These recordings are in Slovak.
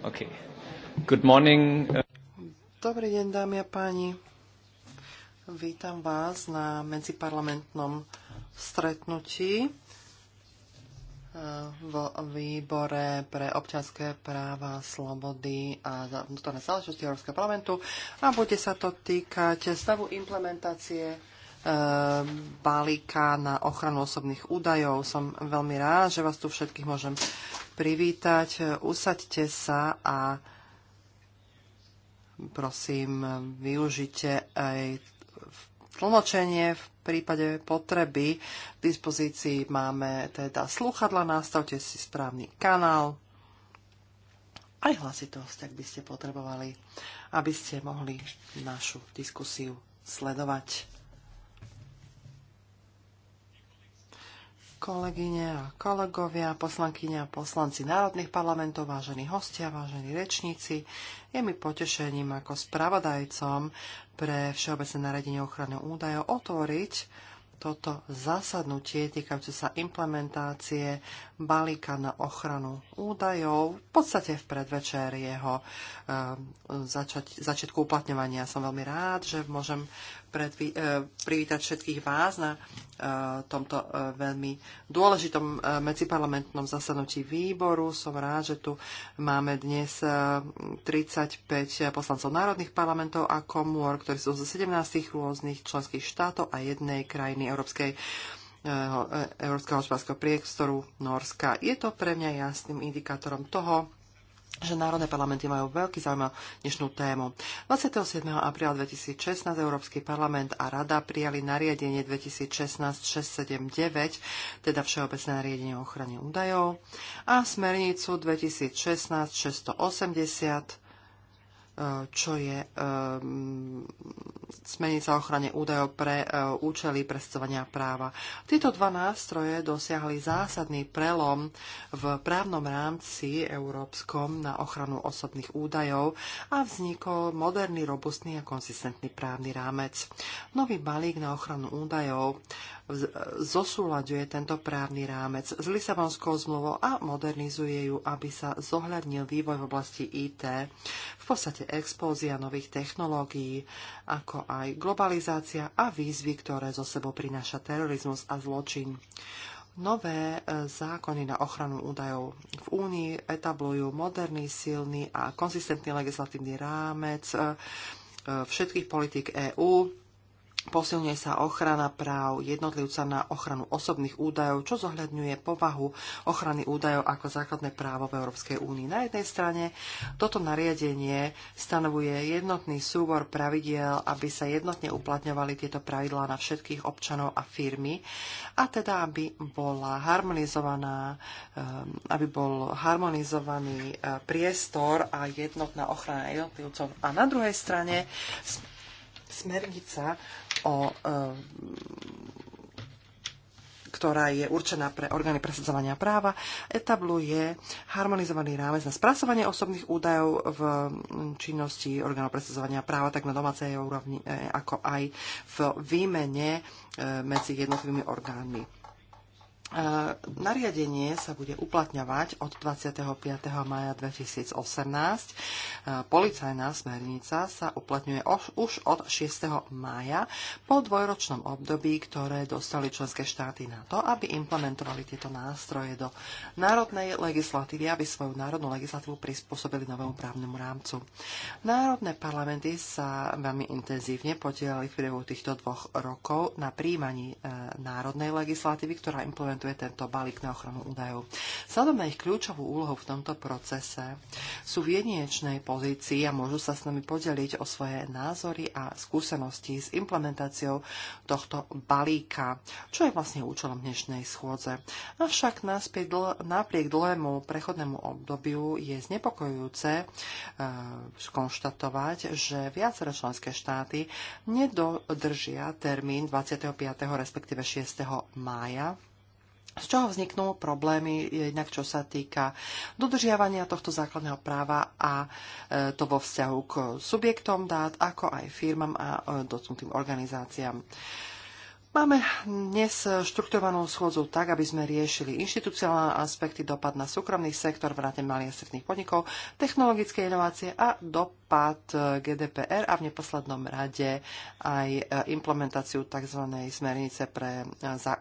Okay. Good morning. Uh, Dobrý deň, dámy a páni. Vítam vás na medziparlamentnom stretnutí uh, v výbore pre občanské práva, slobody a vnútorné záležitosti Európskeho parlamentu a bude sa to týkať stavu implementácie uh, balíka na ochranu osobných údajov. Som veľmi rád, že vás tu všetkých môžem privítať. Usaďte sa a prosím, využite aj tlmočenie v prípade potreby. V dispozícii máme teda sluchadla, nastavte si správny kanál. Aj hlasitosť, ak by ste potrebovali, aby ste mohli našu diskusiu sledovať. Kolegyne a kolegovia, poslankyne a poslanci národných parlamentov, vážení hostia, vážení rečníci, je mi potešením ako spravodajcom pre Všeobecné naredenie ochrany údajov otvoriť toto zasadnutie týkajúce sa implementácie balíka na ochranu údajov v podstate v predvečer jeho e, začiatku uplatňovania. Som veľmi rád, že môžem predvi- e, privítať všetkých vás na e, tomto e, veľmi dôležitom medziparlamentnom zasadnutí výboru. Som rád, že tu máme dnes 35 poslancov národných parlamentov a komôr, ktorí sú zo 17 rôznych členských štátov a jednej krajiny Európskej Európskeho hospodárskeho priestoru Norska. Je to pre mňa jasným indikátorom toho, že národné parlamenty majú veľký záujem o dnešnú tému. 27. apríla 2016 Európsky parlament a Rada prijali nariadenie 2016-679, teda Všeobecné nariadenie o ochrane údajov, a smernicu 2016-680 čo je um, smernica ochrane údajov pre e, účely prestovania práva. Tieto dva nástroje dosiahli zásadný prelom v právnom rámci európskom na ochranu osobných údajov a vznikol moderný, robustný a konsistentný právny rámec. Nový balík na ochranu údajov zosúľaďuje tento právny rámec s Lisabonskou zmluvou a modernizuje ju, aby sa zohľadnil vývoj v oblasti IT podstate expózia nových technológií, ako aj globalizácia a výzvy, ktoré zo sebou prináša terorizmus a zločin. Nové e, zákony na ochranu údajov v Únii etablujú moderný, silný a konzistentný legislatívny rámec e, e, všetkých politik EÚ Posilňuje sa ochrana práv jednotlivca na ochranu osobných údajov, čo zohľadňuje povahu ochrany údajov ako základné právo v Európskej únii. Na jednej strane toto nariadenie stanovuje jednotný súbor pravidiel, aby sa jednotne uplatňovali tieto pravidlá na všetkých občanov a firmy, a teda aby bola harmonizovaná, eh, aby bol harmonizovaný eh, priestor a jednotná ochrana jednotlivcov. A na druhej strane smernica, o, eh, ktorá je určená pre orgány presadzovania práva, etabluje harmonizovaný rámec na spracovanie osobných údajov v mm, činnosti orgánov presadzovania práva, tak na domácej úrovni, eh, ako aj v výmene eh, medzi jednotlivými orgánmi. E, nariadenie sa bude uplatňovať od 25. maja 2018. Policajná smernica sa uplatňuje už od 6. maja po dvojročnom období, ktoré dostali členské štáty na to, aby implementovali tieto nástroje do národnej legislatívy, aby svoju národnú legislatívu prispôsobili novému právnemu rámcu. Národné parlamenty sa veľmi intenzívne podielali v priebehu týchto dvoch rokov na príjmaní e, národnej legislatívy, ktorá implementuje implementuje tento balík na ochranu údajov. Vzhľadom na ich kľúčovú úlohu v tomto procese sú v jedinečnej pozícii a môžu sa s nami podeliť o svoje názory a skúsenosti s implementáciou tohto balíka, čo je vlastne účelom dnešnej schôdze. Avšak dl- napriek dlhému prechodnému obdobiu je znepokojujúce e, skonštatovať, že viaceré členské štáty nedodržia termín 25. respektíve 6. mája z čoho vzniknú problémy, jednak čo sa týka dodržiavania tohto základného práva a e, to vo vzťahu k subjektom dát, ako aj firmám a e, dotknutým organizáciám. Máme dnes štruktúrovanú schôdzu tak, aby sme riešili inštitucionálne aspekty, dopad na súkromný sektor, vrátane malých a stredných podnikov, technologické inovácie a dopad GDPR a v neposlednom rade aj implementáciu tzv. smernice pre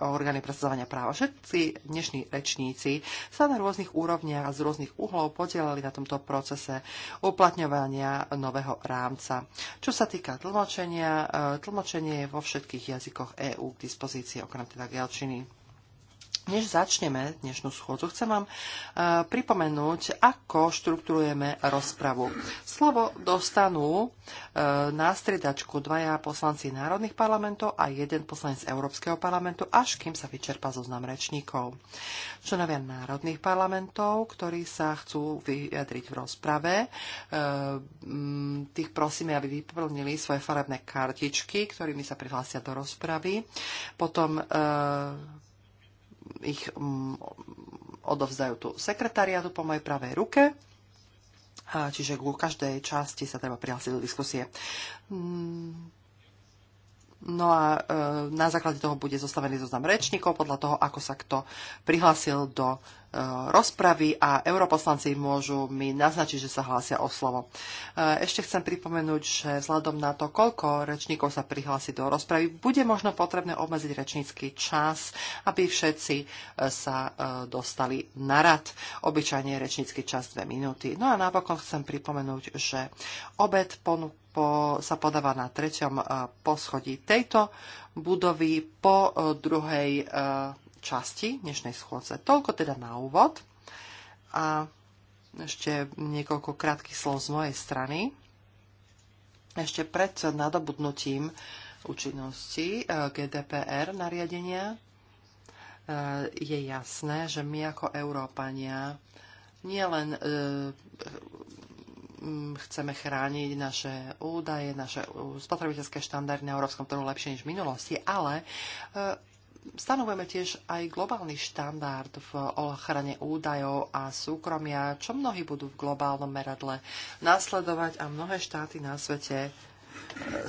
orgány presadzovania práva. Všetci dnešní rečníci sa na rôznych úrovniach a z rôznych uhlov podielali na tomto procese uplatňovania nového rámca. Čo sa týka tlmočenia, e, tlmočenie je vo všetkých jazykoch EU EÚ k dispozícii, okrem teda Gelčiny. Než začneme dnešnú schôdzu, chcem vám e, pripomenúť, ako štruktúrujeme rozpravu. Slovo dostanú e, na striedačku dvaja poslanci národných parlamentov a jeden poslanec Európskeho parlamentu, až kým sa vyčerpa zoznam rečníkov. Členovia národných parlamentov, ktorí sa chcú vyjadriť v rozprave, e, tých prosíme, aby vyplnili svoje farebné kartičky, ktorými sa prihlásia do rozpravy. Potom ich mm, odovzdajú tu sekretariatu po mojej pravej ruke. Čiže ku každej časti sa treba prihlásiť do diskusie. Mm, No a e, na základe toho bude zostavený zoznam rečníkov podľa toho, ako sa kto prihlásil do e, rozpravy a europoslanci môžu mi naznačiť, že sa hlásia o slovo. E, ešte chcem pripomenúť, že vzhľadom na to, koľko rečníkov sa prihlási do rozpravy, bude možno potrebné obmedziť rečnícky čas, aby všetci sa dostali na rad. Obyčajne je rečnícky čas 2 minúty. No a napokon chcem pripomenúť, že obed ponúk po, sa podáva na treťom e, poschodí tejto budovy po e, druhej e, časti dnešnej schôdze. Toľko teda na úvod. A ešte niekoľko krátkých slov z mojej strany. Ešte pred nadobudnutím účinnosti GDPR nariadenia je jasné, že my ako Európania nielen Mm, chceme chrániť naše údaje, naše spotrebiteľské štandardy na európskom trhu lepšie než v minulosti, ale e, stanovujeme tiež aj globálny štandard v ochrane údajov a súkromia, čo mnohí budú v globálnom meradle nasledovať a mnohé štáty na svete e,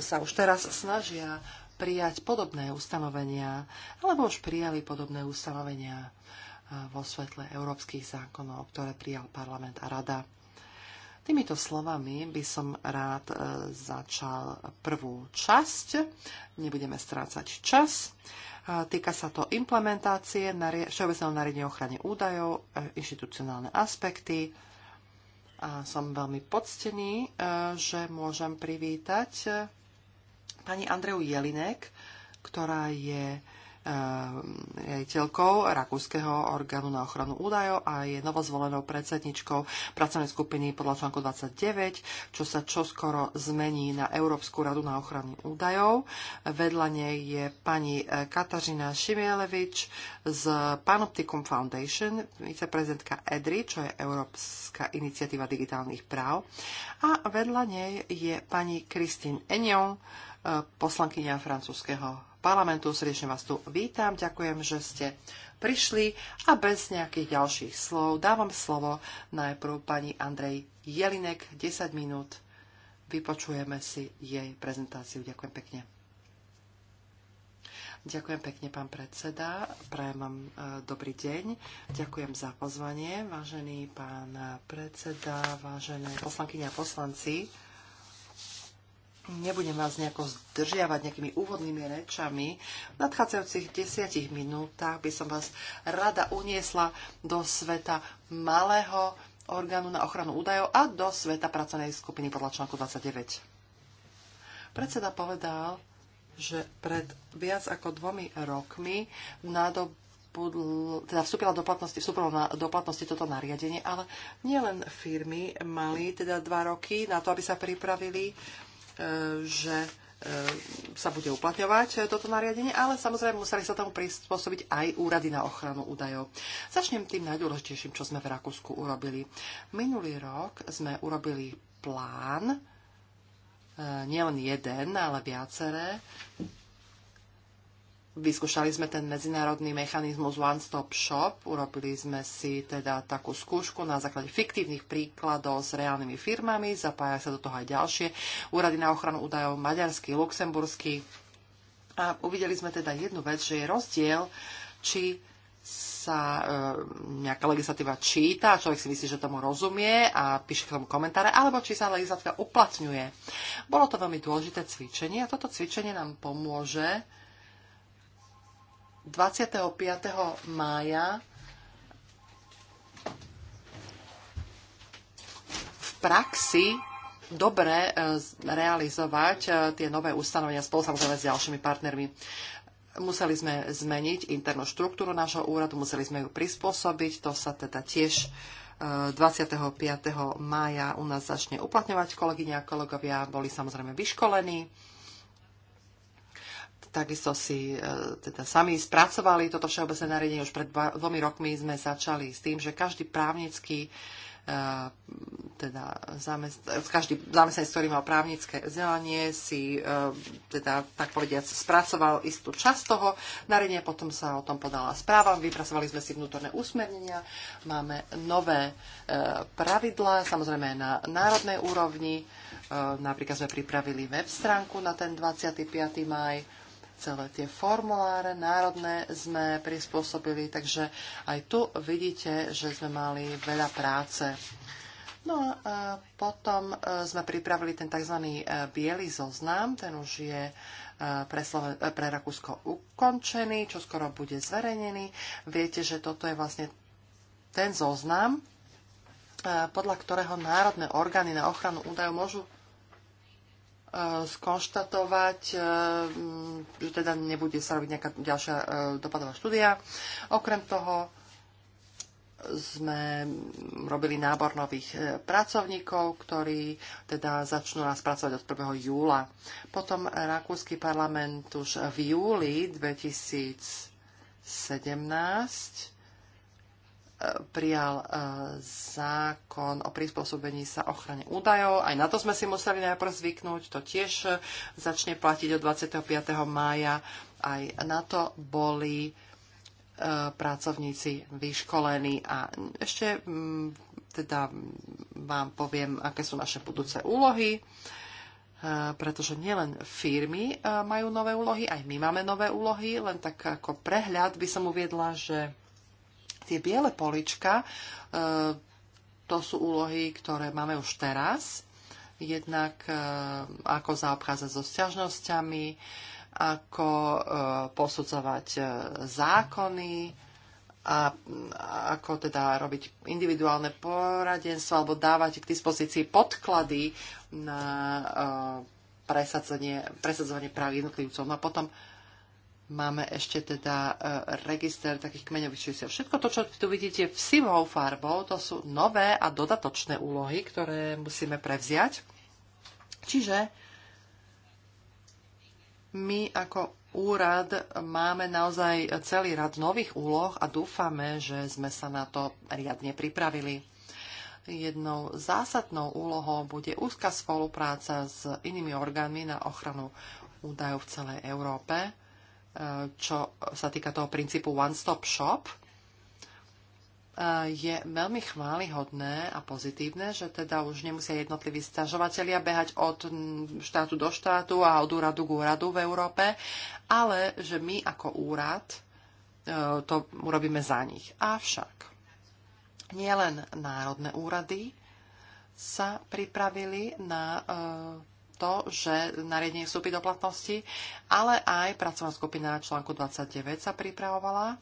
sa už teraz snažia prijať podobné ustanovenia, alebo už prijali podobné ustanovenia e, vo svetle európskych zákonov, ktoré prijal parlament a rada. Týmito slovami by som rád e, začal prvú časť. Nebudeme strácať čas. E, týka sa to implementácie Všeobecného nariadenia ochrany údajov, e, inštitucionálne aspekty. A som veľmi poctený, že môžem privítať pani Andreu Jelinek, ktorá je Eh, riaditeľkou Rakúskeho orgánu na ochranu údajov a je novozvolenou predsedničkou pracovnej skupiny podľa článku 29, čo sa čoskoro zmení na Európsku radu na ochranu údajov. Vedľa nej je pani eh, Katažina Šimielevič z Panopticum Foundation, viceprezidentka EDRI, čo je Európska iniciatíva digitálnych práv. A vedľa nej je pani Christine Enion, eh, poslankyňa francúzského parlamentu. Srdečne vás tu vítam, ďakujem, že ste prišli a bez nejakých ďalších slov dávam slovo najprv pani Andrej Jelinek, 10 minút. Vypočujeme si jej prezentáciu. Ďakujem pekne. Ďakujem pekne, pán predseda. Prajem vám e, dobrý deň. Ďakujem za pozvanie, vážený pán predseda, vážené poslankyne a poslanci. Nebudem vás nejako zdržiavať nejakými úvodnými rečami. V nadchádzajúcich desiatich minútach by som vás rada uniesla do sveta malého orgánu na ochranu údajov a do sveta pracovnej skupiny podľa článku 29. Predseda povedal, že pred viac ako dvomi rokmi teda vstúpila do platnosti, na, do platnosti toto nariadenie, ale nielen firmy mali teda dva roky na to, aby sa pripravili E, že e, sa bude uplatňovať toto nariadenie, ale samozrejme museli sa tomu prispôsobiť aj úrady na ochranu údajov. Začnem tým najdôležitejším, čo sme v Rakúsku urobili. Minulý rok sme urobili plán, e, nielen jeden, ale viaceré, Vyskúšali sme ten medzinárodný mechanizmus One Stop Shop, urobili sme si teda takú skúšku na základe fiktívnych príkladov s reálnymi firmami, zapája sa do toho aj ďalšie úrady na ochranu údajov, maďarský, luxemburský. A uvideli sme teda jednu vec, že je rozdiel, či sa e, nejaká legislatíva číta, človek si myslí, že tomu rozumie a píše k tomu komentáre, alebo či sa legislatíva uplatňuje. Bolo to veľmi dôležité cvičenie a toto cvičenie nám pomôže 25. mája v praxi dobre e, realizovať e, tie nové ustanovenia spolu samozrejme s ďalšími partnermi. Museli sme zmeniť internú štruktúru nášho úradu, museli sme ju prispôsobiť, to sa teda tiež 25. E, mája u nás začne uplatňovať kolegyňa a kolegovia, boli samozrejme vyškolení Takisto si e, teda sami spracovali toto všeobecné nariadenie. Už pred dvomi rokmi sme začali s tým, že každý právnický e, teda zamest- každý zamestnanec, ktorý mal právnické vzdelanie, si e, teda, tak povediať, spracoval istú časť toho nariadenia, potom sa o tom podala správa, vypracovali sme si vnútorné usmernenia, máme nové pravidlá, samozrejme na národnej úrovni, napríklad sme pripravili web stránku na ten 25. maj, celé tie formuláre národné sme prispôsobili, takže aj tu vidíte, že sme mali veľa práce. No a potom e, sme pripravili ten tzv. E, biely zoznam, ten už je e, pre, Sloven- pre Rakúsko ukončený, čo skoro bude zverejnený. Viete, že toto je vlastne ten zoznam, podľa ktorého národné orgány na ochranu údajov môžu Eh, skonštatovať, eh, že teda nebude sa robiť nejaká ďalšia eh, dopadová štúdia. Okrem toho sme robili nábor nových pracovníkov, ktorí teda začnú nás pracovať od 1. júla. Potom Rakúsky parlament už v júli 2017 prijal e, zákon o prispôsobení sa ochrane údajov. Aj na to sme si museli najprv zvyknúť. To tiež e, začne platiť od 25. mája. Aj na to boli e, pracovníci vyškolení. A ešte teda vám poviem, aké sú naše budúce úlohy pretože nielen firmy majú nové úlohy, aj my máme nové úlohy, len tak ako prehľad by som uviedla, že tie biele polička, e, to sú úlohy, ktoré máme už teraz. Jednak e, ako zaobchádzať so sťažnosťami, ako e, posudzovať zákony, a ako teda robiť individuálne poradenstvo alebo dávať k dispozícii podklady na presadzovanie, presadzovanie práv jednotlivcov. No a potom Máme ešte teda e, register takých kmeňových čísel. Všetko to, čo tu vidíte v sivou farbou, to sú nové a dodatočné úlohy, ktoré musíme prevziať. Čiže my ako úrad máme naozaj celý rad nových úloh a dúfame, že sme sa na to riadne pripravili. Jednou zásadnou úlohou bude úzka spolupráca s inými orgánmi na ochranu údajov v celej Európe čo sa týka toho princípu One Stop Shop, e, je veľmi chválihodné a pozitívne, že teda už nemusia jednotliví stažovateľia behať od štátu do štátu a od úradu k úradu v Európe, ale že my ako úrad e, to urobíme za nich. Avšak nielen národné úrady sa pripravili na e, to, že nariadenie vstúpi do platnosti, ale aj pracovná skupina článku 29 sa pripravovala,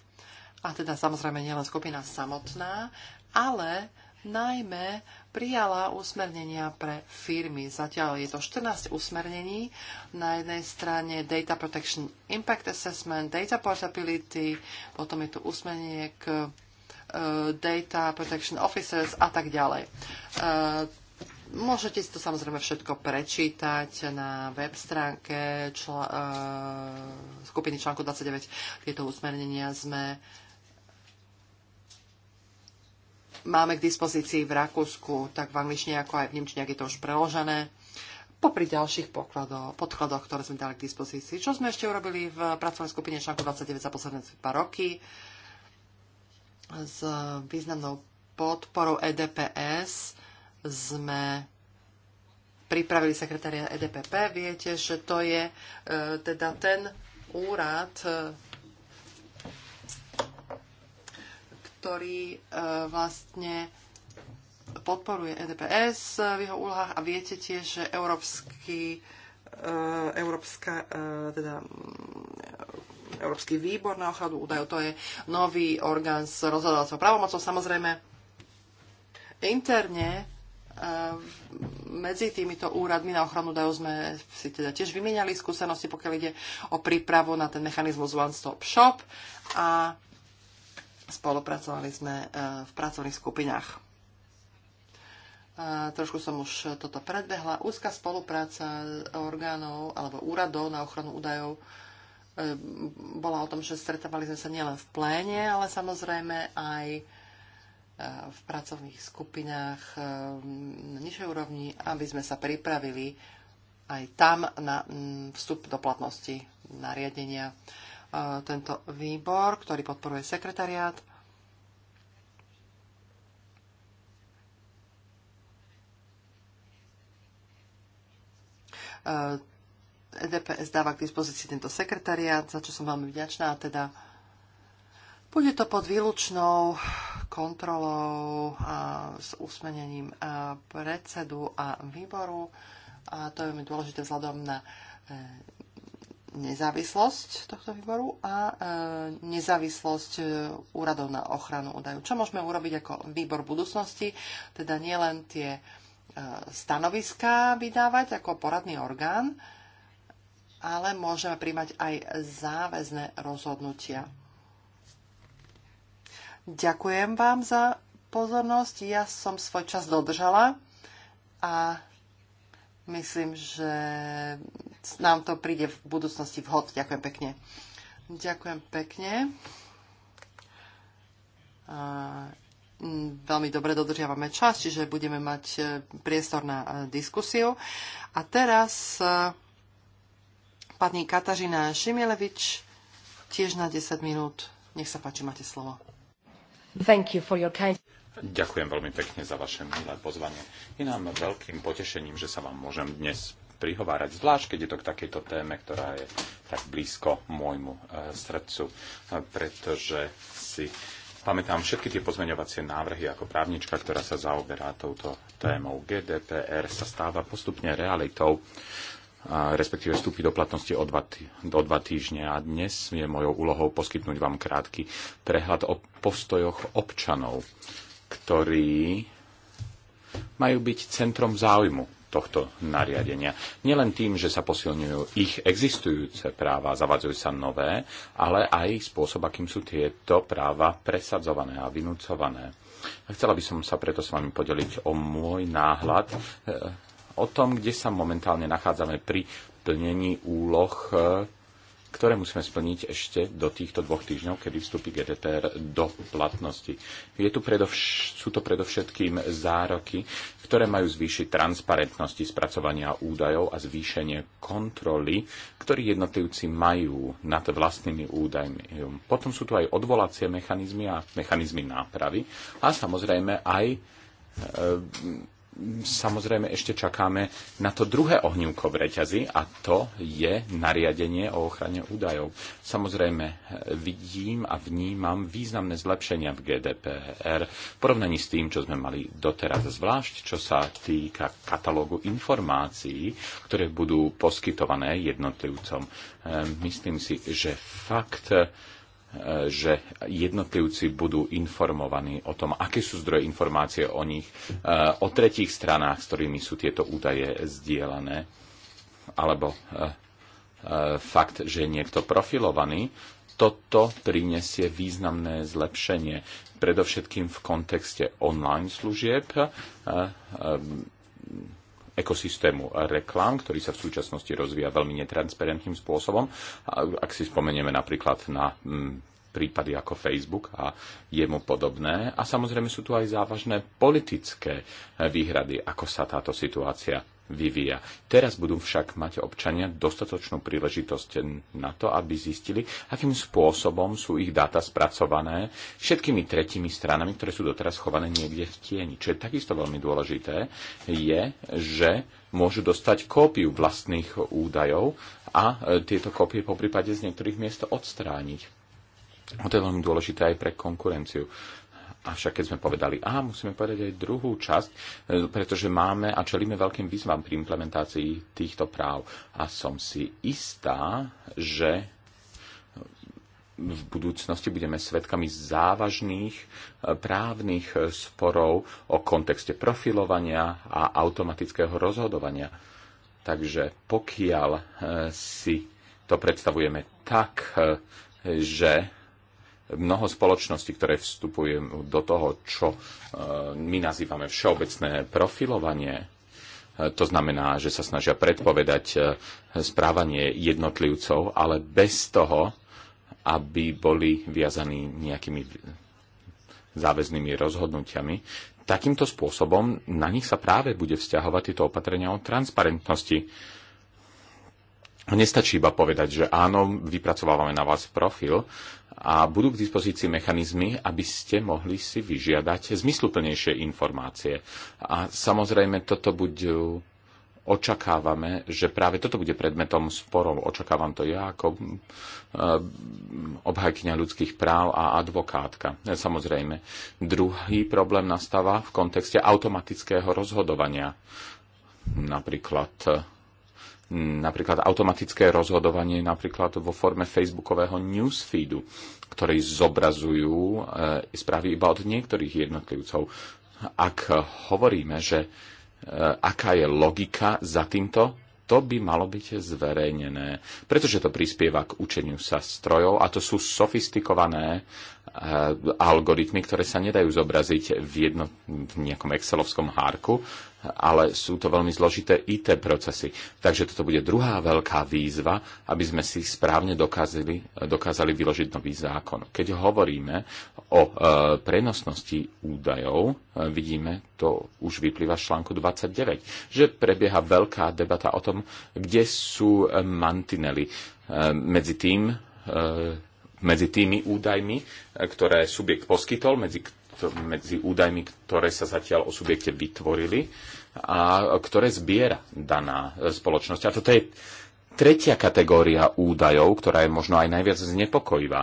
a teda samozrejme nielen skupina samotná, ale najmä prijala usmernenia pre firmy. Zatiaľ je to 14 usmernení. Na jednej strane Data Protection Impact Assessment, Data Portability, potom je tu usmernenie k e, Data Protection Officers a tak ďalej. E, Môžete si to samozrejme všetko prečítať na web stránke čl- uh, e, skupiny článku 29. Tieto usmernenia sme máme k dispozícii v Rakúsku, tak v angličtine ako aj v nemčine, ak je to už preložené popri ďalších pokladoch, podkladoch, ktoré sme dali k dispozícii. Čo sme ešte urobili v pracovnej skupine článku 29 za posledné dva roky s významnou podporou EDPS sme pripravili sekretária EDPP. Viete, že to je e, teda ten úrad, e, ktorý e, vlastne podporuje EDPS v jeho úlohách a viete tiež, že Európsky, e, Európska, e, teda, mm, Európsky výbor na ochranu údajov, to je nový orgán s rozhodovacou pravomocou. Samozrejme, interne Ehm, medzi týmito úradmi na ochranu dajú sme si teda tiež vymieniali skúsenosti, pokiaľ ide o prípravu na ten mechanizmus One Stop Shop a spolupracovali sme eh, v pracovných skupinách. Trošku som už toto predbehla. Úzka spolupráca orgánov alebo úradov na ochranu údajov ehm, bola o tom, že stretávali sme sa nielen v pléne, ale samozrejme aj v pracovných skupinách eh, na nižšej úrovni, aby sme sa pripravili aj tam na mm, vstup do platnosti nariadenia. Eh, tento výbor, ktorý podporuje sekretariát, eh, EDPS dáva k dispozícii tento sekretariát, za čo som veľmi vďačná, teda bude to pod výlučnou kontrolou a s usmenením predsedu a výboru a to je mi dôležité vzhľadom na e, nezávislosť tohto výboru a e, nezávislosť e, úradov na ochranu údajov. Čo môžeme urobiť ako výbor budúcnosti? Teda nielen tie stanoviská vydávať ako poradný orgán, ale môžeme príjmať aj záväzné rozhodnutia. Ďakujem vám za pozornosť. Ja som svoj čas dodržala a myslím, že nám to príde v budúcnosti vhod. Ďakujem pekne. Ďakujem pekne. a Veľmi dobre dodržiavame čas, čiže budeme mať e, priestor na e, diskusiu. A teraz e, pani Katažina Šimielevič, tiež na 10 minút. Nech sa páči, máte slovo. Ďakujem veľmi pekne za vaše milé pozvanie. Je nám veľkým potešením, že sa vám môžem dnes prihovárať, zvlášť keď je to k takejto téme, ktorá je tak blízko môjmu e, srdcu, e, pretože si pamätám všetky tie pozmeňovacie návrhy ako právnička, ktorá sa zaoberá touto témou. GDPR sa stáva postupne realitou respektíve vstúpi do platnosti o dva, o dva týždne. A dnes je mojou úlohou poskytnúť vám krátky prehľad o postojoch občanov, ktorí majú byť centrom záujmu tohto nariadenia. Nielen tým, že sa posilňujú ich existujúce práva, zavadzujú sa nové, ale aj spôsob, akým sú tieto práva presadzované a vynúcované. A chcela by som sa preto s vami podeliť o môj náhľad e, o tom, kde sa momentálne nachádzame pri plnení úloh, e, ktoré musíme splniť ešte do týchto dvoch týždňov, kedy vstúpi GDPR do platnosti. Je tu predovš- sú to predovšetkým zároky, ktoré majú zvýšiť transparentnosti spracovania údajov a zvýšenie kontroly, ktorý jednotlivci majú nad vlastnými údajmi. Potom sú tu aj odvolacie mechanizmy a mechanizmy nápravy a samozrejme aj e, samozrejme ešte čakáme na to druhé ohňúko v reťazi a to je nariadenie o ochrane údajov. Samozrejme vidím a vnímam významné zlepšenia v GDPR v porovnaní s tým, čo sme mali doteraz, zvlášť čo sa týka katalógu informácií, ktoré budú poskytované jednotlivcom. Ehm, myslím si, že fakt E, že jednotlivci budú informovaní o tom, aké sú zdroje informácie o nich, e, o tretích stranách, s ktorými sú tieto údaje zdieľané, alebo e, fakt, že je niekto profilovaný, toto prinesie významné zlepšenie, predovšetkým v kontexte online služieb, ekosystému reklám, ktorý sa v súčasnosti rozvíja veľmi netransparentným spôsobom. Ak si spomenieme napríklad na mm, prípady ako Facebook a jemu podobné. A samozrejme sú tu aj závažné politické eh, výhrady, ako sa táto situácia vyvíja. Teraz budú však mať občania dostatočnú príležitosť na to, aby zistili, akým spôsobom sú ich dáta spracované všetkými tretími stranami, ktoré sú doteraz chované niekde v tieni. Čo je takisto veľmi dôležité, je, že môžu dostať kópiu vlastných údajov a eh, tieto kópie po prípade z niektorých miest odstrániť No to je veľmi dôležité aj pre konkurenciu. Avšak keď sme povedali, a musíme povedať aj druhú časť, e, pretože máme a čelíme veľkým výzvam pri implementácii týchto práv. A som si istá, že v budúcnosti budeme svedkami závažných e, právnych sporov o kontexte profilovania a automatického rozhodovania. Takže pokiaľ e, si to predstavujeme tak, že mnoho spoločností, ktoré vstupujú do toho, čo e, my nazývame všeobecné profilovanie, e, to znamená, že sa snažia predpovedať e, správanie jednotlivcov, ale bez toho, aby boli viazaní nejakými záväznými rozhodnutiami. Takýmto spôsobom na nich sa práve bude vzťahovať tieto opatrenia o transparentnosti Nestačí iba povedať, že áno, vypracovávame na vás profil a budú k dispozícii mechanizmy, aby ste mohli si vyžiadať zmysluplnejšie informácie. A samozrejme toto budú očakávame, že práve toto bude predmetom sporov. Očakávam to ja ako eh, obhajkyňa ľudských práv a advokátka. Samozrejme, druhý problém nastáva v kontexte automatického rozhodovania. Napríklad eh, napríklad automatické rozhodovanie napríklad vo forme facebookového newsfeedu, ktorý zobrazujú e, správy iba od niektorých jednotlivcov. Ak hovoríme, že e, aká je logika za týmto, to by malo byť zverejnené, pretože to prispieva k učeniu sa strojov a to sú sofistikované Eh, algoritmy, ktoré sa nedajú zobraziť v, jedno, v nejakom excelovskom hárku, ale sú to veľmi zložité IT procesy. Takže toto bude druhá veľká výzva, aby sme si správne dokázali, dokázali vyložiť nový zákon. Keď hovoríme o e, prenosnosti údajov, e, vidíme, to už vyplýva z článku 29, že prebieha veľká debata o tom, kde sú mantinely e, medzi tým, medzi tými údajmi, e, ktoré subjekt poskytol, medzi, medzi údajmi, ktoré sa zatiaľ o subjekte vytvorili a ktoré zbiera daná e, spoločnosť. A toto je tretia kategória údajov, ktorá je možno aj najviac znepokojivá.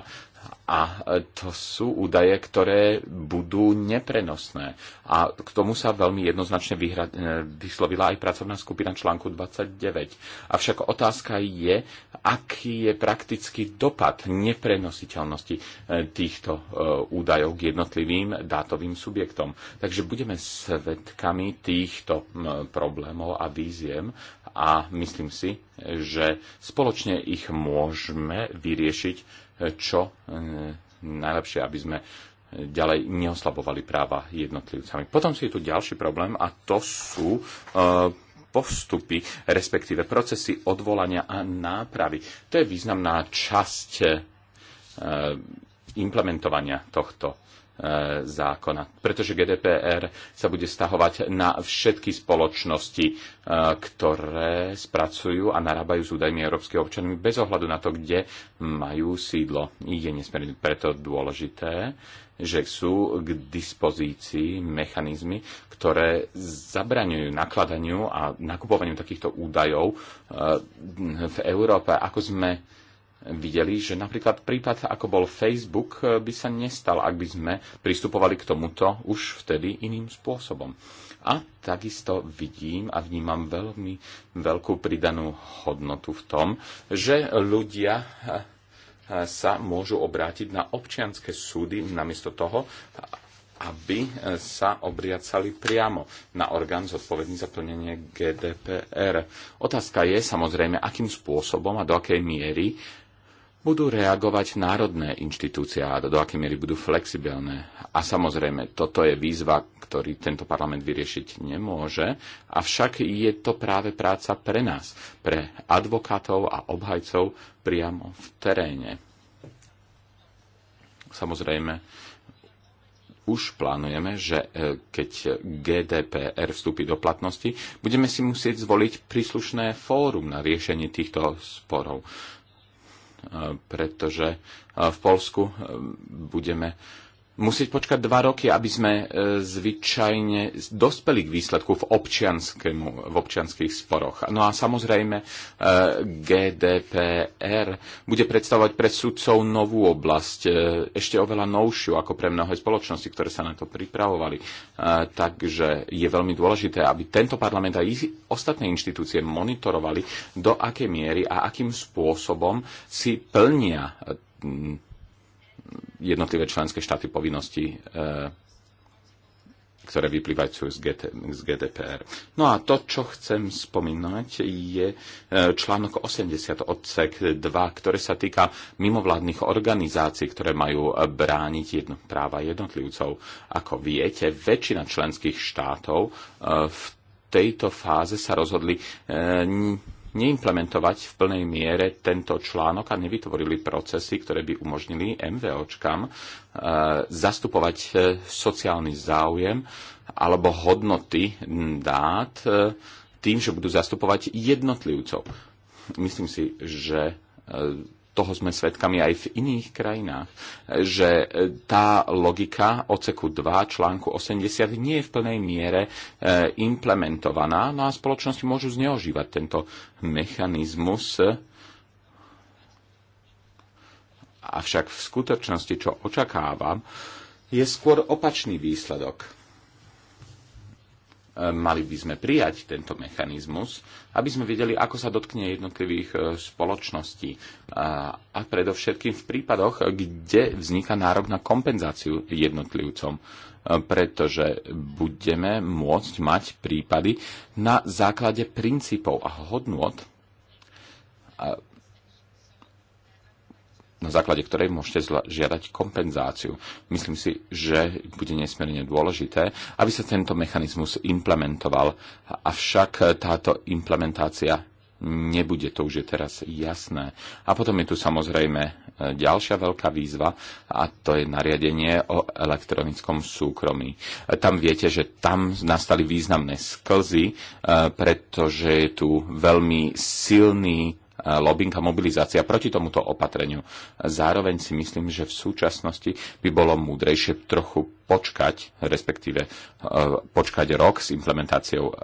A e, to sú údaje, ktoré budú neprenosné. A k tomu sa veľmi jednoznačne vyhra- e, vyslovila aj pracovná skupina článku 29. Avšak otázka je, aký je praktický dopad neprenositeľnosti e, týchto údajov k jednotlivým dátovým subjektom. Takže budeme svedkami týchto problémov a víziem a myslím si, že spoločne ich môžeme vyriešiť čo e, najlepšie, aby sme ďalej neoslabovali práva jednotlivcami. Potom si je tu ďalší problém a to sú e, postupy, respektíve procesy odvolania a nápravy. To je významná časť e, implementovania tohto E, zákona. Pretože GDPR sa bude stahovať na všetky spoločnosti, e, ktoré spracujú a narábajú s údajmi európskych občanmi bez ohľadu na to, kde majú sídlo. Je nesmierne preto dôležité, že sú k dispozícii mechanizmy, ktoré zabraňujú nakladaniu a nakupovaniu takýchto údajov e, v Európe, ako sme videli, že napríklad prípad, ako bol Facebook, e, by sa nestal, ak by sme pristupovali k tomuto už vtedy iným spôsobom. A takisto vidím a vnímam veľmi veľkú pridanú hodnotu v tom, že ľudia e, e, sa môžu obrátiť na občianské súdy namiesto toho, aby sa obriacali priamo na orgán zodpovedný za plnenie GDPR. Otázka je samozrejme, akým spôsobom a do akej miery budú reagovať národné inštitúcie a do, akej miery budú flexibilné. A samozrejme, toto je výzva, ktorý tento parlament vyriešiť nemôže, avšak je to práve práca pre nás, pre advokátov a obhajcov priamo v teréne. Samozrejme, už plánujeme, že e, keď GDPR vstúpi do platnosti, budeme si musieť zvoliť príslušné fórum na riešenie týchto sporov pretože v Polsku e, budeme musieť počkať dva roky, aby sme e, zvyčajne dospeli k výsledku v, v občianských sporoch. No a samozrejme e, GDPR bude predstavovať pre sudcov novú oblasť, e, ešte oveľa novšiu ako pre mnohé spoločnosti, ktoré sa na to pripravovali. Takže je veľmi dôležité, aby tento parlament a ich ostatné inštitúcie monitorovali, do akej miery a akým spôsobom si plnia jednotlivé členské štáty povinnosti, e, ktoré vyplývajú z, GT, z GDPR. No a to, čo chcem spomínať, je e, článok 80 odsek 2, ktoré sa týka mimovládnych organizácií, ktoré majú brániť jedno, práva jednotlivcov. Ako viete, väčšina členských štátov e, v tejto fáze sa rozhodli neimplementovať v plnej miere tento článok a nevytvorili procesy, ktoré by umožnili MVOčkam e, zastupovať e, sociálny záujem alebo hodnoty dát e, tým, že budú zastupovať jednotlivcov. Myslím si, že toho sme svedkami aj v iných krajinách, že tá logika oceku 2 článku 80 nie je v plnej miere e, implementovaná. No a spoločnosti môžu zneužívať tento mechanizmus. Avšak v skutočnosti, čo očakávam, je skôr opačný výsledok mali by sme prijať tento mechanizmus, aby sme vedeli, ako sa dotkne jednotlivých e, spoločností a predovšetkým v prípadoch, kde vzniká nárok na kompenzáciu jednotlivcom e, pretože budeme môcť mať prípady na základe princípov a hodnôt, na základe ktorej môžete žiadať kompenzáciu. Myslím si, že bude nesmierne dôležité, aby sa tento mechanizmus implementoval, avšak e, táto implementácia nebude, to už je teraz jasné. A potom je tu samozrejme e, ďalšia veľká výzva a to je nariadenie o elektronickom súkromí. E, tam viete, že tam nastali významné sklzy, pretože je tu veľmi silný lobbying a mobilizácia proti tomuto opatreniu. Zároveň si myslím, že v súčasnosti by bolo múdrejšie trochu počkať, respektíve e, počkať rok s implementáciou, e,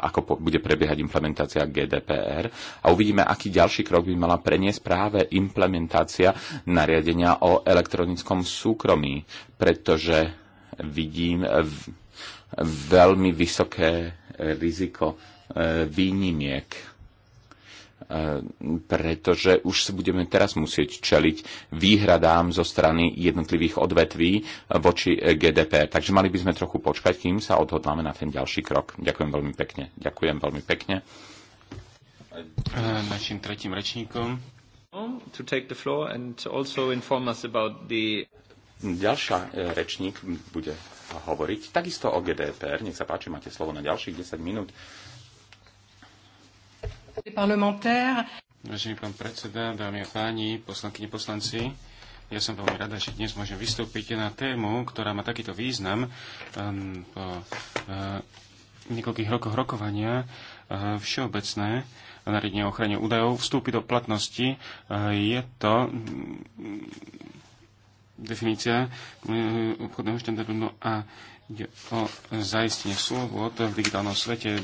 ako bude prebiehať implementácia GDPR a uvidíme, aký ďalší krok by mala preniesť práve implementácia nariadenia o elektronickom súkromí, pretože vidím veľmi vysoké e, riziko výnimiek Ehm, pretože už budeme teraz musieť čeliť výhradám zo strany jednotlivých odvetví eh, voči eh, GDP. Takže mali by sme trochu počkať, kým sa odhodláme na ten ďalší krok. Ďakujem veľmi pekne. Ďakujem veľmi pekne. Ehm, našim tretím rečníkom. To take the floor and also inform us about the... Ďalšia eh, rečník bude hovoriť takisto o GDPR. Nech sa páči, máte slovo na ďalších 10 minút. Vážený pán predseda, dámy a páni, poslankyni, poslanci, ja som veľmi rada, že dnes môžem vystúpiť na tému, ktorá má takýto význam um, po uh, niekoľkých rokoch rokovania uh, všeobecné nariadenie o ochrane údajov vstúpi do platnosti. Uh, je to um, definícia obchodného štandardu no a Ide o zaistenie slobod v digitálnom svete.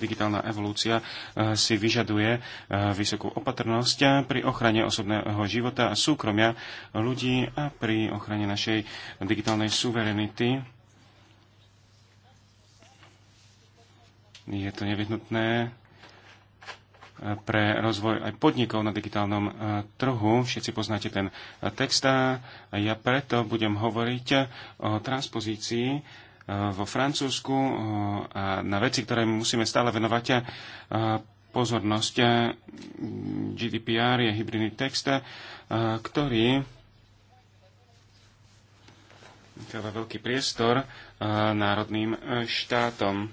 Digitálna evolúcia eh, si vyžaduje eh, vysokú opatrnosť pri ochrane osobného života a súkromia ľudí a pri ochrane našej digitálnej suverenity. Je to nevyhnutné eh, pre rozvoj aj podnikov na digitálnom trhu. Všetci poznáte ten text a ja preto budem hovoriť o transpozícii Eh, vo Francúzsku eh, a na veci, ktoré musíme stále venovať eh, pozornosť. GDPR je hybridný text, ktorý dáva veľký priestor národným štátom.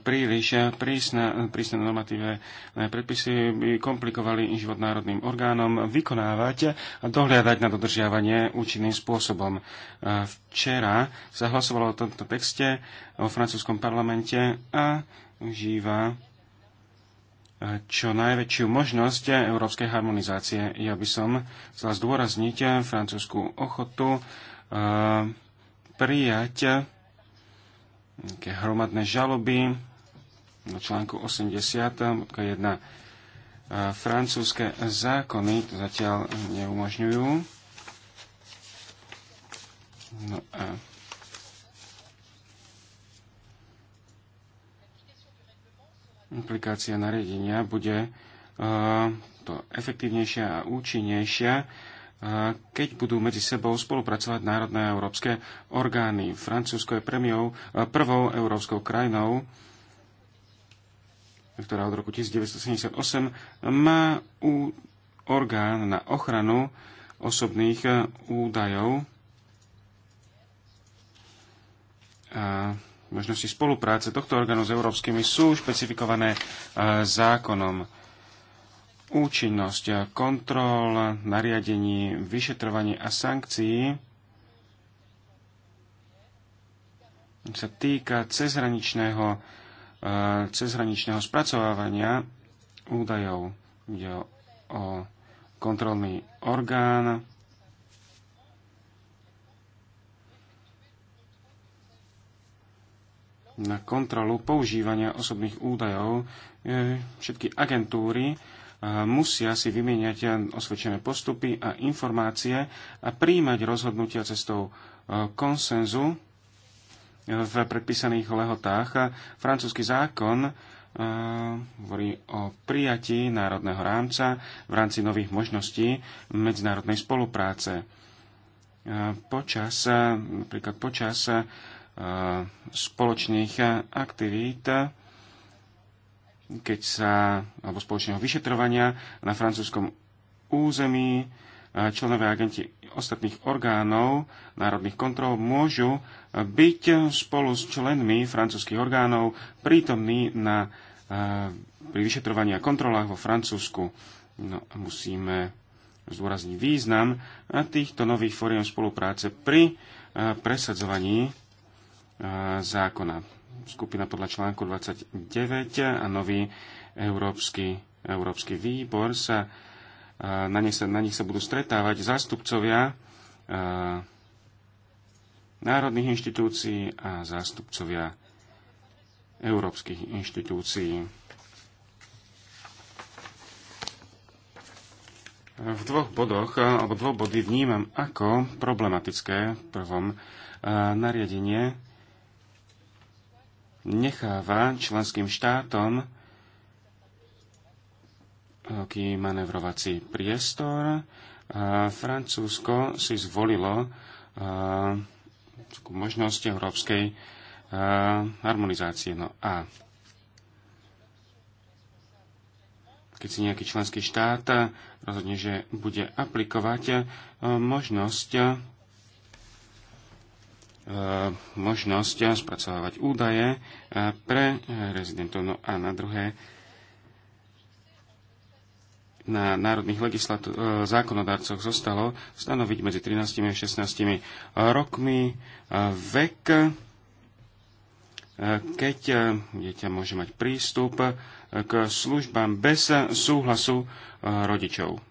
príliš prísne, prísne normatívne predpisy by komplikovali život národným orgánom vykonávať a dohliadať na dodržiavanie účinným spôsobom. E, včera sa hlasovalo o tomto texte vo francúzskom parlamente a užíva e, čo najväčšiu možnosť európskej harmonizácie. Ja by som chcel zdôrazniť francúzskú ochotu e, prijať nejaké hromadné žaloby na článku 80.1 francúzske zákony to zatiaľ neumožňujú. No a implikácia nariadenia bude eh, to efektívnejšia a účinnejšia keď budú medzi sebou spolupracovať národné a európske orgány. Francúzsko je premiou, e, prvou európskou krajinou, ktorá od roku 1978 má u orgán na ochranu osobných e, údajov a možnosti spolupráce tohto orgánu s európskymi sú špecifikované e, zákonom účinnosť kontrol, nariadení, vyšetrovanie a sankcií sa týka cezhraničného, e, cezhraničného spracovávania údajov. Ide o kontrolný orgán, na kontrolu používania osobných údajov e, všetky agentúry musia si vymieňať osvedčené postupy a informácie a príjmať rozhodnutia cestou e, konsenzu v predpísaných lehotách. Francúzsky zákon e, hovorí o prijatí národného rámca v rámci nových možností medzinárodnej spolupráce. E, počas, napríklad počas spoločných aktivít keď sa, alebo spoločného vyšetrovania na francúzskom území e, členové agenti ostatných orgánov národných kontrol môžu byť spolu s členmi francúzských orgánov prítomní na, e, pri vyšetrovaní a kontrolách vo Francúzsku. No, musíme zdôrazniť význam týchto nových foriem spolupráce pri e, presadzovaní zákona skupina podľa článku 29 a nový Európsky, Európsky výbor sa e, na, ne sa, na nich sa budú stretávať zástupcovia e, národných inštitúcií a zástupcovia európskych inštitúcií. V dvoch bodoch, alebo dvoch body vnímam ako problematické v prvom e, nariadenie necháva členským štátom veľký eh, manevrovací priestor. Francúzsko si zvolilo eh, možnosť európskej eh, harmonizácie. No a keď si nejaký členský štát rozhodne, že bude aplikovať možnosť E, možnosť spracovávať údaje e, pre e, rezidentov. No a na druhé, na národných zákonodárcoch zostalo stanoviť medzi 13 a 16 rokmi vek, keď dieťa môže mať prístup k službám bez súhlasu rodičov.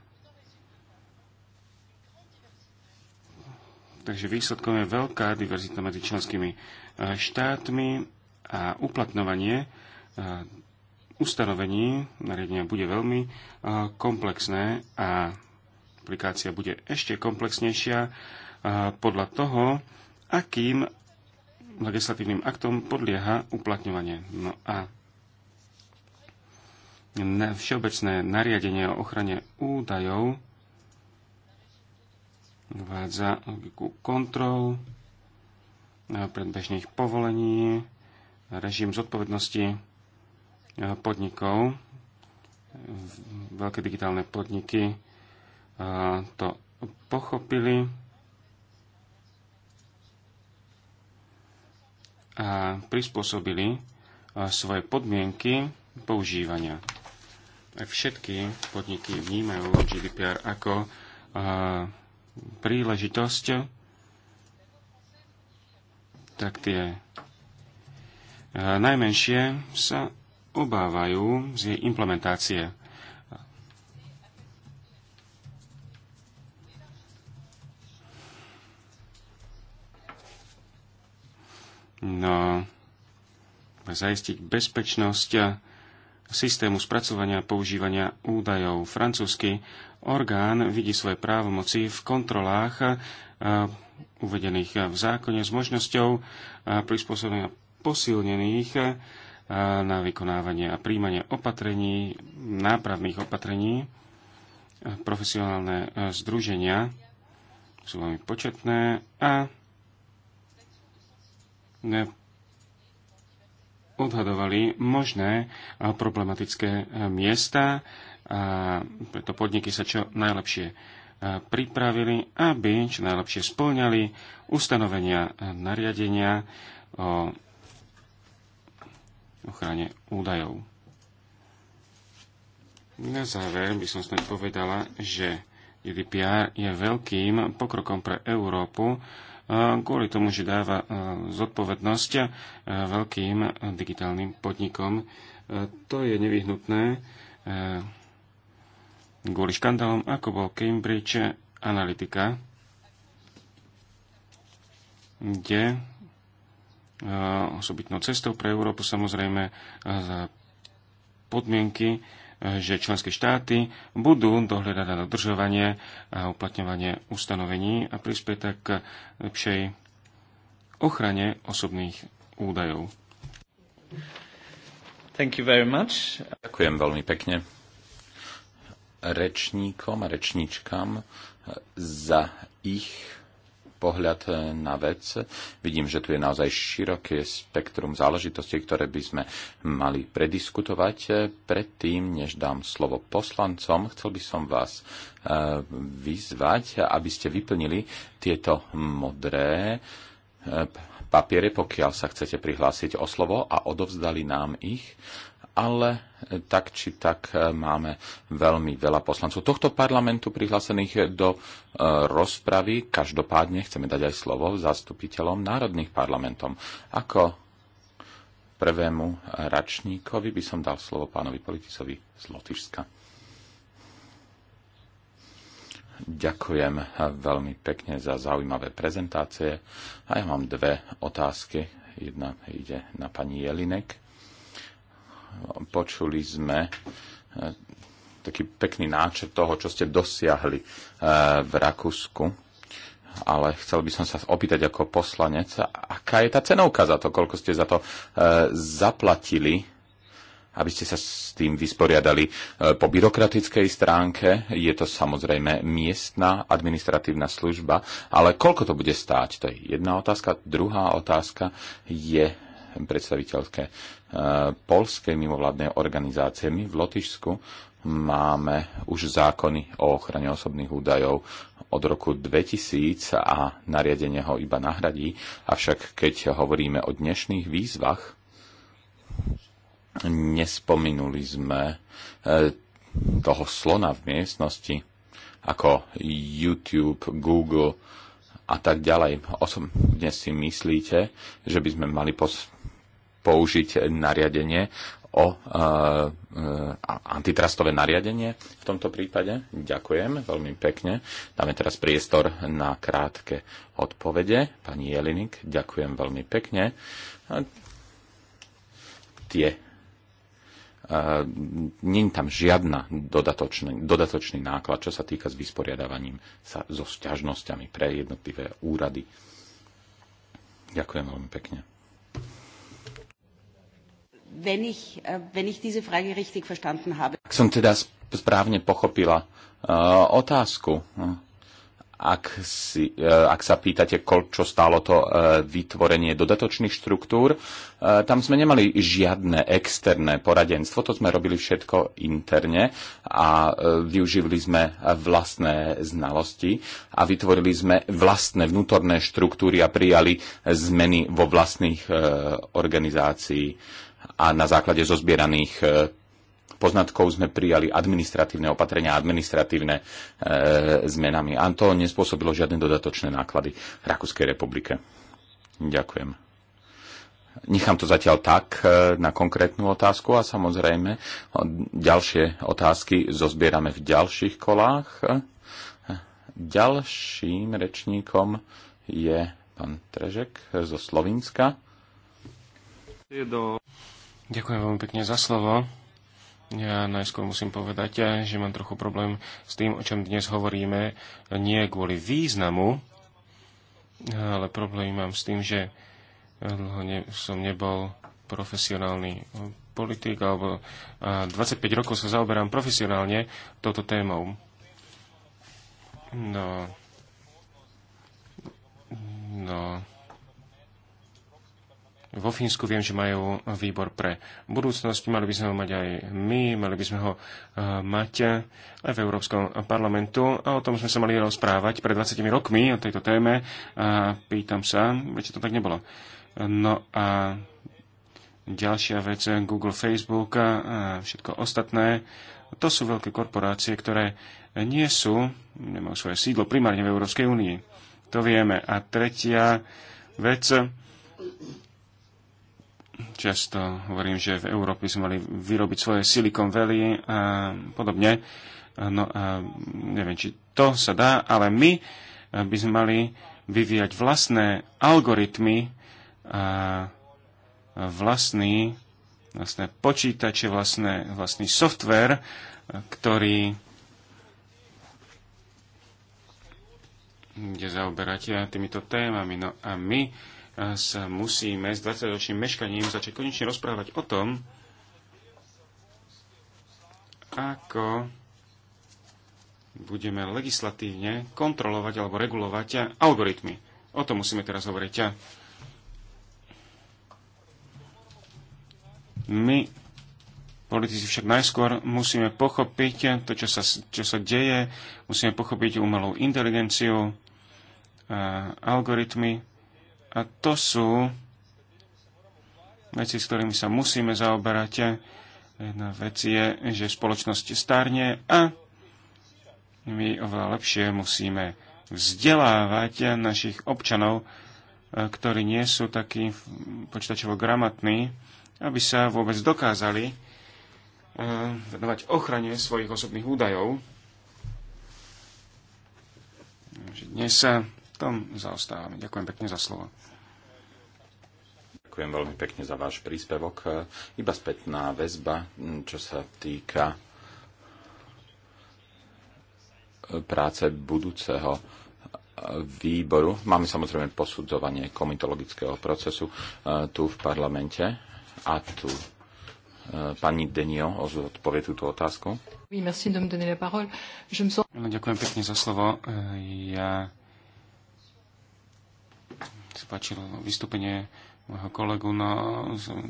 Takže výsledkom je veľká diverzita medzi členskými e, štátmi a uplatňovanie e, ustanovení nariadenia bude veľmi e, komplexné a aplikácia bude ešte komplexnejšia podľa toho, akým legislatívnym aktom podlieha uplatňovanie. No a všeobecné nariadenie o ochrane údajov uvádza logiku kontrol, e, predbežných povolení, režim zodpovednosti e, podnikov. Veľké digitálne podniky e, to pochopili a prispôsobili svoje podmienky používania. Všetky podniky vnímajú GDPR ako príležitosť, tak tie eh, najmenšie sa obávajú z jej implementácie. No, zajistiť bezpečnosť eh, systému spracovania a používania údajov. Francúzsky orgán vidí svoje právomoci v kontrolách e, uvedených v zákone s možnosťou e, prispôsobenia posilnených e, na vykonávanie a príjmanie opatrení, nápravných opatrení. Profesionálne združenia sú veľmi početné a odhadovali možné problematické miesta a preto podniky sa čo najlepšie e, pripravili, aby čo najlepšie splňali ustanovenia nariadenia o ochrane údajov. Na záver by som snad povedala, že GDPR je veľkým pokrokom pre Európu e, kvôli tomu, že dáva e, zodpovednosť veľkým digitálnym podnikom. To je nevyhnutné kvôli škandálom, ako bol Cambridge Analytica, kde e, osobitnou cestou pre Európu samozrejme e, za podmienky, e, že členské štáty budú dohľadať na dodržovanie a uplatňovanie ustanovení a prispieť tak k lepšej ochrane osobných údajov. Thank you very much. Ďakujem veľmi pekne rečníkom a rečníčkam za ich pohľad na vec. Vidím, že tu je naozaj široké spektrum záležitostí, ktoré by sme mali prediskutovať. Predtým, než dám slovo poslancom, chcel by som vás e, vyzvať, aby ste vyplnili tieto modré e, papiere, pokiaľ sa chcete prihlásiť o slovo a odovzdali nám ich, ale tak či tak e, máme veľmi veľa poslancov tohto parlamentu prihlásených e, do e, rozpravy. Každopádne chceme dať aj slovo zastupiteľom národných parlamentom. Ako prvému račníkovi by som dal slovo pánovi Politisovi z Lotyšska. Ďakujem veľmi pekne za zaujímavé prezentácie. A ja mám dve otázky. Jedna ide na pani Jelinek. Počuli sme e, taký pekný náčrt toho, čo ste dosiahli e, v Rakúsku. Ale chcel by som sa opýtať ako poslanec, aká je tá cenovka za to, koľko ste za to e, zaplatili, aby ste sa s tým vysporiadali. Po byrokratickej stránke je to samozrejme miestna administratívna služba, ale koľko to bude stáť? To je jedna otázka. Druhá otázka je, predstaviteľské e, polskej mimovládnej organizácie. My v Lotyšsku máme už zákony o ochrane osobných údajov od roku 2000 a nariadenie ho iba nahradí. Avšak keď hovoríme o dnešných výzvach, nespomenuli sme e, toho slona v miestnosti, ako YouTube, Google a tak ďalej. Osobne si myslíte, že by sme mali pos- použiť nariadenie o e, e, antitrastové nariadenie v tomto prípade. Ďakujem veľmi pekne. Dáme teraz priestor na krátke odpovede. Pani Jelinik, ďakujem veľmi pekne. A tie Uh, není tam žiadna dodatočný, dodatočný náklad, čo sa týka s vysporiadavaním sa so sťažnosťami pre jednotlivé úrady. Ďakujem veľmi pekne. Wenn ich, äh, wenn ich diese Frage richtig verstanden habe. Ak som teda správne pochopila uh, otázku, hm, ak, si, uh, ak sa pýtate, kol, čo stálo to uh, vytvorenie dodatočných štruktúr, uh, tam sme nemali žiadne externé poradenstvo, to sme robili všetko interne a uh, e, využívali sme vlastné znalosti a vytvorili sme vlastné vnútorné štruktúry a prijali zmeny vo vlastných uh, organizácií a na základe zozbieraných e, poznatkov sme prijali administratívne opatrenia, administratívne e, zmenami. A to nespôsobilo žiadne dodatočné náklady Rakúskej republike. Ďakujem. Nechám to zatiaľ tak e, na konkrétnu otázku a samozrejme ďalšie otázky zozbierame v ďalších kolách. E, ďalším rečníkom je pán Trežek zo Slovenska. Do Ďakujem veľmi pekne za slovo. Ja najskôr musím povedať, eh, že mám trochu problém s tým, o čom dnes hovoríme, nie kvôli významu, ale problém mám s tým, že eh, dlho ne, som nebol profesionálny eh, politik, alebo 25 rokov sa zaoberám profesionálne touto témou. No, no, vo Fínsku viem, že majú výbor pre budúcnosť, mali by sme ho mať aj my, mali by sme ho eh, mať aj v Európskom parlamentu a o tom sme sa mali rozprávať pred 20 rokmi o tejto téme a pýtam sa, prečo to tak nebolo. No a ďalšia vec, Google, Facebook a všetko ostatné, to sú veľké korporácie, ktoré nie sú, nemajú svoje sídlo primárne v Európskej únii. To vieme. A tretia vec, Často hovorím, že v Európe sme mali vyrobiť svoje Silicon Valley a podobne. No a neviem, či to sa dá, ale my eh, by sme mali vyvíjať vlastné algoritmy a vlastný, vlastné počítače, vlastné, vlastný software, ktorý bude zaoberať eh, týmito témami. No a my sa musíme s 20-ročným meškaním začať konečne rozprávať o tom, ako budeme legislatívne kontrolovať alebo regulovať algoritmy. O tom musíme teraz hovoriť. My, politici, však najskôr musíme pochopiť to, čo sa, čo sa deje, musíme pochopiť umelú inteligenciu, algoritmy, a to sú veci, s ktorými sa musíme zaoberať. Jedna vec je, že spoločnosť starne a my oveľa lepšie musíme vzdelávať našich občanov, ktorí nie sú takí počítačovo gramatní, aby sa vôbec dokázali eh, venovať ochrane svojich osobných údajov. Dnes sa tom zaostávame. Ďakujem pekne za slovo. Ďakujem veľmi pekne za váš príspevok. Iba spätná väzba, čo sa týka práce budúceho výboru. Máme samozrejme posudzovanie komitologického procesu eh, tu v parlamente a tu eh, pani Denio odpovie túto otázku. Ďakujem pekne za slovo. Eh, ja sa páčilo vystúpenie môjho kolegu, no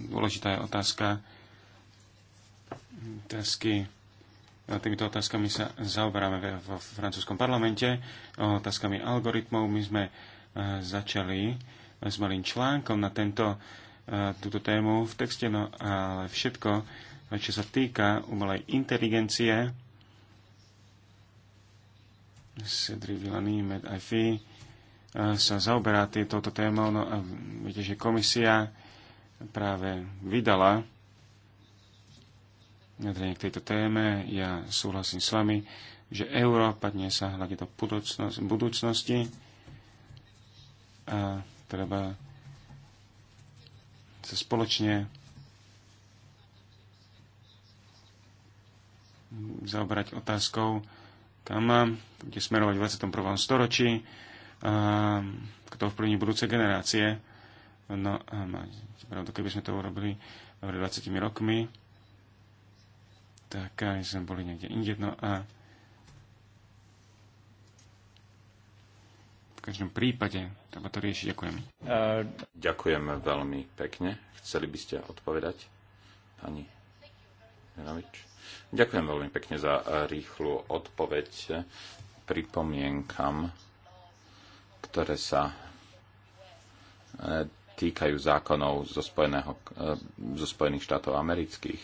dôležitá je otázka otázky no, týmito otázkami sa zaoberáme v francúzskom parlamente, otázkami algoritmov. My sme e, začali e, s malým článkom na tento, e, túto tému v texte, no ale všetko, čo sa týka umelej inteligencie, Cedric Villani, Med IFI, sa zaoberá týmto témou. No a viete, že komisia práve vydala vyjadrenie k tejto téme. Ja súhlasím s vami, že Európa dnes sa hľadí do budúcnosti, a treba sa spoločne zaoberať otázkou, kam mám, kde smerovať v 21. storočí Ehm, to vplyvní budúce generácie. No, ehm, pravda, keby sme to urobili pred 20 rokmi, tak aj sme boli niekde inde. No a v každom prípade treba to riešiť. Ďakujem. Ehm. Ďakujem veľmi pekne. Chceli by ste odpovedať, pani Janovič? Ďakujem veľmi pekne za rýchlu odpoveď. Pripomienkam, ktoré sa e, týkajú zákonov zo, Spojeného, e, zo Spojených štátov amerických.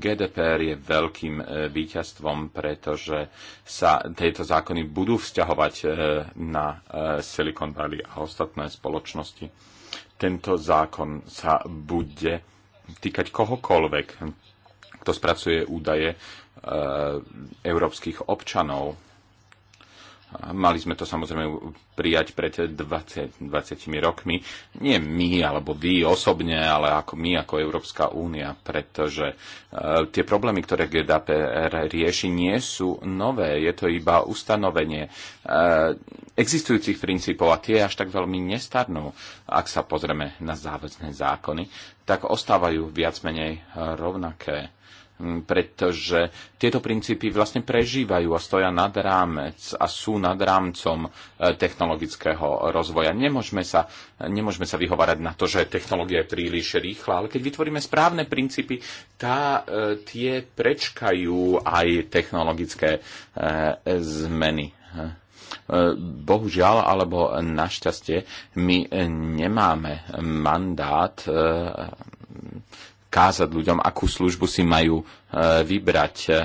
GDPR je veľkým e, víťazstvom, pretože sa tieto zákony budú vzťahovať na Silicon Valley a ostatné spoločnosti. Tento zákon sa bude týkať kohokoľvek, kto spracuje údaje európskych občanov Mali sme to samozrejme prijať pred 20, 20 rokmi. Nie my alebo vy osobne, ale ako my, ako Európska únia, pretože uh, tie problémy, ktoré GDPR rieši, nie sú nové. Je to iba ustanovenie uh, existujúcich princípov a tie až tak veľmi nestarnú. Ak sa pozrieme na záväzné zákony, tak ostávajú viac menej rovnaké Mm, pretože tieto princípy vlastne prežívajú a stoja nad rámec a sú nad rámcom e, technologického rozvoja. Nemôžeme sa, nemôžeme sa vyhovárať na to, že technológia je príliš rýchla, ale keď vytvoríme správne princípy, tá, e, tie prečkajú aj technologické e, zmeny bohužiaľ alebo našťastie my nemáme mandát kázať ľuďom, akú službu si majú e, vybrať. E,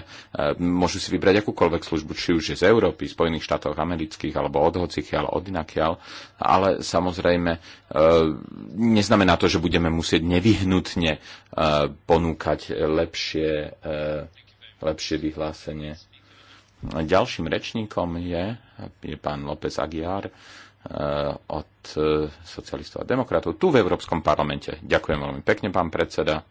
môžu si vybrať akúkoľvek službu, či už je z Európy, Spojených štátov amerických, alebo od hocikiaľ, od inakiaľ. Ale samozrejme, e, neznamená to, že budeme musieť nevyhnutne ponúkať lepšie, lepšie vyhlásenie. Ďalším rečníkom je, je pán López Aguiar od socialistov a demokratov tu v Európskom parlamente. Ďakujem veľmi pekne, pán predseda.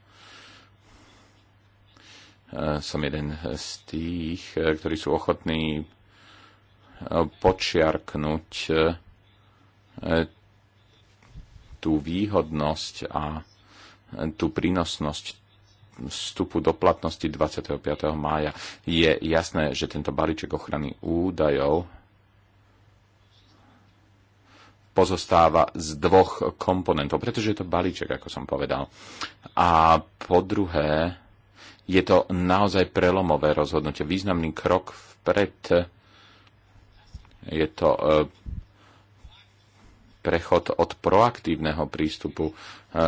Eh, som jeden z tých, eh, ktorí sú ochotní eh, počiarknúť tú výhodnosť a tú prínosnosť vstupu do platnosti 25. mája. Je jasné, že tento balíček ochrany údajov pozostáva z dvoch komponentov, pretože je to balíček, ako som povedal. A po druhé, je to naozaj prelomové rozhodnutie, významný krok vpred. Je to e, prechod od proaktívneho prístupu e,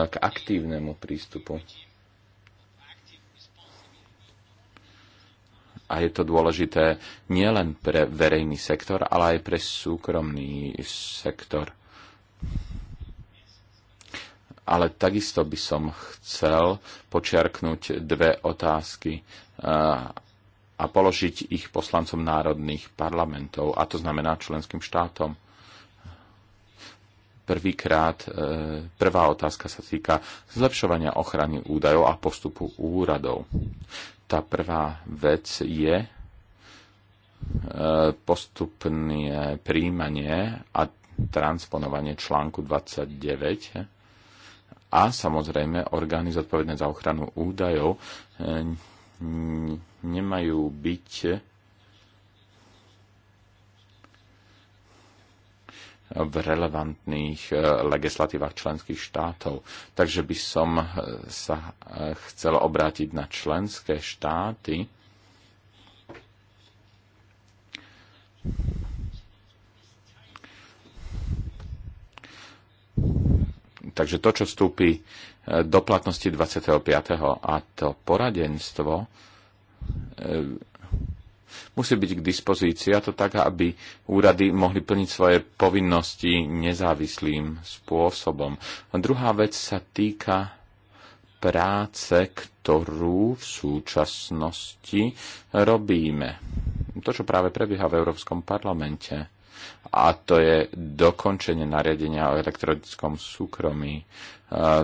k aktívnemu prístupu. A je to dôležité nielen pre verejný sektor, ale aj pre súkromný sektor ale takisto by som chcel počiarknúť dve otázky eh, a položiť ich poslancom národných parlamentov, a to znamená členským štátom. Prvýkrát, eh, prvá otázka sa týka zlepšovania ochrany údajov a postupu úradov. Tá prvá vec je eh, postupné príjmanie a transponovanie článku 29 a samozrejme orgány zodpovedné za ochranu údajov eh, nemajú byť eh, v relevantných eh, legislatívach členských štátov. Takže by som sa chcel obrátiť na členské štáty, Takže to, čo vstúpi e, do platnosti 25. a to poradenstvo e, musí byť k dispozícii a to tak, aby úrady mohli plniť svoje povinnosti nezávislým spôsobom. A druhá vec sa týka práce, ktorú v súčasnosti robíme. To, čo práve prebieha v Európskom parlamente a to je dokončenie nariadenia o elektronickom súkromí, e,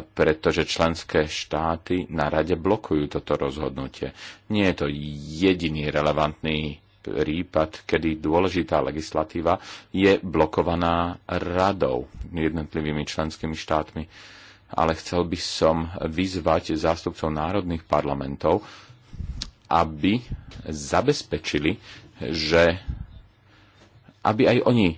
pretože členské štáty na rade blokujú toto rozhodnutie. Nie je to jediný relevantný prípad, kedy dôležitá legislatíva je blokovaná radou jednotlivými členskými štátmi. Ale chcel by som vyzvať zástupcov národných parlamentov, aby zabezpečili, že aby aj oni e,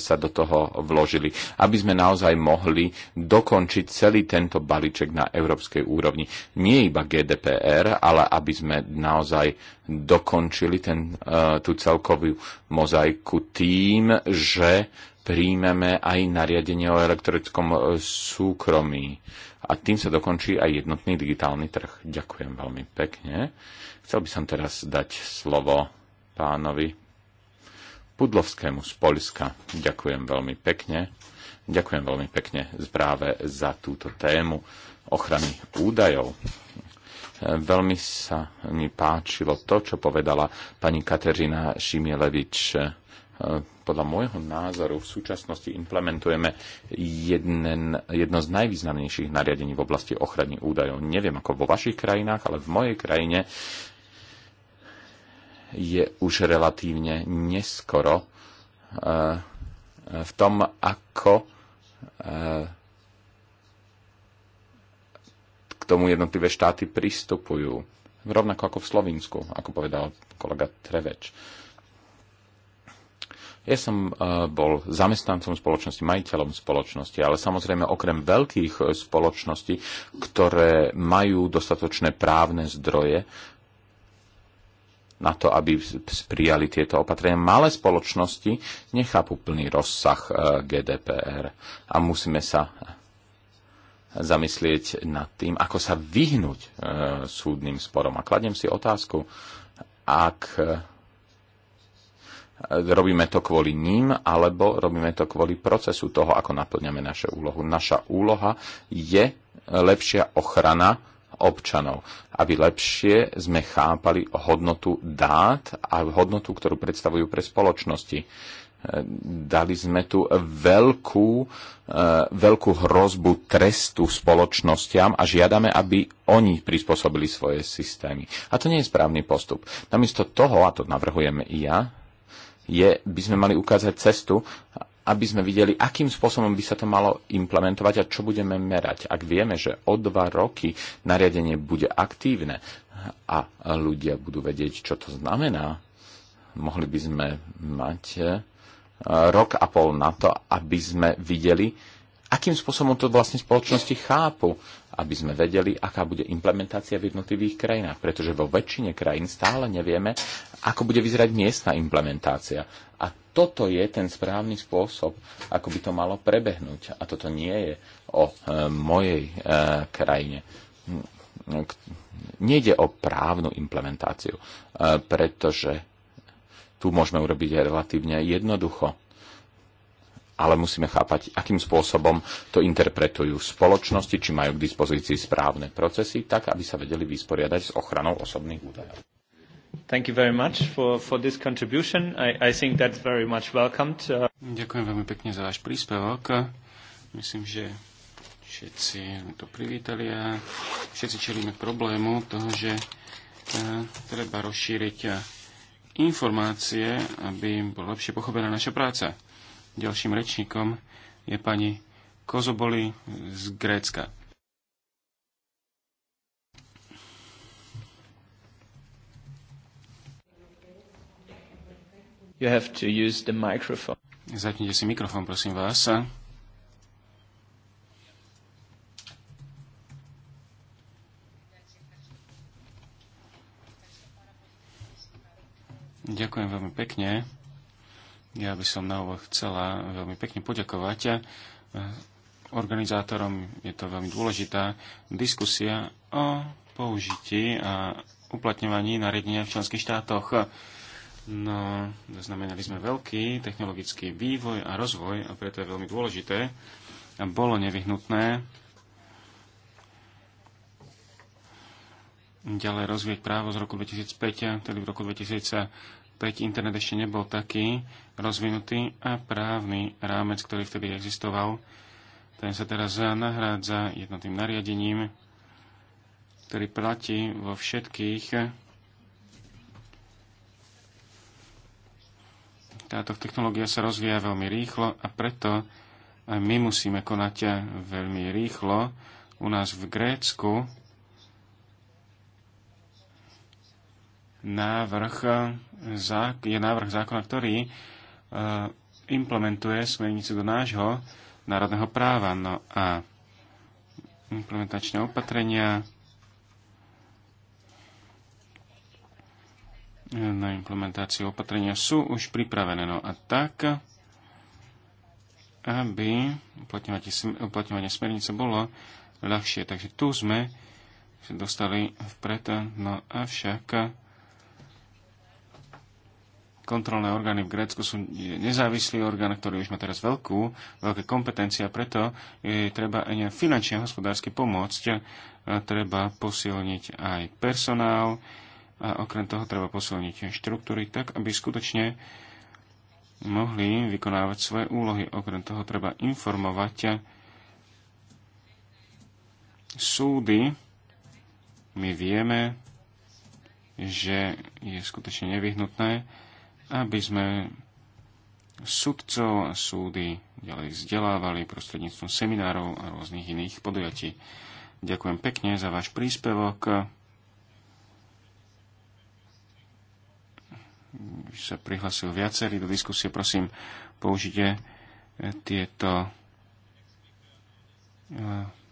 sa do toho vložili, aby sme naozaj mohli dokončiť celý tento balíček na európskej úrovni. Nie iba GDPR, ale aby sme naozaj dokončili ten, e, tú celkovú mozaiku tým, že príjmeme aj nariadenie o elektrickom e, súkromí. A tým sa dokončí aj jednotný digitálny trh. Ďakujem veľmi pekne. Chcel by som teraz dať slovo pánovi Pudlovskému z Polska. Ďakujem veľmi pekne. Ďakujem veľmi pekne práve za túto tému ochrany údajov. Veľmi sa mi páčilo to, čo povedala pani Kateřina Šimielevič. E, podľa môjho názoru v súčasnosti implementujeme jeden, jedno z najvýznamnejších nariadení v oblasti ochrany údajov. Neviem ako vo vašich krajinách, ale v mojej krajine je už relatívne neskoro e, v tom, ako e, k tomu jednotlivé štáty pristupujú. Rovnako ako v Slovensku, ako povedal kolega Treveč. Ja som e, bol zamestnancom spoločnosti, majiteľom spoločnosti, ale samozrejme okrem veľkých spoločností, ktoré majú dostatočné právne zdroje, na to, aby prijali tieto opatrenia. Malé spoločnosti nechápu plný rozsah e, GDPR a musíme sa zamyslieť nad tým, ako sa vyhnúť e, súdnym sporom. A kladiem si otázku, ak e, robíme to kvôli ním, alebo robíme to kvôli procesu toho, ako naplňame našu úlohu. Naša úloha je lepšia ochrana občanov, aby lepšie sme chápali hodnotu dát a hodnotu, ktorú predstavujú pre spoločnosti. E, dali sme tu veľkú, e, veľkú hrozbu trestu spoločnostiam a žiadame, aby oni prispôsobili svoje systémy. A to nie je správny postup. Namiesto toho, a to navrhujem i ja, je, by sme mali ukázať cestu, aby sme videli, akým spôsobom by sa to malo implementovať a čo budeme merať. Ak vieme, že o dva roky nariadenie bude aktívne a ľudia budú vedieť, čo to znamená, mohli by sme mať e, rok a pol na to, aby sme videli, akým spôsobom to vlastne spoločnosti chápu aby sme vedeli, aká bude implementácia v jednotlivých krajinách, pretože vo väčšine krajín stále nevieme, ako bude vyzerať miestna implementácia. A toto je ten správny spôsob, ako by to malo prebehnúť. A toto nie je o e, mojej e, krajine. Nejde o právnu implementáciu, e, pretože tu môžeme urobiť relatívne jednoducho ale musíme chápať, akým spôsobom to interpretujú spoločnosti, či majú k dispozícii správne procesy, tak aby sa vedeli vysporiadať s ochranou osobných údajov. Thank you very much for, for this contribution. I, I think that's very much welcomed. Uh, Ďakujem veľmi pekne za váš príspevok. Myslím, že všetci to privítali a všetci čelíme problému toho, že uh, treba rozšíriť uh, informácie, aby bola lepšie pochopená naša práca. Ďalším rečníkom je pani Kozoboli z Grécka. You have to use the microphone. Zapnite si mikrofón, prosím vás. Ďakujem veľmi pekne. Ja by som na úvod chcela veľmi pekne poďakovať eh, organizátorom. Je to veľmi dôležitá diskusia o použití a uplatňovaní nariadenia v členských štátoch. No, zaznamenali sme veľký technologický vývoj a rozvoj a preto je veľmi dôležité a bolo nevyhnutné ďalej rozvieť právo z roku 2005, tedy v roku 2000 Veď internet ešte nebol taký rozvinutý a právny rámec, ktorý vtedy existoval, ten sa teraz nahrádza jednotným nariadením, ktorý platí vo všetkých Táto technológia sa rozvíja veľmi rýchlo a preto my musíme konať veľmi rýchlo. U nás v Grécku návrh, je návrh zákona, ktorý e, implementuje smernicu do nášho národného práva. No a implementačné opatrenia e, na implementáciu opatrenia sú už pripravené. No a tak, aby uplatňovanie smernice bolo ľahšie. Takže tu sme sa dostali vpred, no avšak kontrolné orgány v Grécku sú nezávislý orgán, ktorý už má teraz veľkú, veľké kompetencie a preto je treba aj finančne a hospodársky pomôcť. Treba posilniť aj personál a okrem toho treba posilniť štruktúry tak, aby skutočne mohli vykonávať svoje úlohy. Okrem toho treba informovať súdy. My vieme, že je skutočne nevyhnutné, aby sme sudcov a súdy ďalej vzdelávali prostredníctvom seminárov a rôznych iných podujatí. Ďakujem pekne za váš príspevok. Už sa prihlasil viacerí do diskusie. Prosím, použite eh, tieto eh,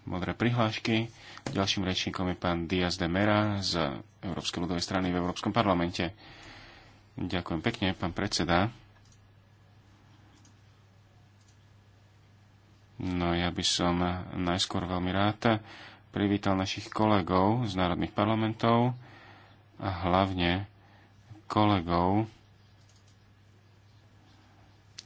modré prihlášky. Ďalším rečníkom je pán Diaz de Mera z Európskej ľudovej strany v Európskom parlamente. Ďakujem pekne, pán predseda. No ja by som najskôr veľmi rád privítal našich kolegov z národných parlamentov a hlavne kolegov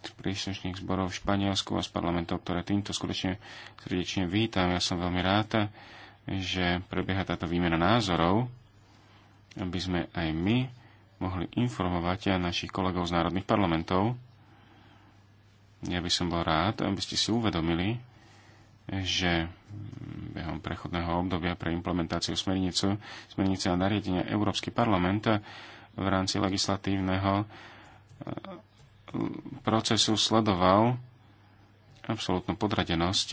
z príslušných zborov v Španielsku a z parlamentov, ktoré týmto skutočne srdečne vítam. Ja som veľmi rád, že prebieha táto výmena názorov, aby sme aj my mohli informovať aj našich kolegov z národných parlamentov. Ja by som bol rád, aby ste si uvedomili, že behom prechodného obdobia pre implementáciu smernice, smernice a nariadenia Európsky parlament v rámci legislatívneho eh, procesu sledoval absolútnu podradenosť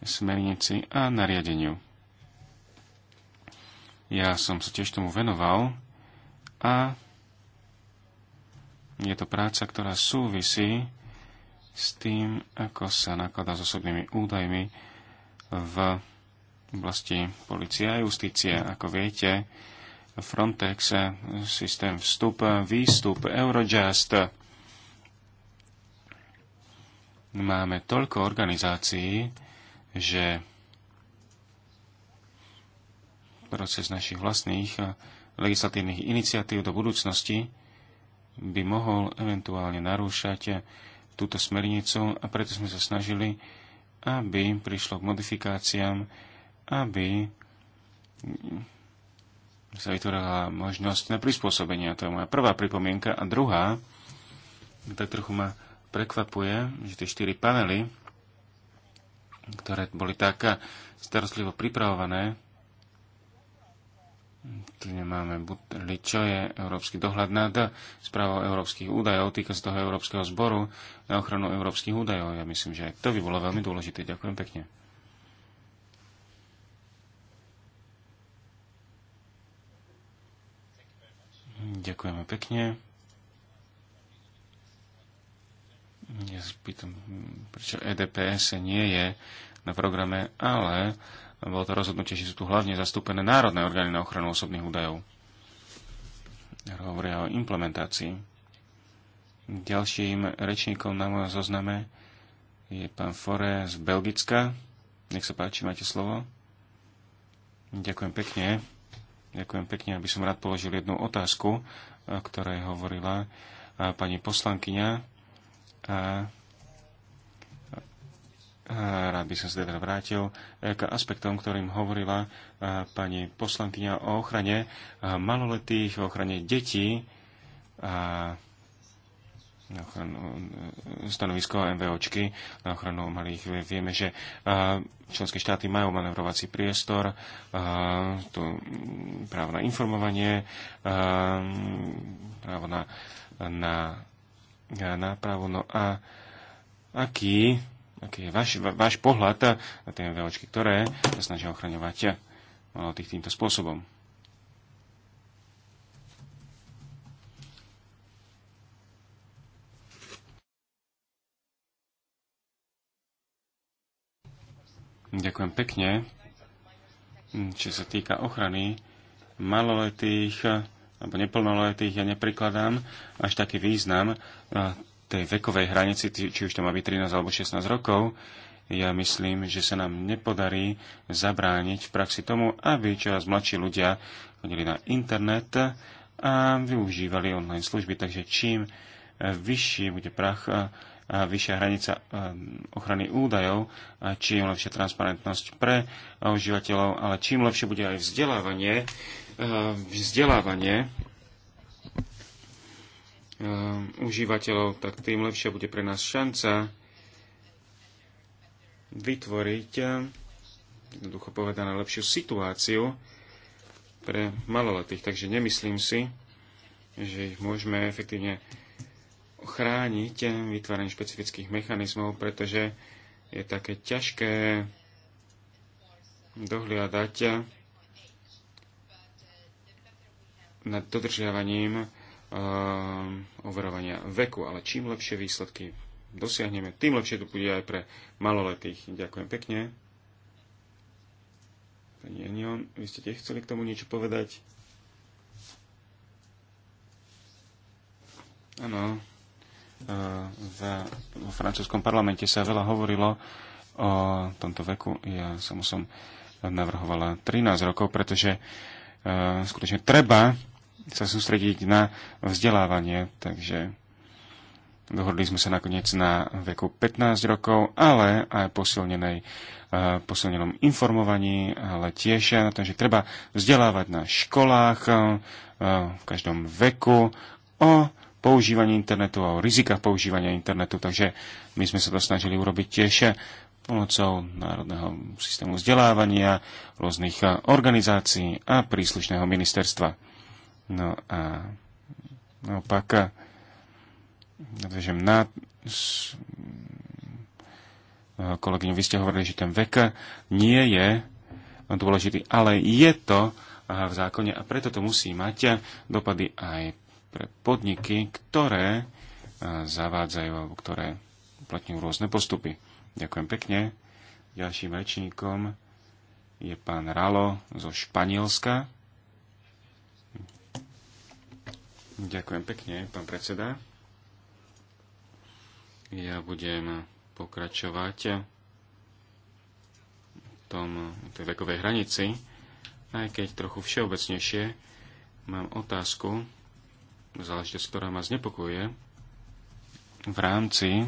smernici a nariadeniu. Ja som sa tiež tomu venoval a je to práca, ktorá súvisí s tým, ako sa nakladá s osobnými údajmi v oblasti policie a justície. Ako viete, Frontex, systém vstup, výstup, Eurojust. Máme toľko organizácií, že proces našich vlastných legislatívnych iniciatív do budúcnosti by mohol eventuálne narúšať túto smernicu a preto sme sa snažili, aby prišlo k modifikáciám, aby sa vytvorila možnosť na prispôsobenie. To je moja prvá pripomienka. A druhá, tak trochu ma prekvapuje, že tie štyri panely, ktoré boli tak starostlivo pripravované, tu nemáme butli, čo je európsky dohľad nad správou európskych údajov, týka sa toho Európskeho zboru na ochranu európskych údajov. Ja myslím, že to by bolo veľmi dôležité. Ďakujem pekne. Ďakujeme pekne. Ja spýtam, prečo EDPS nie je na programe, ale bolo to rozhodnutie, že sú tu hlavne zastúpené národné orgány na ochranu osobných údajov. Hovoria o implementácii. Ďalším rečníkom na mojom zozname je pán Fore z Belgicka. Nech sa páči, máte slovo. Ďakujem pekne. Ďakujem pekne, aby som rád položil jednu otázku, o ktorej hovorila pani poslankyňa. A rád by som sa teda vrátil eh, k aspektom, ktorým hovorila eh, pani poslankyňa o ochrane eh, maloletých, o ochrane detí a na ochranu stanovisko MVOčky, na ochranu malých. Vieme, že členské štáty majú manevrovací priestor, tu mm, právo na informovanie, právo na, na nápravu. No a aký aký je váš, váš pohľad na tie MVOčky, ktoré sa snažia ochraňovať eh, tých týmto spôsobom. Ďakujem pekne. Čo sa týka ochrany maloletých eh, alebo neplnoletých, ja neprikladám až taký význam eh, tej vekovej hranici, či už to má byť 13 alebo 16 rokov, ja myslím, že sa nám nepodarí zabrániť v praxi tomu, aby čoraz mladší ľudia chodili na internet a využívali online služby. Takže čím e, vyšší bude prach a vyššia hranica e, ochrany údajov, a čím lepšia transparentnosť pre užívateľov, ale čím lepšie bude aj vzdelávanie, e, vzdelávanie Um, užívateľov, tak tým lepšia bude pre nás šanca vytvoriť, um, jednoducho povedané, lepšiu situáciu pre maloletých. Takže nemyslím si, že ich môžeme efektívne chrániť um, vytváraním špecifických mechanizmov, pretože je také ťažké dohliadať nad dodržiavaním Ehm, overovania veku, ale čím lepšie výsledky dosiahneme, tým lepšie to bude aj pre maloletých. Ďakujem pekne. Pani Enion, vy ste tiež chceli k tomu niečo povedať? Áno. Ehm, v francúzskom parlamente sa veľa hovorilo o tomto veku. Ja som som eh, navrhovala 13 rokov, pretože eh, skutočne treba sa sústrediť na vzdelávanie, takže dohodli sme sa nakoniec na veku 15 rokov, ale aj posilnenej, eh, posilnenom informovaní, ale tiež na tom, že treba vzdelávať na školách eh, v každom veku o používaní internetu a o rizikách používania internetu, takže my sme sa to snažili urobiť tiež pomocou Národného systému vzdelávania, rôznych eh, organizácií a príslušného ministerstva. No a naopak, na eh, kolegyňu, vy ste hovorili, že ten vek nie je dôležitý, ale je to eh, v zákone a preto to musí mať dopady aj pre podniky, ktoré eh, zavádzajú alebo ktoré uplatňujú rôzne postupy. Ďakujem pekne. Ďalším rečníkom je pán Ralo zo Španielska. Ďakujem pekne, pán predseda. Ja budem pokračovať v tom, tej vekovej hranici, aj keď trochu všeobecnejšie mám otázku, záležitosť, ktorá ma znepokuje, v rámci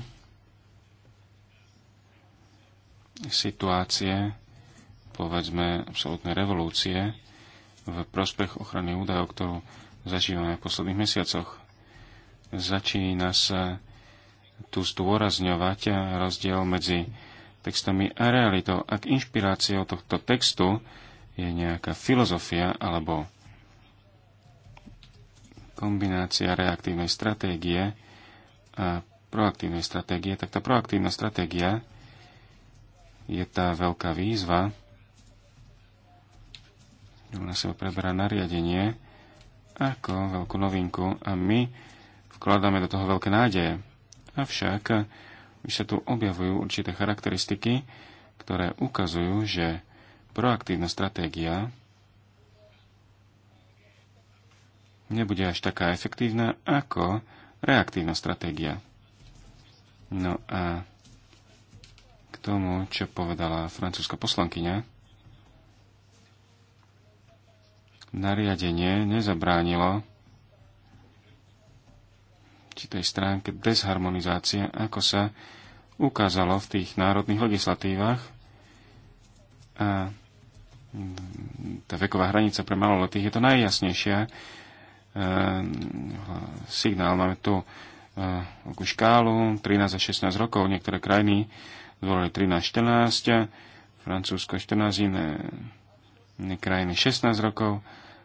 situácie, povedzme, absolútnej revolúcie v prospech ochrany údajov, ktorú zažívame v posledných mesiacoch. Začína sa tu zdôrazňovať rozdiel medzi textami a realitou. Ak inšpiráciou tohto textu je nejaká filozofia alebo kombinácia reaktívnej stratégie a proaktívnej stratégie, tak tá proaktívna stratégia je tá veľká výzva, ona sa preberá nariadenie ako veľkú novinku a my vkladáme do toho veľké nádeje. Avšak už sa tu objavujú určité charakteristiky, ktoré ukazujú, že proaktívna stratégia nebude až taká efektívna ako reaktívna stratégia. No a k tomu, čo povedala francúzska poslankyňa, nariadenie nezabránilo či tej stránke desharmonizácie, ako sa ukázalo v tých národných legislatívach. A tá veková hranica pre maloletých je to najjasnejšia. E, signál máme tu e, škálu 13 a 16 rokov, niektoré krajiny zvolili 13-14, Francúzsko 14, iné krajiny 16 rokov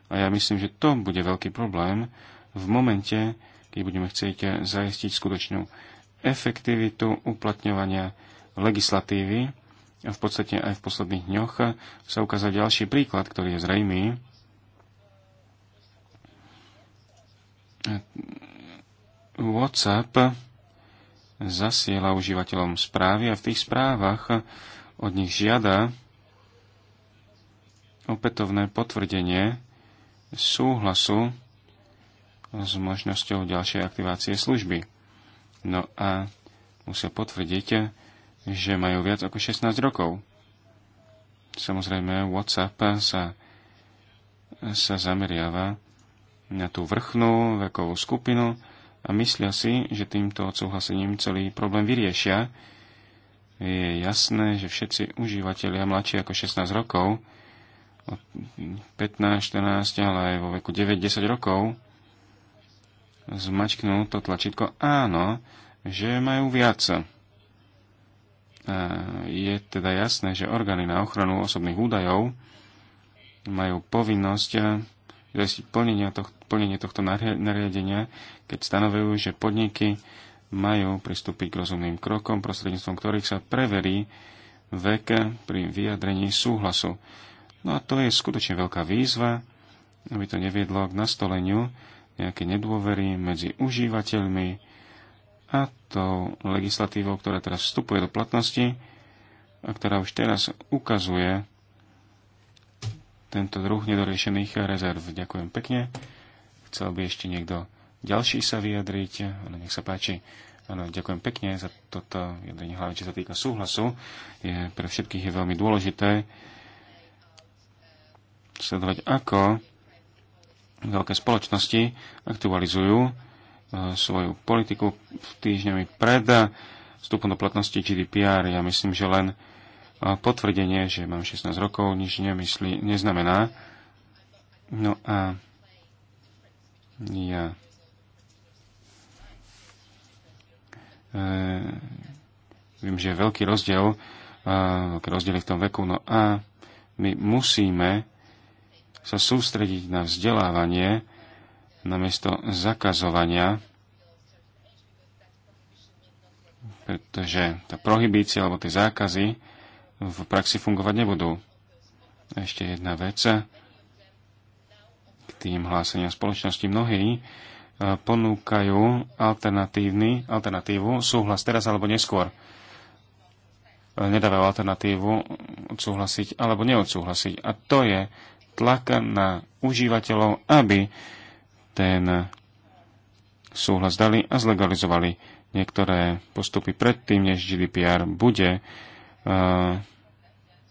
a ja myslím, že to bude veľký problém v momente, keď budeme chcieť zaistiť skutočnú efektivitu uplatňovania legislatívy. A v podstate aj v posledných dňoch sa ukázal ďalší príklad, ktorý je zrejmý. WhatsApp zasiela užívateľom správy a v tých správach od nich žiada, opätovné potvrdenie súhlasu s možnosťou ďalšej aktivácie služby. No a musia potvrdiť, že majú viac ako 16 rokov. Samozrejme, WhatsApp sa, sa zameriava na tú vrchnú vekovú skupinu a myslia si, že týmto odsúhlasením celý problém vyriešia. Je jasné, že všetci užívateľia mladší ako 16 rokov 15, 14, ale aj vo veku 9-10 rokov zmačknú to tlačítko áno, že majú viac. je teda jasné, že orgány na ochranu osobných údajov majú povinnosť zajistiť plnenie, tohto, plnenie tohto nariadenia, keď stanovujú, že podniky majú pristúpiť k rozumným krokom, prostredníctvom ktorých sa preverí vek pri vyjadrení súhlasu. No a to je skutočne veľká výzva, aby to neviedlo k nastoleniu nejaké nedôvery medzi užívateľmi a tou legislatívou, ktorá teraz vstupuje do platnosti a ktorá už teraz ukazuje tento druh nedoriešených rezerv. Ďakujem pekne. Chcel by ešte niekto ďalší sa vyjadriť, ale nech sa páči. Ano, ďakujem pekne za toto vyjadrenie, hlavne čo sa týka súhlasu. Je, pre všetkých je veľmi dôležité, sledovať, ako veľké spoločnosti aktualizujú e, svoju politiku v týždňami pred e, vstupom do platnosti GDPR. Ja myslím, že len e, potvrdenie, že mám 16 rokov, nič nemyslí, neznamená. No a ja e, viem, že je veľký rozdiel, e, veľký rozdiel v tom veku, no a my musíme sa sústrediť na vzdelávanie namiesto zakazovania, pretože tá prohibícia alebo tie zákazy v praxi fungovať nebudú. A ešte jedna vec k tým hláseniam spoločnosti. Mnohí e, ponúkajú alternatívny, alternatívu súhlas teraz alebo neskôr. E, nedávajú alternatívu odsúhlasiť alebo neodsúhlasiť. A to je tlak na užívateľov, aby ten súhlas dali a zlegalizovali niektoré postupy predtým, než GDPR bude uh,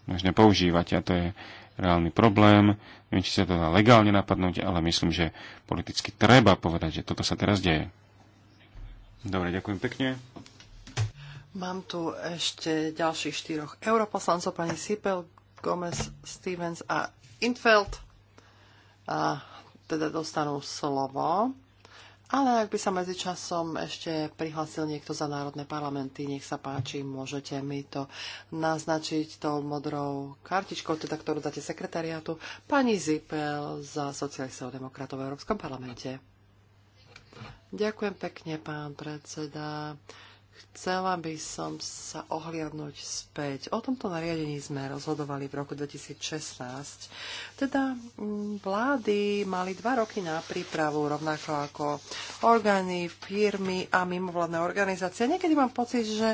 možné používať. A to je reálny problém. Neviem, či sa to dá legálne napadnúť, ale myslím, že politicky treba povedať, že toto sa teraz deje. Dobre, ďakujem pekne. Mám tu ešte ďalších štyroch europoslancov, pani Sipel, Gomez, Stevens a Infeld. A teda dostanú slovo. Ale ak by sa medzičasom ešte prihlásil niekto za národné parlamenty, nech sa páči, môžete mi to naznačiť tou modrou kartičkou, teda ktorú dáte sekretariátu, pani Zipel za socialistov demokratov v Európskom parlamente. Ďakujem pekne, pán predseda. Chcela by som sa ohliadnúť späť. O tomto nariadení sme rozhodovali v roku 2016. Teda mm, vlády mali dva roky na prípravu, rovnako ako orgány, firmy a mimovládne organizácie. Niekedy mám pocit, že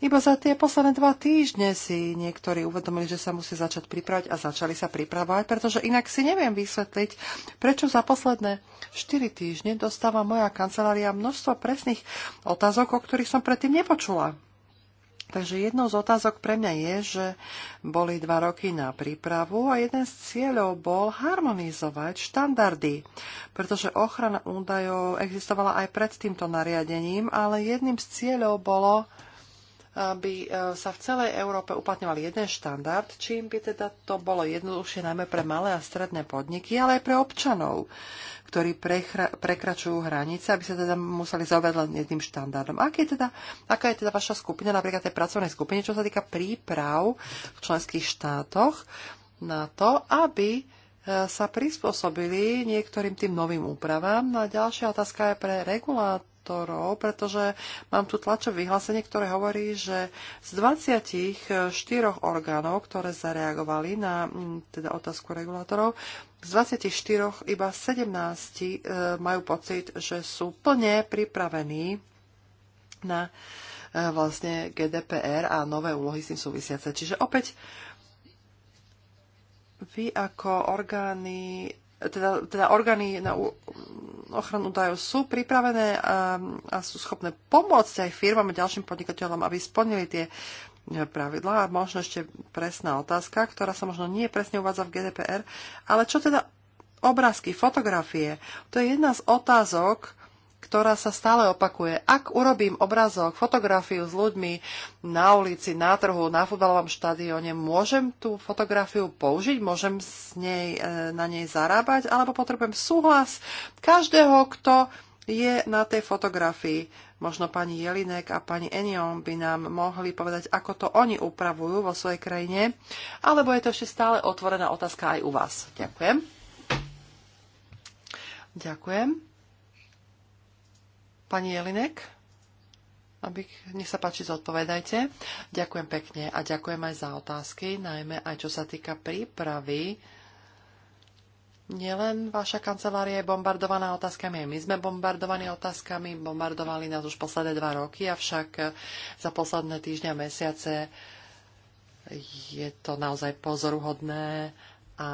iba za tie posledné dva týždne si niektorí uvedomili, že sa musí začať pripravať a začali sa pripravovať, pretože inak si neviem vysvetliť, prečo za posledné 4 týždne dostáva moja kancelária množstvo presných otázok, o ktorých som predtým nepočula. Takže jednou z otázok pre mňa je, že boli dva roky na prípravu a jeden z cieľov bol harmonizovať štandardy, pretože ochrana údajov existovala aj pred týmto nariadením, ale jedným z cieľov bolo aby e, sa v celej Európe uplatňoval jeden štandard, čím by teda to bolo jednoduchšie najmä pre malé a stredné podniky, ale aj pre občanov, ktorí prekračujú hranice, aby sa teda museli zaoberať len jedným štandardom. Aký je teda, aká je teda vaša skupina, napríklad tej pracovnej skupine, čo sa týka príprav v členských štátoch na to, aby e, sa prispôsobili niektorým tým novým úpravám. No a ďalšia otázka je pre regulátor autorov, pretože mám tu tlačové vyhlásenie, ktoré hovorí, že z 24 orgánov, ktoré zareagovali na mm, teda otázku regulátorov, z 24 iba 17 e, majú pocit, že sú plne pripravení na e, vlastne GDPR a nové úlohy s tým súvisiace. Čiže opäť vy ako orgány teda, teda orgány na ochranu údajov sú pripravené a, a sú schopné pomôcť aj firmám a ďalším podnikateľom, aby splnili tie e, pravidlá. A možno ešte presná otázka, ktorá sa možno nie presne uvádza v GDPR, ale čo teda obrázky, fotografie? To je jedna z otázok, ktorá sa stále opakuje. Ak urobím obrazok, fotografiu s ľuďmi na ulici, na trhu, na futbalovom štadióne, môžem tú fotografiu použiť, môžem s nej, e, na nej zarábať, alebo potrebujem súhlas každého, kto je na tej fotografii. Možno pani Jelinek a pani Enion by nám mohli povedať, ako to oni upravujú vo svojej krajine, alebo je to ešte stále otvorená otázka aj u vás. Ďakujem. Ďakujem. Pani Jelinek, aby, nech sa páči, zodpovedajte. Ďakujem pekne a ďakujem aj za otázky, najmä aj čo sa týka prípravy. Nielen vaša kancelária je bombardovaná otázkami, aj my sme bombardovaní otázkami, bombardovali nás už posledné dva roky, avšak za posledné týždňa, mesiace je to naozaj pozoruhodné a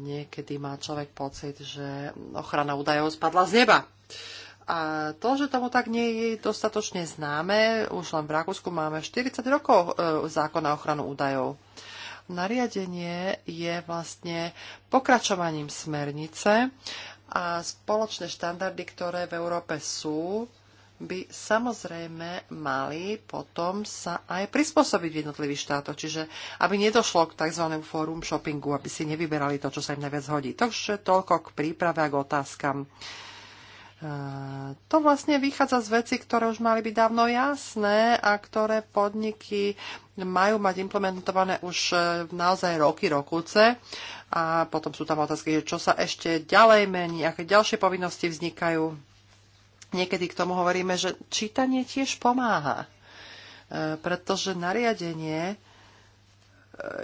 niekedy má človek pocit, že ochrana údajov spadla z neba. A to, že tomu tak nie je dostatočne známe, už len v Rakúsku máme 40 rokov e, zákon na ochranu údajov. Nariadenie je vlastne pokračovaním smernice a spoločné štandardy, ktoré v Európe sú, by samozrejme mali potom sa aj prispôsobiť v jednotlivých štátoch, čiže aby nedošlo k tzv. fórum shoppingu, aby si nevyberali to, čo sa im najviac hodí. Takže toľko k príprave a k otázkam. To vlastne vychádza z veci, ktoré už mali byť dávno jasné a ktoré podniky majú mať implementované už e, naozaj roky, rokuce. A potom sú tam otázky, že čo sa ešte ďalej mení, aké ďalšie povinnosti vznikajú. Niekedy k tomu hovoríme, že čítanie tiež pomáha, e, pretože nariadenie e,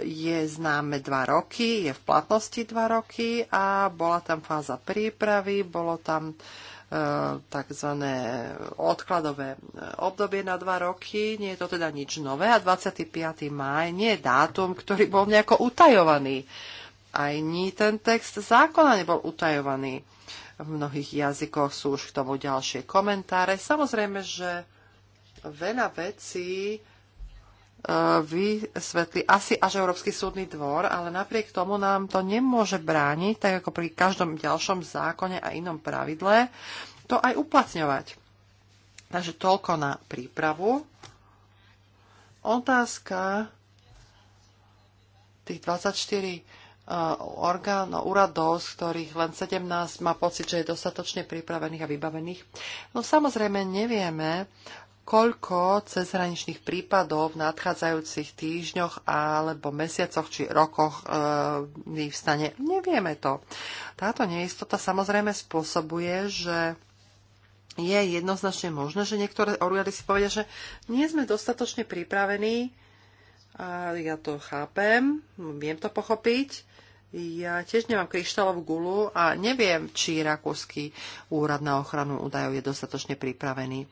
je známe dva roky, je v platnosti dva roky a bola tam fáza prípravy, bolo tam uh, E, tzv. odkladové e, obdobie na dva roky. Nie je to teda nič nové a 25. máj nie je dátum, ktorý bol nejako utajovaný. Aj ní ten text zákona nebol utajovaný. V mnohých jazykoch sú už k tomu ďalšie komentáre. Samozrejme, že veľa vecí vysvetli asi až Európsky súdny dvor, ale napriek tomu nám to nemôže brániť, tak ako pri každom ďalšom zákone a inom pravidle, to aj uplatňovať. Takže toľko na prípravu. Otázka tých 24 e, orgánov, úradov, z ktorých len 17 má pocit, že je dostatočne pripravených a vybavených. No samozrejme nevieme, koľko cezhraničných prípadov v nadchádzajúcich týždňoch alebo mesiacoch či rokoch e, vyvstane. Nevieme to. Táto neistota samozrejme spôsobuje, že je jednoznačne možné, že niektoré orgány si povedia, že nie sme dostatočne pripravení. A ja to chápem, viem to pochopiť. Ja tiež nemám kryštálovú gulu a neviem, či rakúsky úrad na ochranu údajov je dostatočne pripravený.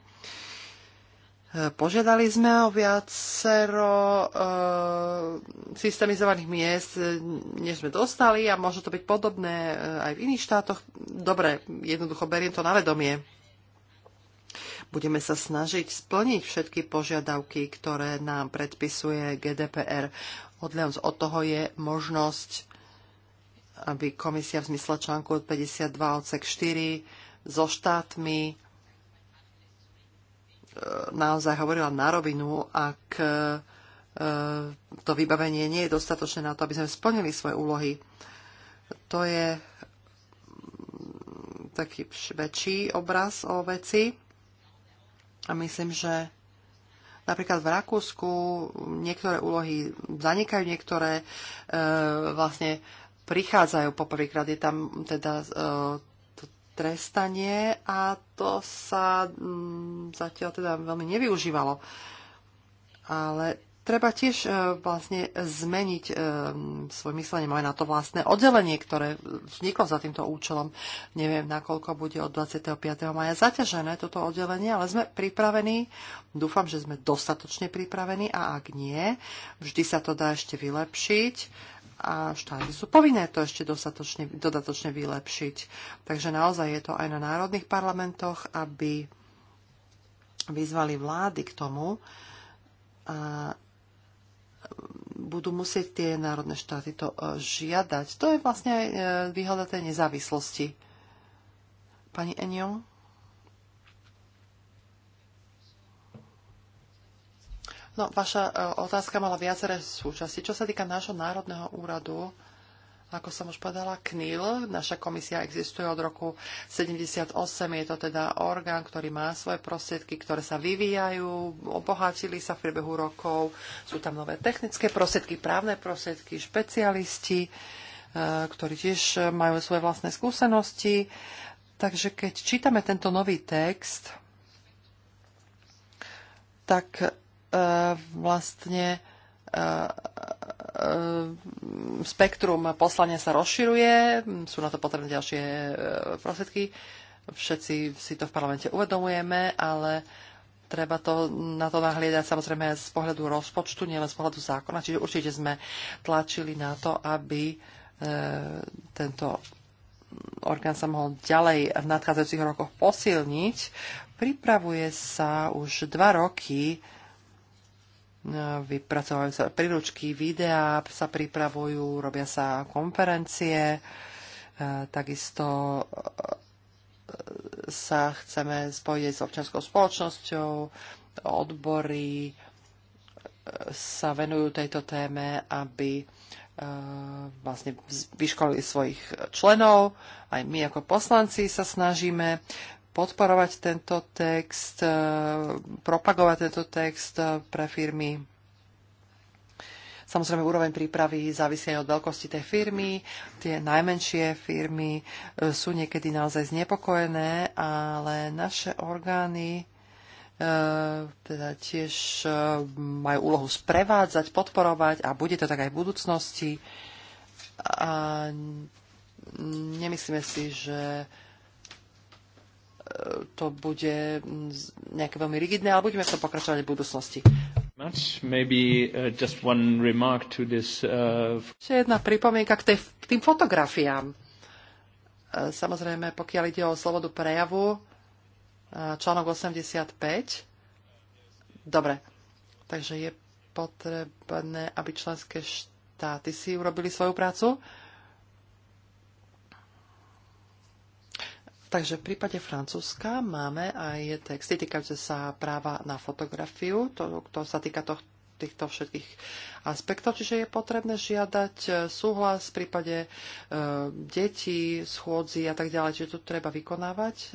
Požiadali sme o viacero e, systemizovaných miest, eh, než sme dostali a môže to byť podobné eh, aj v iných štátoch. Dobre, jednoducho beriem to na vedomie. Budeme sa snažiť splniť všetky požiadavky, ktoré nám predpisuje GDPR. Odľahnuť od toho je možnosť, aby komisia v zmysle článku 52 odsek 4 so štátmi naozaj hovorila na rovinu, ak e, to vybavenie nie je dostatočné na to, aby sme splnili svoje úlohy. To je taký väčší obraz o veci a myslím, že Napríklad v Rakúsku niektoré úlohy zanikajú, niektoré e, vlastne prichádzajú poprvýkrát. Je tam teda e, trestanie a to sa mm, zatiaľ teda veľmi nevyužívalo. Ale treba tiež e, vlastne zmeniť e, svoje myslenie. Máme na to vlastné oddelenie, ktoré vzniklo za týmto účelom. Neviem, nakoľko bude od 25. maja zaťažené toto oddelenie, ale sme pripravení. Dúfam, že sme dostatočne pripravení a ak nie, vždy sa to dá ešte vylepšiť a štáty sú povinné to ešte dostatočne, dodatočne vylepšiť. Takže naozaj je to aj na národných parlamentoch, aby vyzvali vlády k tomu a budú musieť tie národné štáty to e, žiadať. To je vlastne aj e, výhoda tej nezávislosti. Pani Enion? No, vaša e, otázka mala viaceré súčasti. Čo sa týka nášho národného úradu, ako som už povedala, KNIL, naša komisia existuje od roku 78, je to teda orgán, ktorý má svoje prostriedky, ktoré sa vyvíjajú, obohatili sa v priebehu rokov, sú tam nové technické prostriedky, právne prostriedky, špecialisti, e, ktorí tiež majú svoje vlastné skúsenosti. Takže keď čítame tento nový text, tak vlastne e, e, spektrum poslania sa rozširuje, sú na to potrebné ďalšie e, prostriedky. Všetci si to v parlamente uvedomujeme, ale treba to na to nahliadať samozrejme z pohľadu rozpočtu, nielen z pohľadu zákona. Čiže určite sme tlačili na to, aby tento orgán sa mohol ďalej v nadchádzajúcich rokoch posilniť. Pripravuje sa už dva roky vypracovajú sa príručky, videá sa pripravujú, robia sa konferencie, e, takisto e, sa chceme spojiť s občanskou spoločnosťou, odbory e, sa venujú tejto téme, aby vlastne vyškolili svojich členov. Aj my ako poslanci sa snažíme podporovať tento text, e, propagovať tento text e, pre firmy. Samozrejme, úroveň prípravy závisí aj od veľkosti tej firmy. Tie najmenšie firmy e, sú niekedy naozaj znepokojené, ale naše orgány teda tiež majú úlohu sprevádzať, podporovať a bude to tak aj v budúcnosti. A nemyslíme si, že to bude mm, nejaké veľmi rigidné, ale budeme v tom pokračovať v budúcnosti. Maybe, uh, this, uh... jedna pripomienka k, tej, k tým fotografiám. E, samozrejme, pokiaľ ide o slobodu prejavu, e, článok 85. Dobre, takže je potrebné, aby členské štáty si urobili svoju prácu Takže v prípade Francúzska máme aj texty týkajúce sa práva na fotografiu, to, to sa týka toh, týchto všetkých aspektov, čiže je potrebné žiadať e, súhlas v prípade e, detí, schôdzi a tak ďalej, čiže to treba vykonávať. E,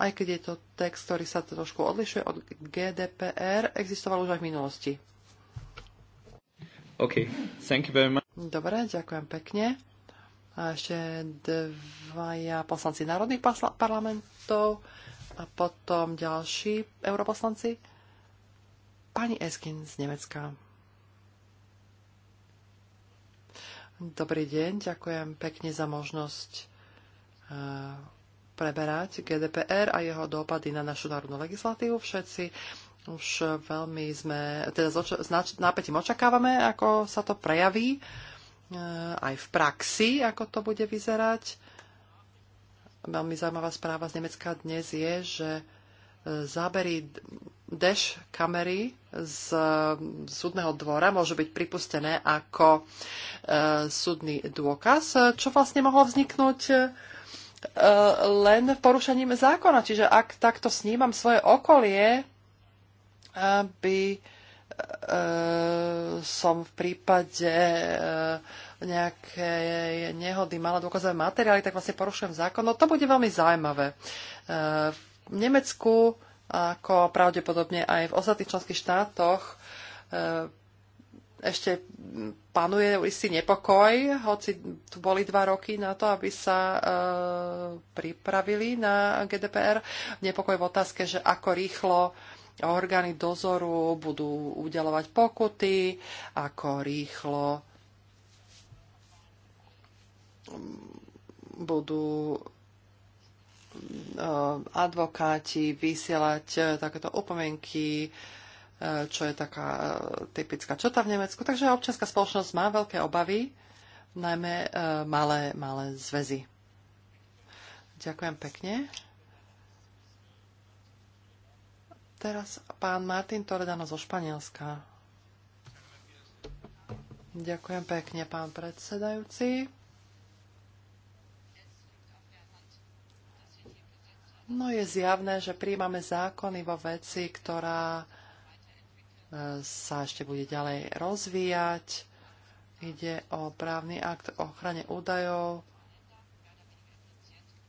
aj keď je to text, ktorý sa trošku odlišuje od GDPR, existoval už aj v minulosti. OK, thank you very much. Dobre, ďakujem pekne a ešte dvaja poslanci národných parlamentov a potom ďalší europoslanci. Pani Eskin z Nemecka. Dobrý deň, ďakujem pekne za možnosť e, preberať GDPR a jeho dopady na našu národnú legislatívu. Všetci už veľmi sme, teda s napätím očakávame, ako sa to prejaví. Eh, aj v praxi, ako to bude vyzerať. Veľmi zaujímavá správa z Nemecka dnes je, že eh, zábery dash kamery z eh, súdneho dvora môžu byť pripustené ako súdny dôkaz, čo vlastne mohlo vzniknúť len porušením zákona. Čiže ak takto snímam svoje okolie, by E, som v prípade e, nejakej nehody mala dôkazové materiály, tak vlastne porušujem zákon. No to bude veľmi zaujímavé. E, v Nemecku, ako pravdepodobne aj v ostatných členských štátoch, ešte panuje istý nepokoj, hoci tu boli dva roky na to, aby sa e, pripravili na GDPR. Nepokoj v otázke, že ako rýchlo orgány dozoru budú udelovať pokuty, ako rýchlo mm, budú eh, advokáti vysielať eh, takéto opomienky, eh, čo je taká typická čota v Nemecku. Takže občianská spoločnosť má veľké obavy, najmä malé, malé zväzy. Ďakujem pekne. Teraz pán Martin Toredano zo Španielska. Ďakujem pekne, pán predsedajúci. No je zjavné, že príjmame zákony vo veci, ktorá e, sa ešte bude ďalej rozvíjať. Ide o právny akt o ochrane údajov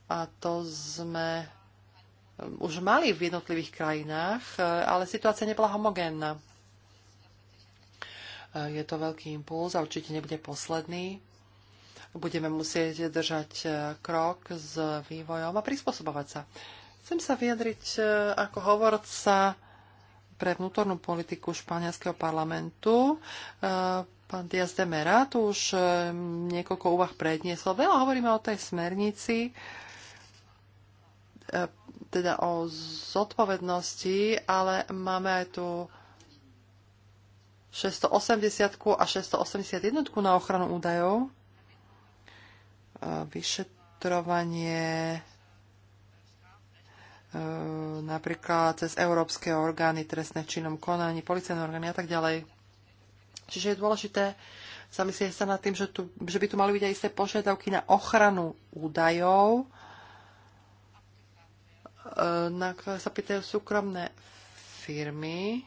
a to sme Um, už mali v jednotlivých krajinách, e, ale situácia nebola homogénna. E, je to veľký impuls a určite nebude posledný. Budeme musieť držať e, krok s vývojom a prispôsobovať sa. Chcem sa vyjadriť ako hovorca pre vnútornú politiku španielského parlamentu. Pán Diaz de Mera tu už niekoľko úvah predniesol. Veľa hovoríme o tej smernici teda o zodpovednosti, ale máme aj tu 680 a 681 na ochranu údajov. Vyšetrovanie e, napríklad cez európske orgány, trestné činom konaní, policajné orgány a tak ďalej. Čiže je dôležité zamyslieť sa nad tým, že, tu, že by tu mali byť aj isté požiadavky na ochranu údajov, E, na ktoré sa pýtajú súkromné firmy.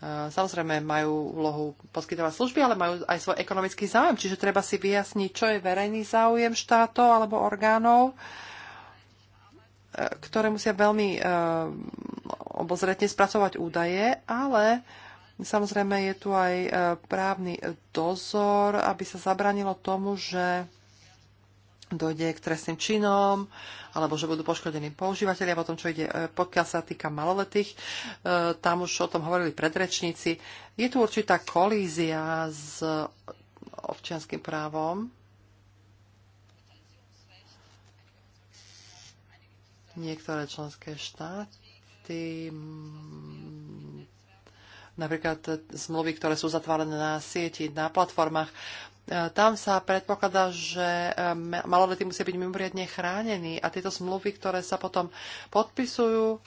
E, samozrejme majú úlohu poskytovať služby, ale majú aj svoj ekonomický záujem, čiže treba si vyjasniť, čo je verejný záujem štátov alebo orgánov, e, ktoré musia veľmi obozretne spracovať údaje, ale samozrejme je tu aj právny dozor, aby sa zabranilo tomu, že dojde k trestným činom, alebo že budú poškodení používateľia, potom čo ide, e, pokiaľ sa týka maloletých, e, tam už o tom hovorili predrečníci. Je tu určitá kolízia s občianským právom. Niektoré členské štáty napríklad zmluvy, ktoré sú zatvárané na sieti, na platformách, E, tam sa predpokladá, že e, maloletí musia byť mimoriadne chránení a tieto zmluvy, ktoré sa potom podpisujú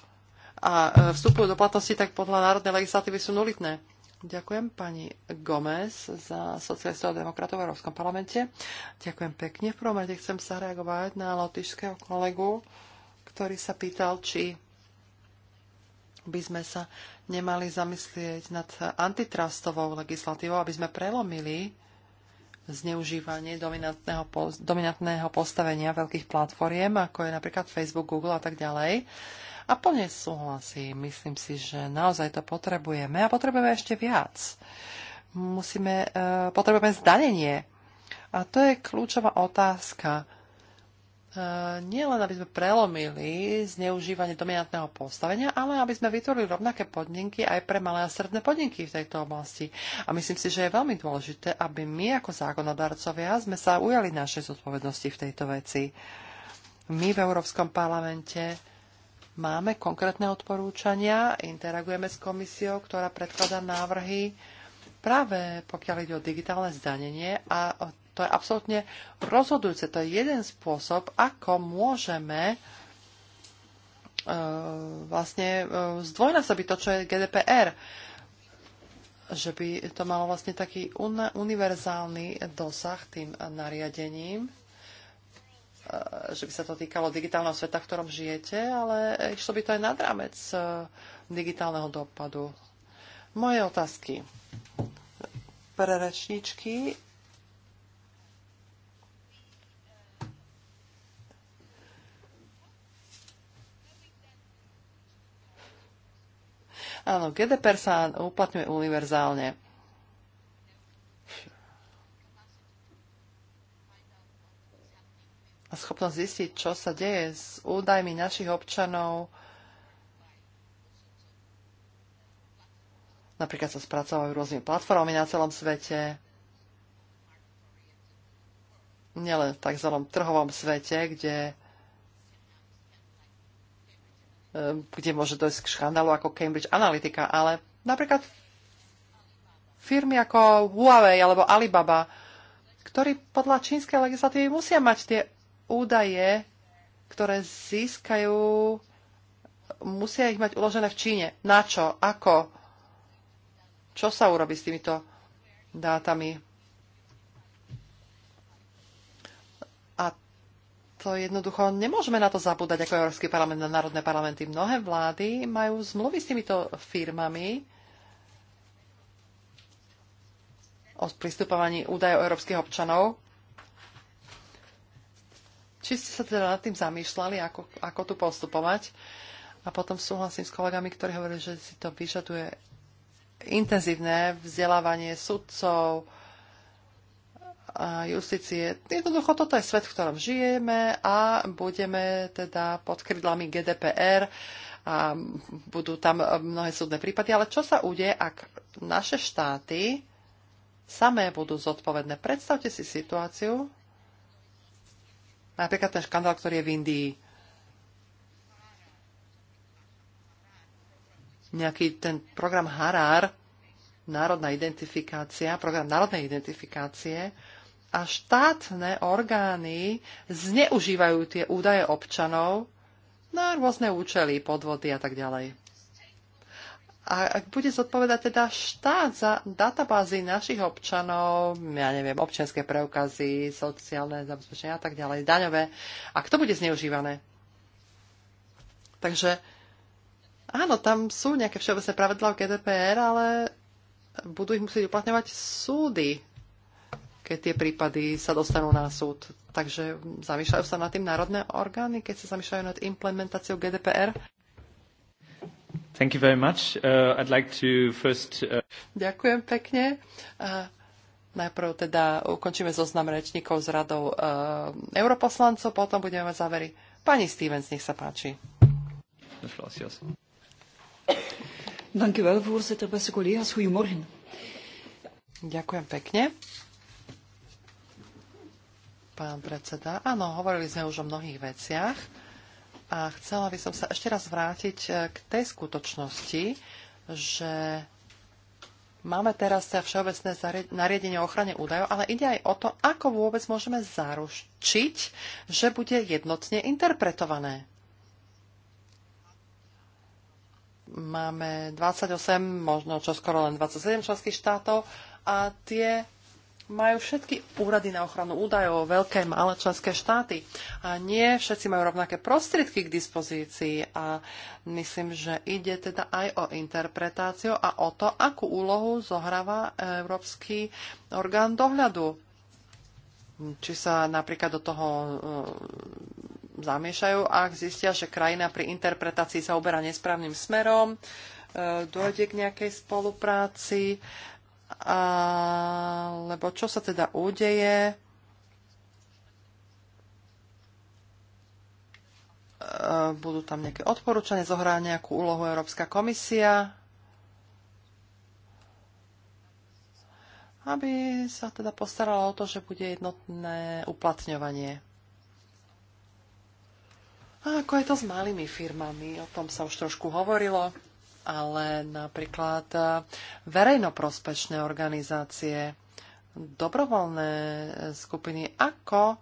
a e, vstupujú do platnosti, tak podľa národnej legislatívy sú nulitné. Ďakujem pani Gomez za socialistov a demokratov v Európskom parlamente. Ďakujem pekne. V prvom rade chcem sa reagovať na lotišského kolegu, ktorý sa pýtal, či by sme sa nemali zamyslieť nad antitrustovou legislatívou, aby sme prelomili zneužívanie dominantného, dominantného postavenia veľkých platformiem, ako je napríklad Facebook, Google a tak ďalej. A plne súhlasím, myslím si, že naozaj to potrebujeme a potrebujeme ešte viac. Musíme, e, potrebujeme zdanenie. A to je kľúčová otázka E, nielen aby sme prelomili zneužívanie dominantného postavenia, ale aby sme vytvorili rovnaké podmienky aj pre malé a stredné podniky v tejto oblasti. A myslím si, že je veľmi dôležité, aby my ako zákonodarcovia sme sa ujali našej zodpovednosti v tejto veci. My v Európskom parlamente máme konkrétne odporúčania, interagujeme s komisiou, ktorá predkladá návrhy práve pokiaľ ide o digitálne zdanenie a o to je absolútne rozhodujúce. To je jeden spôsob, ako môžeme e, vlastne e, zdvojnásobiť to, čo je GDPR že by to malo vlastne taký univerzálny dosah tým nariadením, e, že by sa to týkalo digitálneho sveta, v ktorom žijete, ale išlo by to aj nad rámec digitálneho dopadu. Moje otázky pre rečníčky Áno, GDPR sa uplatňuje univerzálne. A schopnosť zistiť, čo sa deje s údajmi našich občanov, napríklad sa spracovajú rôznymi platformami na celom svete, nielen v tzv. trhovom svete, kde kde môže dojsť k škandálu ako Cambridge Analytica, ale napríklad firmy ako Huawei alebo Alibaba, ktorí podľa čínskej legislatívy musia mať tie údaje, ktoré získajú, musia ich mať uložené v Číne. Na čo? Ako? Čo sa urobí s týmito dátami? to jednoducho nemôžeme na to zabúdať ako Európsky parlament a národné parlamenty. Mnohé vlády majú zmluvy s týmito firmami o pristupovaní údajov európskych občanov. Či ste sa teda nad tým zamýšľali, ako, ako tu postupovať? A potom súhlasím s kolegami, ktorí hovorili, že si to vyžaduje intenzívne vzdelávanie sudcov, justície. Jednoducho toto je svet, v ktorom žijeme a budeme teda pod krydlami GDPR a budú tam mnohé súdne prípady. Ale čo sa udeje, ak naše štáty samé budú zodpovedné? Predstavte si situáciu, napríklad ten škandál, ktorý je v Indii, nejaký ten program Harar, národná identifikácia, program národnej identifikácie, a štátne orgány zneužívajú tie údaje občanov na rôzne účely, podvody a tak ďalej. A ak bude zodpovedať teda štát za databázy našich občanov, ja neviem, občianské preukazy, sociálne zabezpečenia a tak ďalej, daňové, a kto bude zneužívané? Takže áno, tam sú nejaké všeobecné pravidlá o GDPR, ale budú ich musieť uplatňovať súdy keď tie prípady sa dostanú na súd. Takže zamýšľajú sa nad tým národné orgány, keď sa zamýšľajú nad implementáciou GDPR? Thank you very much. Uh, I'd like to first, uh... Ďakujem pekne. Uh, najprv teda ukončíme zoznam rečníkov s radou uh, europoslancov, potom budeme mať závery. Pani Stevens, nech sa páči. Ďakujem pekne pán predseda. Áno, hovorili sme už o mnohých veciach a chcela by som sa ešte raz vrátiť e, k tej skutočnosti, že máme teraz všeobecné nariadenie o ochrane údajov, ale ide aj o to, ako vôbec môžeme zaručiť, že bude jednotne interpretované. Máme 28, možno čo skoro len 27 členských štátov a tie majú všetky úrady na ochranu údajov, veľké, malé členské štáty. A nie všetci majú rovnaké prostriedky k dispozícii. A myslím, že ide teda aj o interpretáciu a o to, akú úlohu zohráva Európsky orgán dohľadu. Či sa napríklad do toho e, zamiešajú, ak zistia, že krajina pri interpretácii sa uberá nesprávnym smerom, e, dojde k nejakej spolupráci lebo čo sa teda udeje? Budú tam nejaké odporúčania, zohrá nejakú úlohu Európska komisia, aby sa teda postarala o to, že bude jednotné uplatňovanie. A ako je to s malými firmami, o tom sa už trošku hovorilo ale napríklad e, verejnoprospečné organizácie, dobrovoľné e, skupiny, ako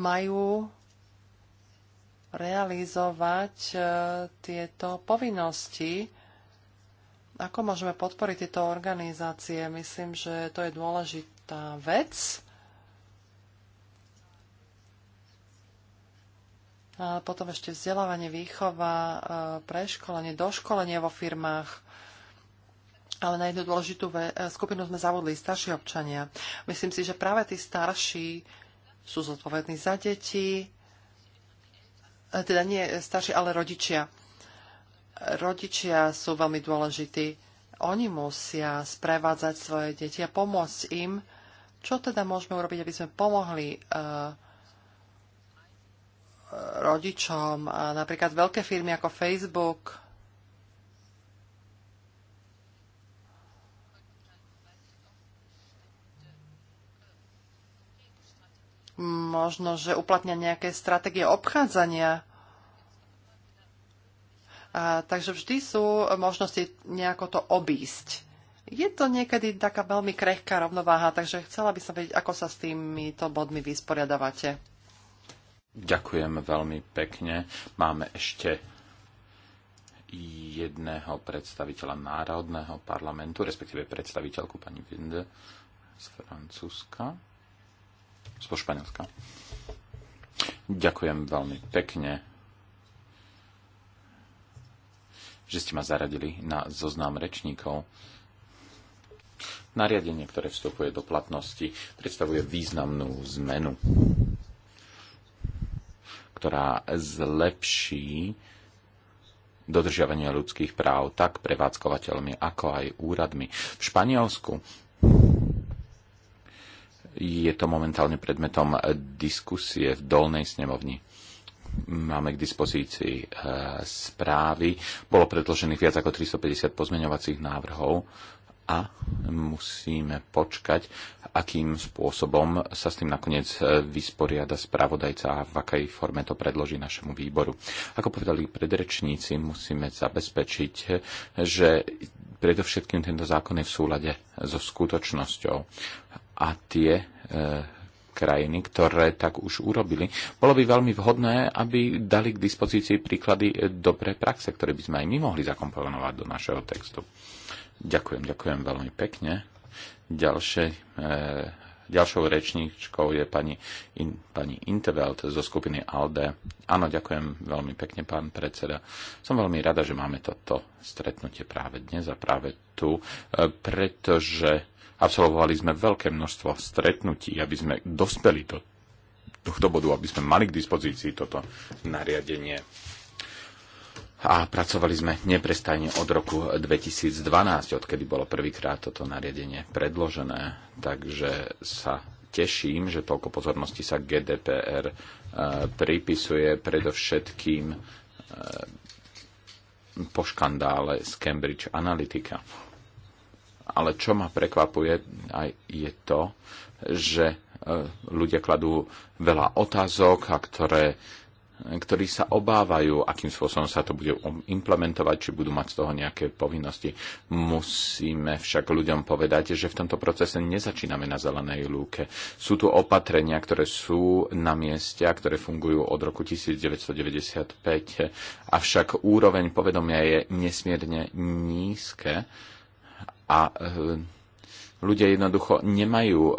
majú realizovať e, tieto povinnosti, ako môžeme podporiť tieto organizácie. Myslím, že to je dôležitá vec potom ešte vzdelávanie, výchova, e, preškolenie, doškolenie vo firmách. Ale na jednu dôležitú e, skupinu sme zavodli starší občania. Myslím si, že práve tí starší sú zodpovední za deti, e, teda nie starší, ale rodičia. Rodičia sú veľmi dôležití. Oni musia sprevádzať svoje deti a pomôcť im. Čo teda môžeme urobiť, aby sme pomohli uh, rodičom. napríklad veľké firmy ako Facebook možno, že uplatňa nejaké stratégie obchádzania. A, takže vždy sú možnosti nejako to obísť. Je to niekedy taká veľmi krehká rovnováha, takže chcela by som vedieť, ako sa s týmito bodmi vysporiadavate. Ďakujem veľmi pekne. Máme ešte jedného predstaviteľa Národného parlamentu, respektíve predstaviteľku pani Vinde z Francúzska, z Španielska. Ďakujem veľmi pekne, že ste ma zaradili na zoznam rečníkov. Nariadenie, ktoré vstupuje do platnosti, predstavuje významnú zmenu ktorá zlepší dodržiavanie ľudských práv tak prevádzkovateľmi, ako aj úradmi. V Španielsku je to momentálne predmetom diskusie v dolnej snemovni. Máme k dispozícii e, správy. Bolo predložených viac ako 350 pozmeňovacích návrhov a musíme počkať, akým spôsobom sa s tým nakoniec e, vysporiada spravodajca a v akej forme to predloží našemu výboru. Ako povedali predrečníci, musíme zabezpečiť, e, že predovšetkým tento zákon je v súlade so skutočnosťou a tie e, krajiny, ktoré tak už urobili. Bolo by veľmi vhodné, aby dali k dispozícii príklady e, dobrej praxe, ktoré by sme aj my mohli zakomponovať do našeho textu. Ďakujem, ďakujem veľmi pekne. Ďalšie, e, ďalšou rečníčkou je pani, in, pani Intevelt zo skupiny ALDE. Áno, ďakujem veľmi pekne, pán predseda. Som veľmi rada, že máme toto stretnutie práve dnes a práve tu, e, pretože absolvovali sme veľké množstvo stretnutí, aby sme dospeli do tohto bodu, aby sme mali k dispozícii toto nariadenie a pracovali sme neprestajne od roku 2012, odkedy bolo prvýkrát toto nariadenie predložené. Takže sa teším, že toľko pozornosti sa GDPR e, pripisuje predovšetkým e, po škandále z Cambridge Analytica. Ale čo ma prekvapuje aj je to, že e, ľudia kladú veľa otázok, a ktoré ktorí sa obávajú, akým spôsobom sa to bude implementovať, či budú mať z toho nejaké povinnosti. Musíme však ľuďom povedať, že v tomto procese nezačíname na zelenej lúke. Sú tu opatrenia, ktoré sú na mieste a ktoré fungujú od roku 1995, avšak úroveň povedomia je nesmierne nízke a e, ľudia jednoducho nemajú e, e,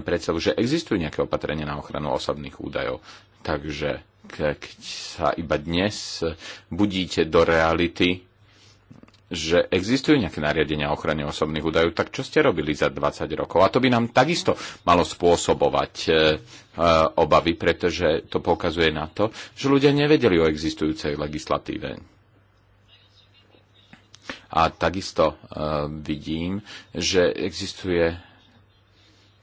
predstavu, že existujú nejaké opatrenia na ochranu osobných údajov. Takže keď sa iba dnes budíte do reality, že existujú nejaké nariadenia ochrany osobných údajov, tak čo ste robili za 20 rokov? A to by nám takisto malo spôsobovať e, e, obavy, pretože to pokazuje na to, že ľudia nevedeli o existujúcej legislatíve. A takisto e, vidím, že existuje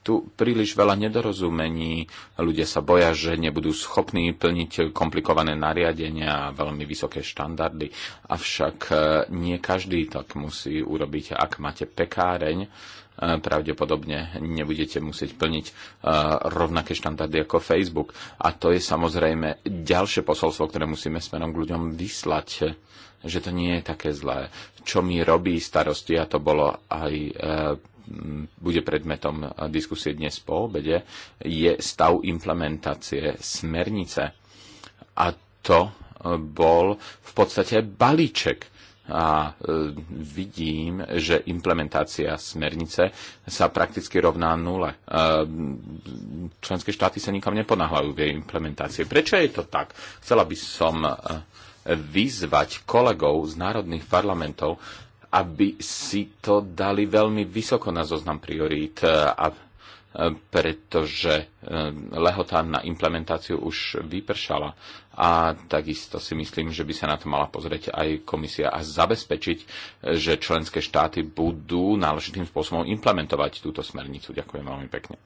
tu príliš veľa nedorozumení. Ľudia sa boja, že nebudú schopní plniť komplikované nariadenia a veľmi vysoké štandardy. Avšak e, nie každý tak musí urobiť. Ak máte pekáreň, e, pravdepodobne nebudete musieť plniť e, rovnaké štandardy ako Facebook. A to je samozrejme ďalšie posolstvo, ktoré musíme smerom k ľuďom vyslať, že to nie je také zlé. Čo mi robí starosti, a to bolo aj bude predmetom diskusie dnes po obede, je stav implementácie smernice. A to e, bol v podstate balíček. A e, vidím, že implementácia smernice sa prakticky rovná nule. E, členské štáty sa nikam neponahľajú v jej implementácii. Prečo je to tak? Chcela by som vyzvať kolegov z národných parlamentov, aby si to dali veľmi vysoko na zoznam priorít, e, a e, pretože e, lehota na implementáciu už vypršala. A takisto si myslím, že by sa na to mala pozrieť aj komisia a zabezpečiť, že členské štáty budú náležitým spôsobom implementovať túto smernicu. Ďakujem veľmi pekne.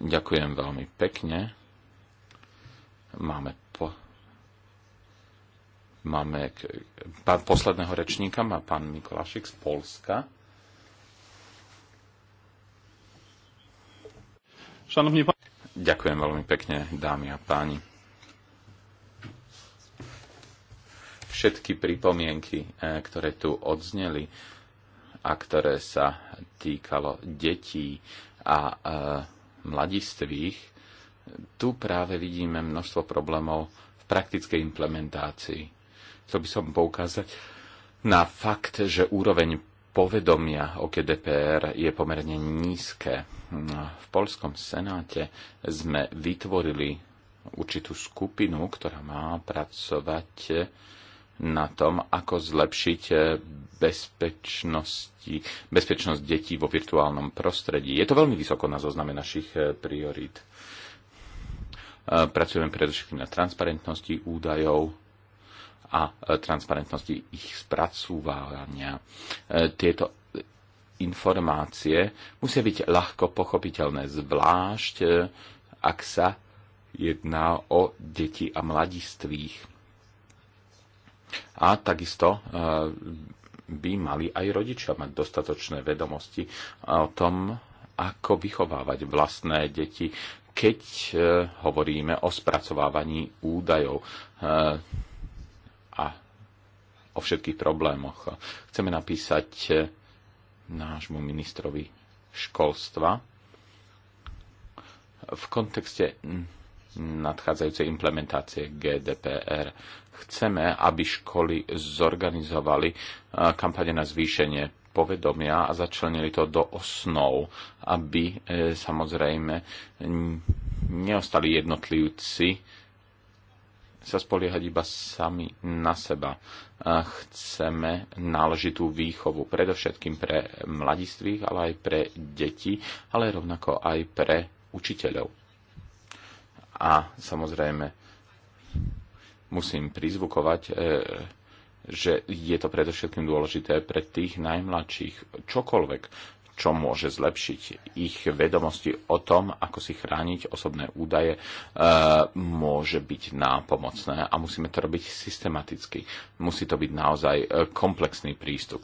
Ďakujem veľmi pekne. Máme po Máme k, pán, posledného rečníka, má pán Mikolášik z Polska. Šanovný pán... Ďakujem veľmi pekne, dámy a páni. Všetky pripomienky, e, ktoré tu odzneli a ktoré sa týkalo detí a e, mladistvých, tu práve vidíme množstvo problémov v praktickej implementácii. Chcel by som poukázať na fakt, že úroveň povedomia o GDPR je pomerne nízke. V Polskom senáte sme vytvorili určitú skupinu, ktorá má pracovať na tom, ako zlepšiť bezpečnosť detí vo virtuálnom prostredí. Je to veľmi vysoko na zozname našich eh, priorít. Eh, pracujeme predovšetkým na transparentnosti údajov, a e, transparentnosti ich spracúvania. E, tieto informácie musia byť ľahko pochopiteľné, zvlášť e, ak sa jedná o deti a mladistvých. A takisto by mali aj rodičia mať dostatočné vedomosti o tom, ako vychovávať vlastné deti, keď hovoríme o spracovávaní údajov o všetkých problémoch. Chceme napísať eh, nášmu ministrovi školstva v kontexte nadchádzajúcej implementácie GDPR. Chceme, aby školy zorganizovali eh, kampane na zvýšenie povedomia a začlenili to do osnov, aby eh, samozrejme neostali jednotlivci sa spoliehať iba sami na seba. Chceme náležitú výchovu predovšetkým pre mladistvých, ale aj pre deti, ale rovnako aj pre učiteľov. A samozrejme musím prizvukovať, e, že je to predovšetkým dôležité pre tých najmladších. Čokoľvek, čo môže zlepšiť ich vedomosti o tom, ako si chrániť osobné údaje, e, môže byť nápomocné a musíme to robiť systematicky. Musí to byť naozaj e, komplexný prístup.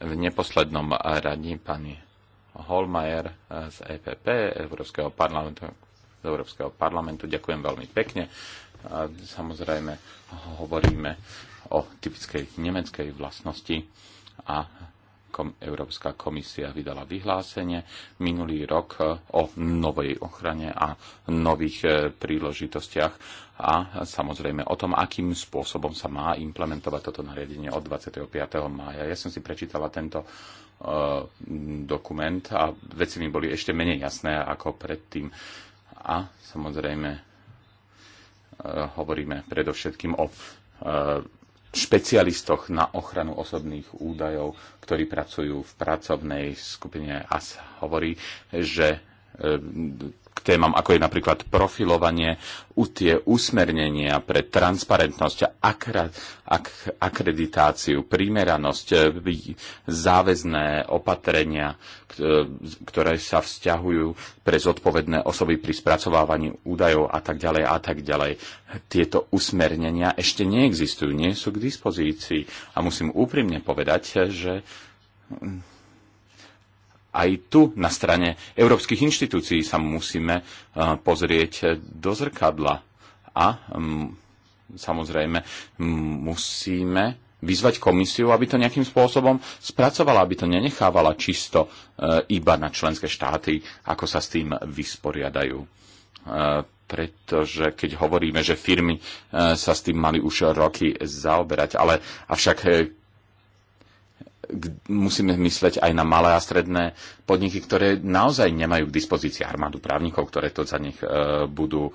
V neposlednom radí pani Holmajer e, z EPP, Európskeho parlamentu, z Európskeho parlamentu. Ďakujem veľmi pekne. Samozrejme hovoríme o typickej nemeckej vlastnosti a kom, Európska komisia vydala vyhlásenie minulý rok eh, o novej ochrane a nových eh, príležitostiach a samozrejme o tom, akým spôsobom sa má implementovať toto nariadenie od 25. mája. Ja som si prečítala tento eh, dokument a veci mi boli ešte menej jasné ako predtým. A samozrejme hovoríme predovšetkým o špecialistoch na ochranu osobných údajov, ktorí pracujú v pracovnej skupine AS hovorí, že témam, ako je napríklad profilovanie, tie usmernenia pre transparentnosť, akra, ak, akreditáciu, primeranosť, e, záväzné opatrenia, e, ktoré sa vzťahujú pre zodpovedné osoby pri spracovávaní údajov a tak ďalej a tak ďalej. Tieto usmernenia ešte neexistujú, nie sú k dispozícii. A musím úprimne povedať, e, že aj tu na strane európskych inštitúcií sa musíme e, pozrieť do zrkadla a samozrejme musíme vyzvať komisiu, aby to nejakým spôsobom spracovala, aby to nenechávala čisto e, iba na členské štáty, ako sa s tým vysporiadajú. E, pretože keď hovoríme, že firmy sa s tým mali už roky zaoberať, ale avšak musíme mysleť aj na malé a stredné podniky, ktoré naozaj nemajú k dispozícii armádu právnikov, ktoré to za nich e, budú e,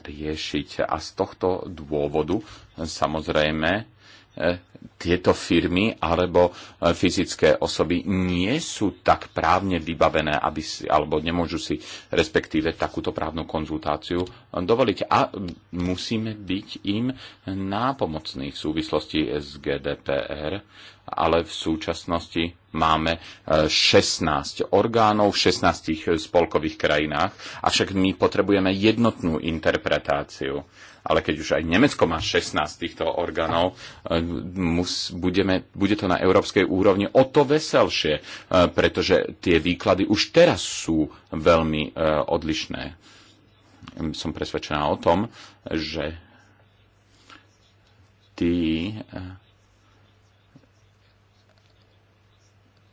riešiť. A z tohto dôvodu samozrejme E, tieto firmy alebo e, fyzické osoby nie sú tak právne vybavené, aby si, alebo nemôžu si respektíve takúto právnu konzultáciu e, dovoliť. A musíme byť im nápomocní v súvislosti s GDPR, ale v súčasnosti máme 16 orgánov v 16 spolkových krajinách, avšak my potrebujeme jednotnú interpretáciu ale keď už aj Nemecko má 16 týchto orgánov, eh, mus, budeme, bude to na európskej úrovni o to veselšie, eh, pretože tie výklady už teraz sú veľmi eh, odlišné. Som presvedčená o tom, že tí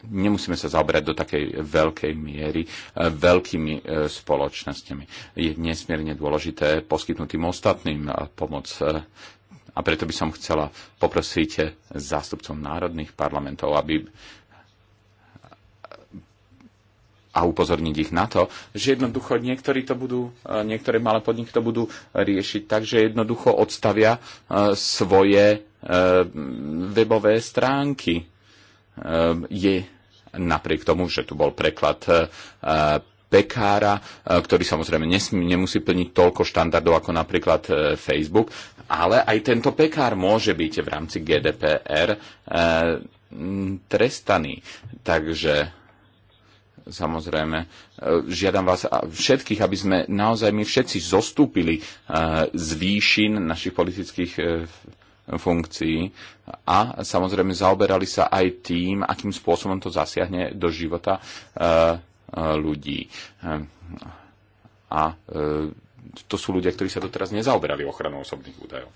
nemusíme sa zaoberať do takej veľkej miery e, veľkými e, spoločnosťami. Je nesmierne dôležité poskytnúť tým ostatným e, pomoc. A preto by som chcela poprosiť zástupcom národných parlamentov, aby a upozorniť ich na to, že jednoducho niektorí to budú, niektoré malé podniky to budú riešiť tak, že jednoducho odstavia svoje webové stránky Ehm, je napriek tomu, že tu bol preklad e, pekára, e, ktorý samozrejme nesmí, nemusí plniť toľko štandardov ako napríklad e, Facebook, ale aj tento pekár môže byť v rámci GDPR trestaný. Takže samozrejme, žiadam vás všetkých, aby sme naozaj my všetci zostúpili z výšin našich politických funkcií a samozrejme zaoberali sa aj tým, akým spôsobom to zasiahne do života e, e, ľudí. A e, to sú ľudia, ktorí sa doteraz nezaoberali ochranou osobných údajov.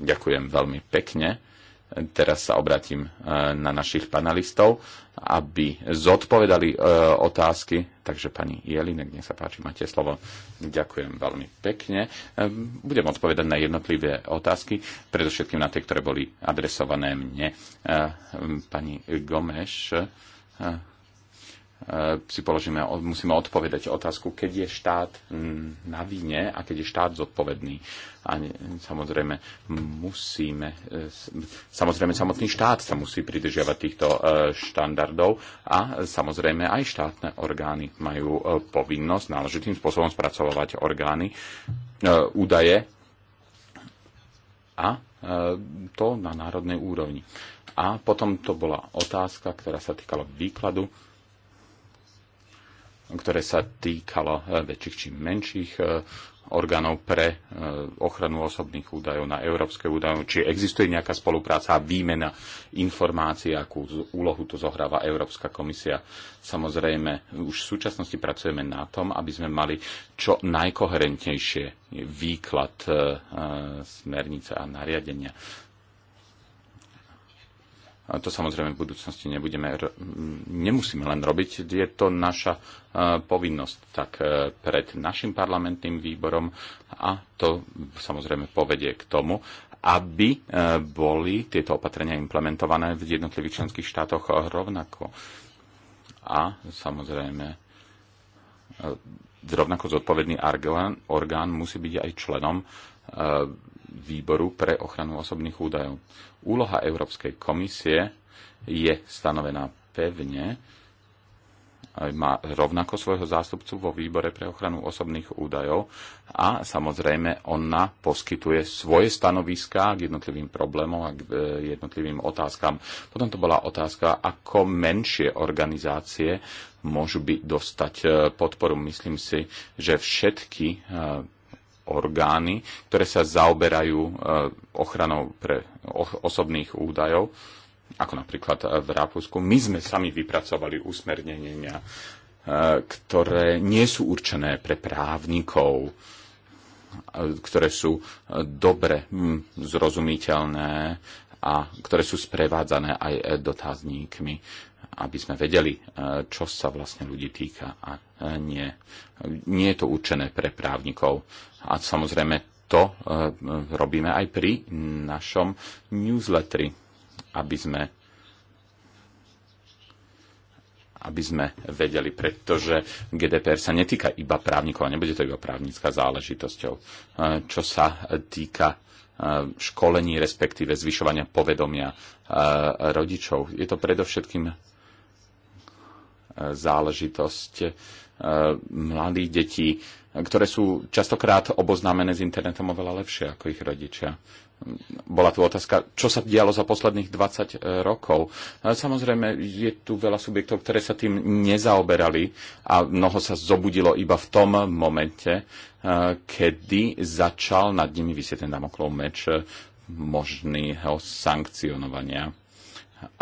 Ďakujem veľmi pekne. Teraz sa obratím e, na našich panelistov, aby zodpovedali e, otázky. Takže pani Jelinek, nech sa páči, máte slovo. Ďakujem veľmi pekne. E, budem odpovedať na jednotlivé otázky, predovšetkým na tie, ktoré boli adresované mne. Pani Gomeš, E, si položíme, musíme odpovedať otázku, keď je štát na víne a keď je štát zodpovedný. A samozrejme musíme, e, samozrejme samotný štát sa musí pridržiavať týchto e, štandardov a samozrejme aj štátne orgány majú povinnosť náležitým spôsobom spracovávať orgány, údaje a to na národnej úrovni. A potom to bola otázka, ktorá sa týkala výkladu ktoré sa týkalo e, väčších či menších e, orgánov pre e, ochranu osobných údajov na európske údajov. či existuje nejaká spolupráca a výmena informácií, akú úlohu tu zohráva Európska komisia. Samozrejme, už v súčasnosti pracujeme na tom, aby sme mali čo najkoherentnejšie výklad smernice a nariadenia to samozrejme v budúcnosti nebudeme, nemusíme len robiť, je to naša e, povinnosť tak e, pred našim parlamentným výborom a to samozrejme povedie k tomu, aby e, boli tieto opatrenia implementované v jednotlivých členských štátoch rovnako. A samozrejme rovnako zodpovedný orgán musí byť aj členom výboru pre ochranu osobných údajov. Úloha Európskej komisie je stanovená pevne, má rovnako svojho zástupcu vo výbore pre ochranu osobných údajov a samozrejme ona poskytuje svoje stanoviská k jednotlivým problémom a k e, jednotlivým otázkam. Potom to bola otázka, ako menšie organizácie môžu by dostať e, podporu. Myslím si, že všetky e, orgány, ktoré sa zaoberajú e, ochranou pre osobných údajov, ako napríklad e, v Rakúsku. My sme sami vypracovali usmernenia, e, ktoré nie sú určené pre právnikov, ktoré sú dobre hm, zrozumiteľné a ktoré sú sprevádzané aj dotazníkmi aby sme vedeli, e, čo sa vlastne ľudí týka a e, nie. Nie je to určené pre právnikov. A samozrejme to e, robíme aj pri našom newsletteri, aby sme aby sme vedeli, pretože GDPR sa netýka iba právnikov a nebude to iba právnická záležitosťou. Čo sa týka školení, respektíve zvyšovania povedomia rodičov. Je to predovšetkým záležitosť e, mladých detí, ktoré sú častokrát oboznámené s internetom oveľa lepšie ako ich rodičia. Bola tu otázka, čo sa dialo za posledných 20 e, rokov. E, samozrejme, je tu veľa subjektov, ktoré sa tým nezaoberali a mnoho sa zobudilo iba v tom momente, kedy začal nad nimi vysieť ten damoklov meč možného sankcionovania.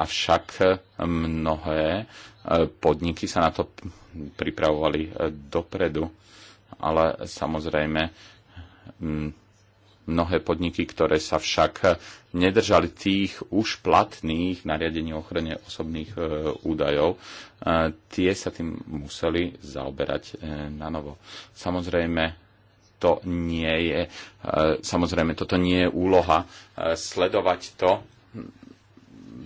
Avšak mnohé podniky sa na to pripravovali e, dopredu, ale samozrejme mnohé podniky, ktoré sa však e, nedržali tých už platných nariadení o ochrane osobných e, údajov, tie sa tým museli zaoberať na novo. Samozrejme, to nie je, samozrejme, toto nie je úloha sledovať to,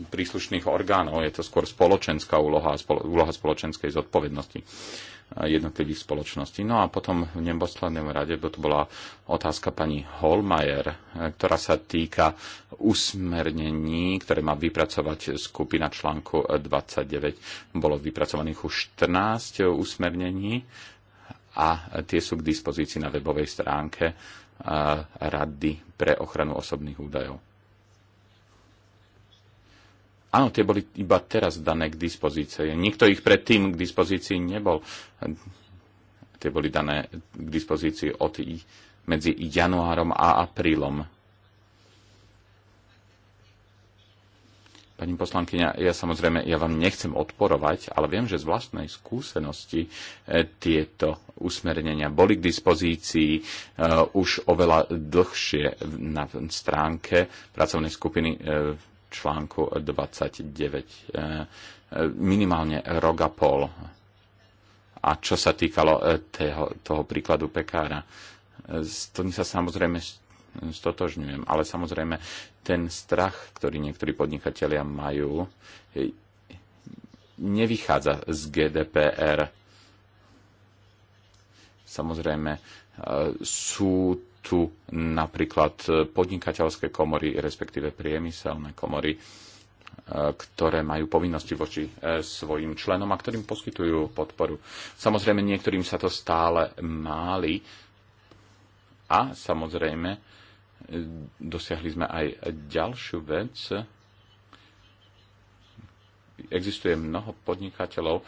príslušných orgánov. Je to skôr spoločenská úloha, spolo, úloha spoločenskej zodpovednosti eh, jednotlivých spoločností. No a potom v neposlednom rade to bola otázka pani Holmajer, eh, ktorá sa týka usmernení, ktoré má vypracovať skupina článku 29. Bolo vypracovaných už 14 usmernení a tie sú k dispozícii na webovej stránke eh, Rady pre ochranu osobných údajov. Áno, tie boli iba teraz dané k dispozícii. Nikto ich predtým k dispozícii nebol. Tie boli dané k dispozícii od medzi januárom a aprílom. Pani poslankyňa, ja samozrejme, ja vám nechcem odporovať, ale viem, že z vlastnej skúsenosti e, tieto usmernenia boli k dispozícii e, už oveľa dlhšie na stránke pracovnej skupiny e, článku 29 e, e, minimálne rok a pol. A čo sa týkalo e, toho, toho príkladu pekára, s tým sa samozrejme stotožňujem, ale samozrejme ten strach, ktorý niektorí podnikatelia majú, nevychádza z GDPR. Samozrejme sú tu napríklad e, podnikateľské komory, respektíve priemyselné komory, e, ktoré majú povinnosti voči e, svojim členom a ktorým poskytujú podporu. Samozrejme, niektorým sa to stále máli a samozrejme dosiahli sme aj ďalšiu vec. Existuje mnoho podnikateľov,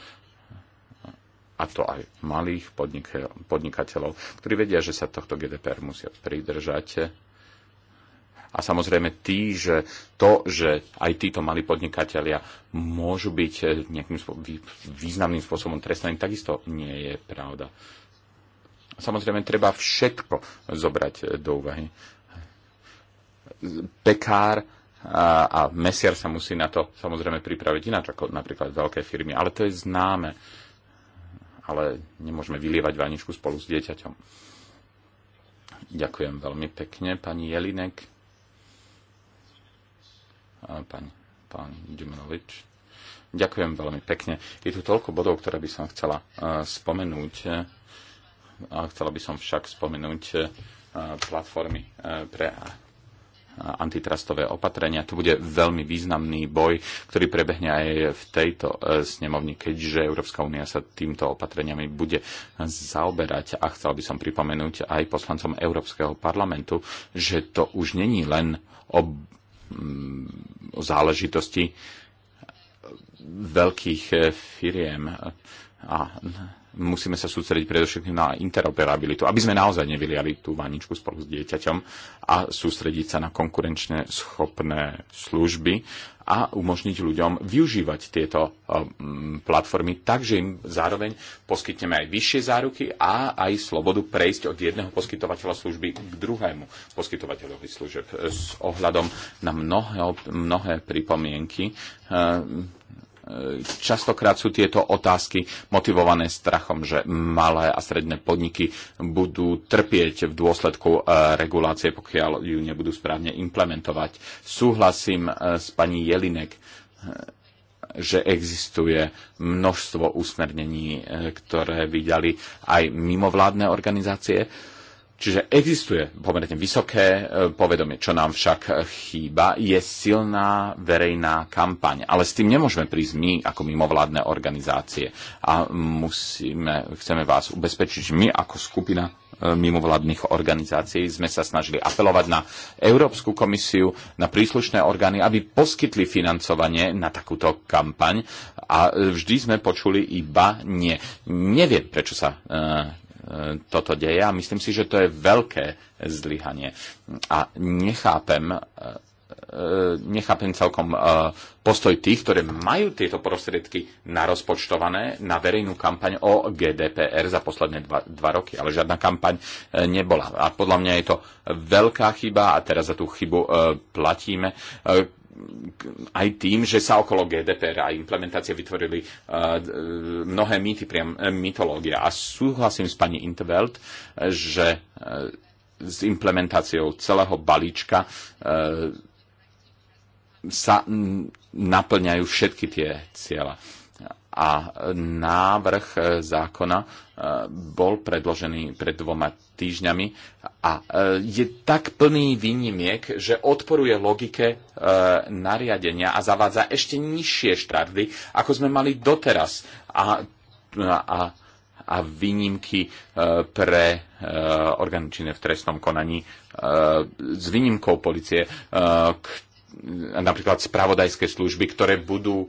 a to aj malých podnikateľov, ktorí vedia, že sa tohto GDPR musia pridržať. A samozrejme tí, že to, že aj títo malí podnikatelia môžu byť eh, nejakým významným spôsobom trestaní, takisto nie je pravda. Samozrejme, treba všetko zobrať eh, do úvahy. Pekár a, eh, a mesiar sa musí na to samozrejme pripraviť ináč ako napríklad veľké firmy, ale to je známe. Uh, ale nemôžeme vylievať vaničku spolu s dieťaťom. Ďakujem veľmi pekne, pani Jelinek, pán, pán Dimanovič. Ďakujem veľmi pekne. Je tu toľko bodov, ktoré by som chcela uh, spomenúť. Uh, chcela by som však spomenúť uh, platformy uh, pre antitrastové opatrenia. To bude veľmi významný boj, ktorý prebehne aj v tejto e, snemovni, keďže Európska únia sa týmto opatreniami bude zaoberať. A chcel by som pripomenúť aj poslancom Európskeho parlamentu, že to už není len o, o záležitosti e, veľkých e, firiem a musíme sa sústrediť predovšetkým na interoperabilitu, aby sme naozaj nevyliali tú vaničku spolu s dieťaťom a sústrediť sa na konkurenčne schopné služby a umožniť ľuďom využívať tieto eh, platformy tak, že im zároveň poskytneme aj vyššie záruky a aj slobodu prejsť od jedného poskytovateľa služby k druhému poskytovateľovi služeb. S ohľadom na mnohé, mnohé pripomienky eh, častokrát sú tieto otázky motivované strachom, že malé a stredné podniky budú trpieť v dôsledku e, regulácie, pokiaľ ju nebudú správne implementovať. Súhlasím e, s pani Jelinek, e, že existuje množstvo usmernení, ktoré vydali aj mimovládne organizácie Čiže existuje pomerne vysoké e, povedomie. Čo nám však e, chýba, je silná verejná kampaň. Ale s tým nemôžeme prísť my ako mimovládne organizácie. A musíme, chceme vás ubezpečiť, že my ako skupina e, mimovládnych organizácií sme sa snažili apelovať na Európsku komisiu, na príslušné orgány, aby poskytli financovanie na takúto kampaň a vždy sme počuli iba nie. Neviem, prečo sa toto deje a myslím si, že to je veľké zlyhanie. A nechápem, e, e, nechápem celkom e, postoj tých, ktoré majú tieto prostriedky narozpočtované na verejnú kampaň o GDPR za posledné dva, dva roky, ale žiadna kampaň nebola. A podľa mňa je to veľká chyba a teraz za tú chybu platíme aj tým, že sa okolo GDPR a implementácie vytvorili eh, mnohé mýty, priam eh, mytológia. A súhlasím s pani Intervelt, že eh, s implementáciou celého balíčka sa naplňajú všetky tie cieľa. A návrh zákona bol predložený pred dvoma týždňami a e, je tak plný výnimiek, že odporuje logike e, nariadenia a zavádza ešte nižšie štardy, ako sme mali doteraz. A, a, a výnimky e, pre orgány v trestnom konaní s výnimkou policie, napríklad spravodajské služby, ktoré budú e,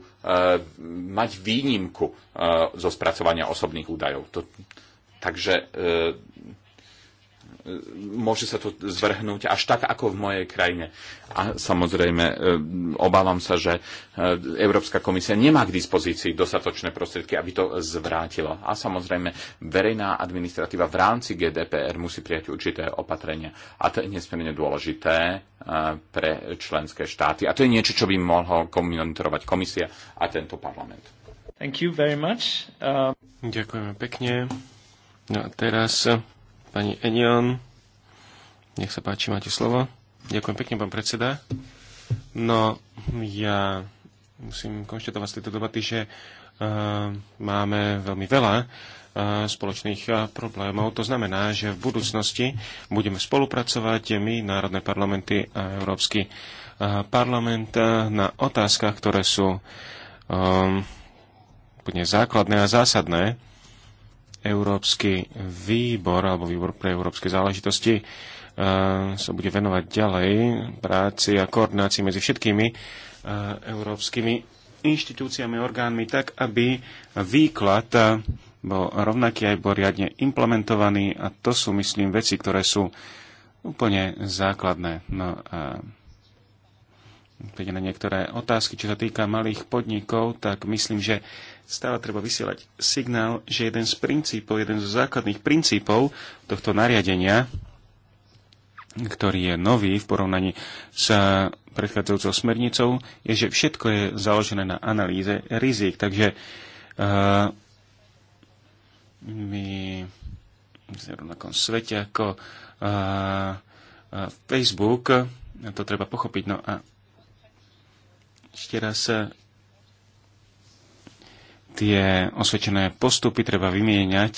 mať výnimku e, zo spracovania osobných údajov. To, takže e, môže sa to zvrhnúť až tak, ako v mojej krajine. A samozrejme, e, obávam sa, že e, Európska komisia nemá k dispozícii dostatočné prostriedky, aby to zvrátilo. A samozrejme, verejná administratíva v rámci GDPR musí prijať určité opatrenia. A to je nesmierne dôležité e, pre členské štáty. A to je niečo, čo by mohol monitorovať komisia a tento parlament. Thank you very much. Uh... Ďakujeme pekne. No a teraz Pani Enion, nech sa páči, máte slovo. Ďakujem pekne, pán predseda. No, ja musím konštatovať z tejto debaty, že uh, máme veľmi veľa eh, spoločných eh, problémov. To znamená, že v budúcnosti budeme spolupracovať my, národné parlamenty a Európsky parlament na otázkach, ktoré sú um, základné a zásadné Európsky výbor alebo výbor pre európske záležitosti e, sa bude venovať ďalej práci a koordinácii medzi všetkými e, európskymi inštitúciami, orgánmi, tak aby výklad e, bol rovnaký aj bol riadne implementovaný a to sú, myslím, veci, ktoré sú úplne základné. No a na niektoré otázky, čo sa týka malých podnikov, tak myslím, že stále treba vysielať signál, že jeden z princípov, jeden z základných princípov tohto nariadenia, ktorý je nový v porovnaní s predchádzajúcou smernicou, je, že všetko je založené na analýze rizik. Takže uh, my v rovnakom svete ako uh, uh, Facebook, to treba pochopiť. No a ešte raz tie osvedčené postupy treba vymieňať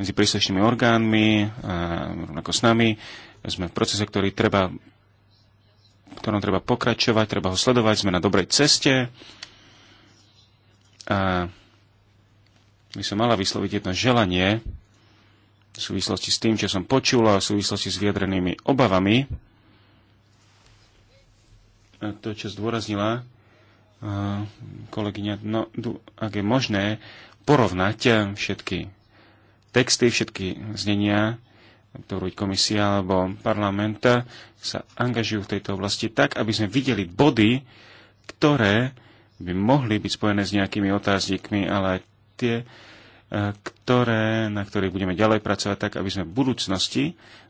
medzi príslušnými orgánmi, rovnako s nami. Sme v procese, ktorý treba, v ktorom treba pokračovať, treba ho sledovať, sme na dobrej ceste. A by som mala vysloviť jedno želanie v súvislosti s tým, čo som počula, v súvislosti s vyjadrenými obavami. A to, čo zdôraznila kolegyňa, no, ak je možné porovnať eh, všetky texty, všetky znenia, ktorú komisia alebo parlament eh, sa angažujú v tejto oblasti tak, aby sme videli body, ktoré by mohli byť spojené s nejakými otáznikmi, ale aj tie, eh, ktoré, na ktorých budeme ďalej pracovať tak, aby sme v budúcnosti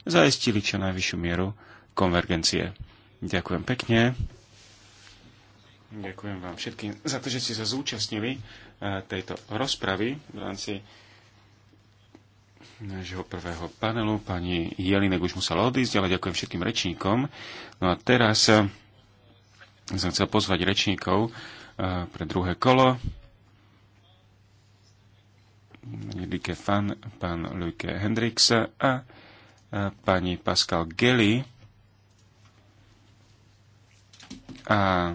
zaistili čo najvyššiu mieru konvergencie. Ďakujem pekne. Ďakujem vám všetkým za to, že ste sa zúčastnili eh, tejto rozpravy v rámci nášho prvého panelu. Pani Jelinek už musela odísť, ale ďakujem všetkým rečníkom. No a teraz eh, som chcel pozvať rečníkov eh, pre druhé kolo. Lidike Fan, pán Luke Hendrix a pani Pascal Gelly. A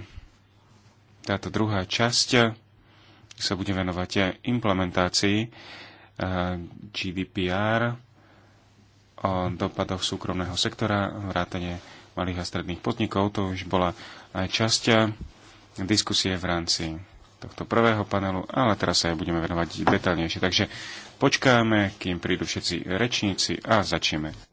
táto druhá časť eh, sa bude venovať eh, implementácii eh, GDPR o dopadoch súkromného sektora, vrátane malých a stredných podnikov. To už bola aj časť diskusie v rámci tohto prvého panelu, ale teraz sa aj budeme venovať detaľnejšie. Takže počkáme, kým prídu všetci rečníci a začneme.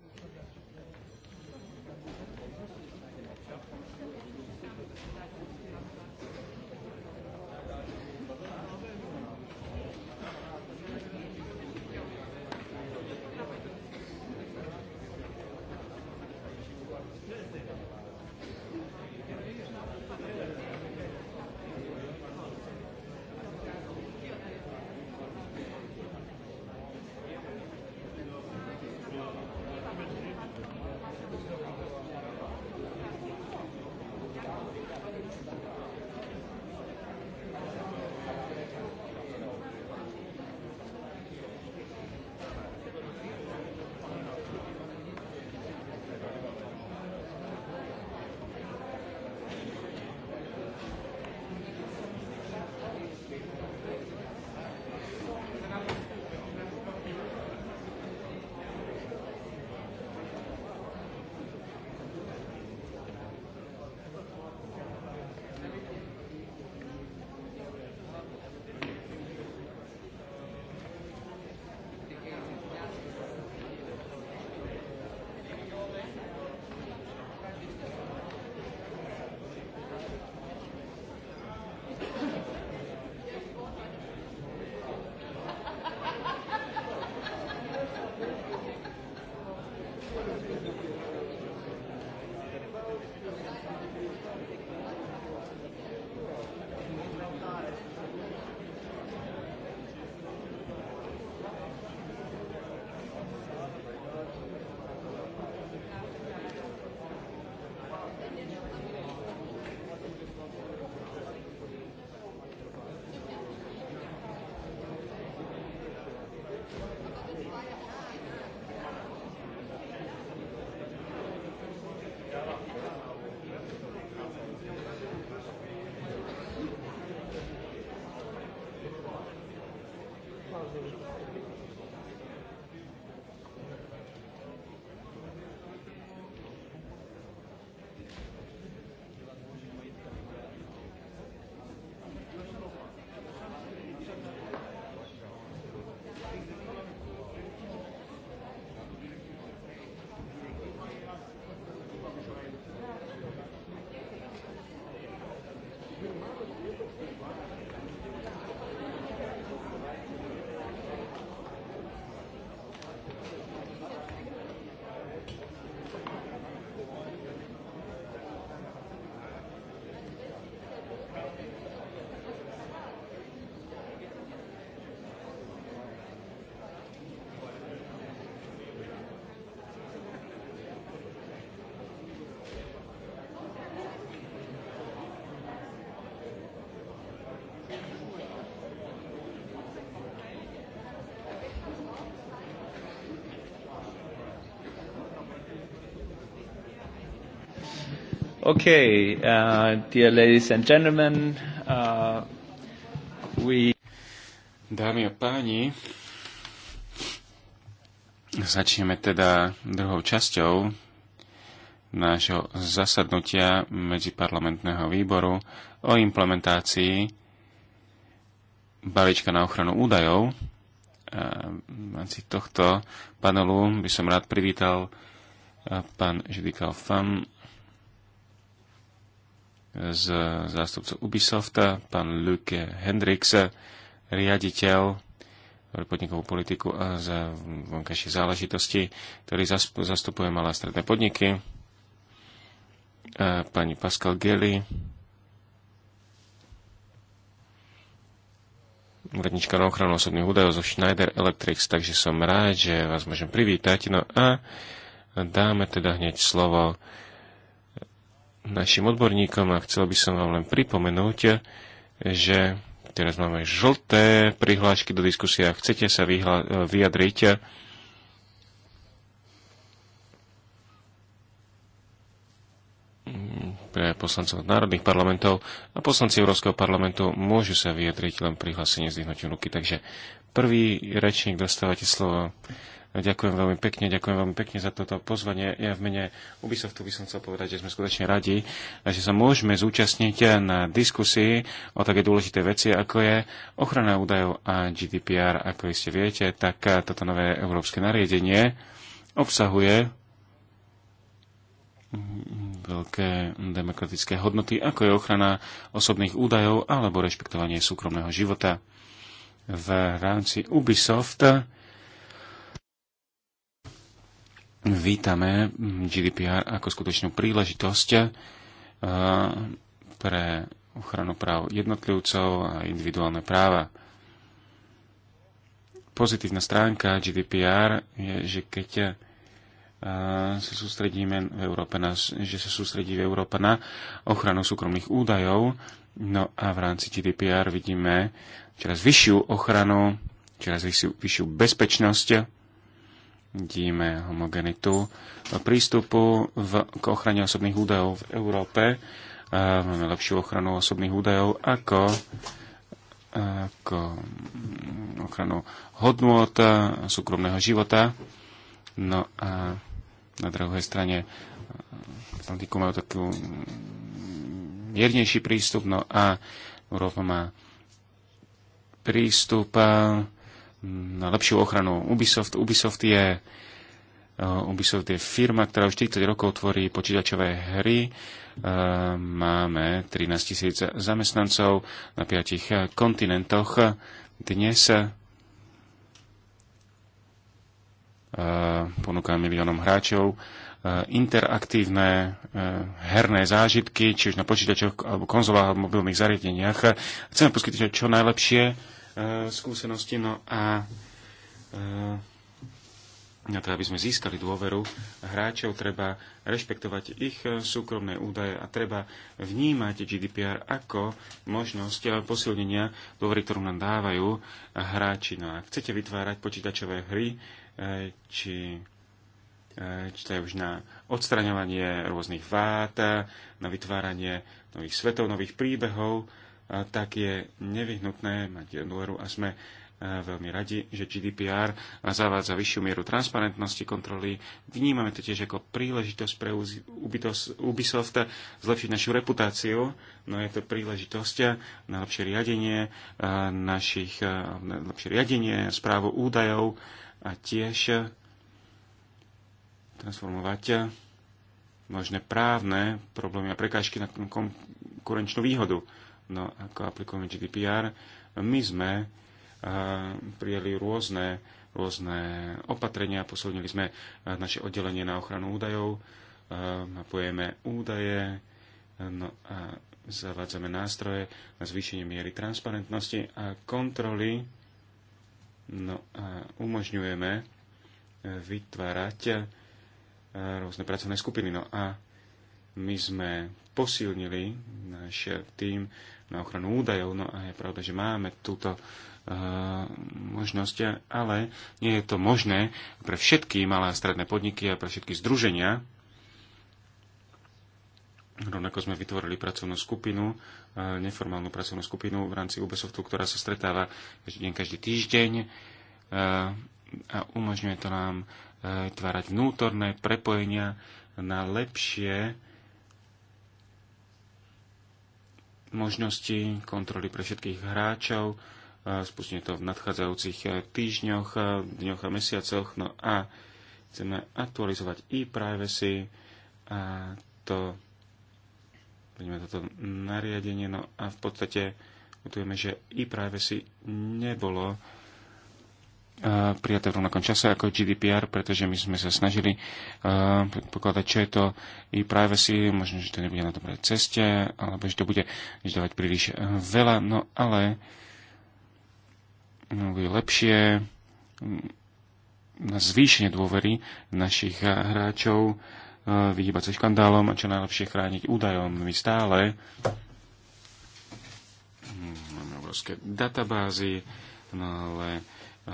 Okay, uh, dear ladies and gentlemen, uh, we... Dámy a páni, začneme teda druhou časťou nášho zasadnutia medziparlamentného výboru o implementácii balíčka na ochranu údajov. v rámci tohto panelu by som rád privítal pán Židikal Fan, z zástupcov Ubisoft, pán Luke Hendrix, riaditeľ podnikovú politiku a za vonkajšie záležitosti, ktorý zastupuje malé a stredné podniky. A pani Pascal Geli, úradnička na ochranu osobných údajov zo Schneider Electrics, takže som rád, že vás môžem privítať. No a dáme teda hneď slovo našim odborníkom a chcel by som vám len pripomenúť, že teraz máme žlté prihlášky do diskusie a chcete sa vyjadriť, pre poslancov národných parlamentov a poslanci Európskeho parlamentu môžu sa vyjadriť len prihlásenie z ruky. Takže prvý rečník dostávate slovo. Ďakujem veľmi pekne, ďakujem veľmi pekne za toto pozvanie. Ja v mene Ubisoftu by som chcel povedať, že sme skutočne radi, že sa môžeme zúčastniť na diskusii o také dôležité veci, ako je ochrana údajov a GDPR. Ako iste viete, tak toto nové európske nariadenie obsahuje veľké demokratické hodnoty, ako je ochrana osobných údajov alebo rešpektovanie súkromného života. V rámci Ubisoft vítame GDPR ako skutočnú príležitosť eh, pre ochranu práv jednotlivcov a individuálne práva. Pozitívna stránka GDPR je, že keď sa sústredíme v Európe na, že sa sústredí v Európe na ochranu súkromných údajov. No a v rámci GDPR vidíme čoraz vyššiu ochranu, čoraz vyššiu, vyššiu bezpečnosť, vidíme homogenitu prístupu v, k ochrane osobných údajov v Európe. Máme lepšiu ochranu osobných údajov ako ako ochranu hodnôt súkromného života. No a na druhej strane eh, Atlantiku majú takú miernejší prístup, no a Európa má prístup eh, na lepšiu ochranu Ubisoft. Ubisoft je, eh, Ubisoft je firma, ktorá už 40 rokov tvorí počítačové hry. Máme 13 tisíc zamestnancov na 5 kontinentoch. Dnes ponúka miliónom hráčov e, interaktívne e, herné zážitky, či už na počítačoch alebo konzolách alebo mobilných zariadeniach. Chceme poskytiť čo najlepšie e, skúsenosti, no a na to, aby sme získali dôveru hráčov, treba rešpektovať ich súkromné údaje a treba vnímať GDPR ako možnosť posilnenia dôvery, ktorú nám dávajú hráči. No a chcete vytvárať počítačové hry, E, či, e, či to je už na odstraňovanie rôznych vád, na vytváranie nových svetov, nových príbehov, e, tak je nevyhnutné mať dôveru a sme veľmi radi, že GDPR zavádza vyššiu mieru transparentnosti kontroly. Vnímame to tiež ako príležitosť pre Ubisoft zlepšiť našu reputáciu, no je to príležitosť na lepšie riadenie našich, na lepšie riadenie, správu údajov a tiež transformovať možné právne problémy a prekážky na konkurenčnú výhodu. No ako aplikujeme GDPR, my sme prijali rôzne, rôzne opatrenia, posilnili sme naše oddelenie na ochranu údajov, mapujeme údaje no a zavádzame nástroje na zvýšenie miery transparentnosti a kontroly No a umožňujeme e, vytvárať e, rôzne pracovné skupiny. No a my sme posilnili náš tým na ochranu údajov. No a je pravda, že máme túto e, možnosť, ale nie je to možné pre všetky malé a stredné podniky a pre všetky združenia, Rovnako sme vytvorili pracovnú skupinu, e, neformálnu pracovnú skupinu v rámci Ubisoftu, ktorá sa stretáva každý deň, každý týždeň e, a umožňuje to nám e, tvárať vnútorné prepojenia na lepšie možnosti kontroly pre všetkých hráčov. Spustíme to v nadchádzajúcich týždňoch, dňoch a mesiacoch. No a chceme aktualizovať e-privacy a to Vidíme toto nariadenie, no a v podstate utujeme, že e-privacy nebolo prijaté v rovnakom čase ako GDPR, pretože my sme sa snažili uh, pokladať, čo je to e-privacy, možno, že to nebude na dobrej ceste, alebo že to bude dávať príliš e, veľa, no ale no, bude lepšie na zvýšenie dôvery našich e, hráčov Eh, vyhýbať sa škandálom a čo najlepšie chrániť údajom. My stále máme obrovské databázy, no ale eh,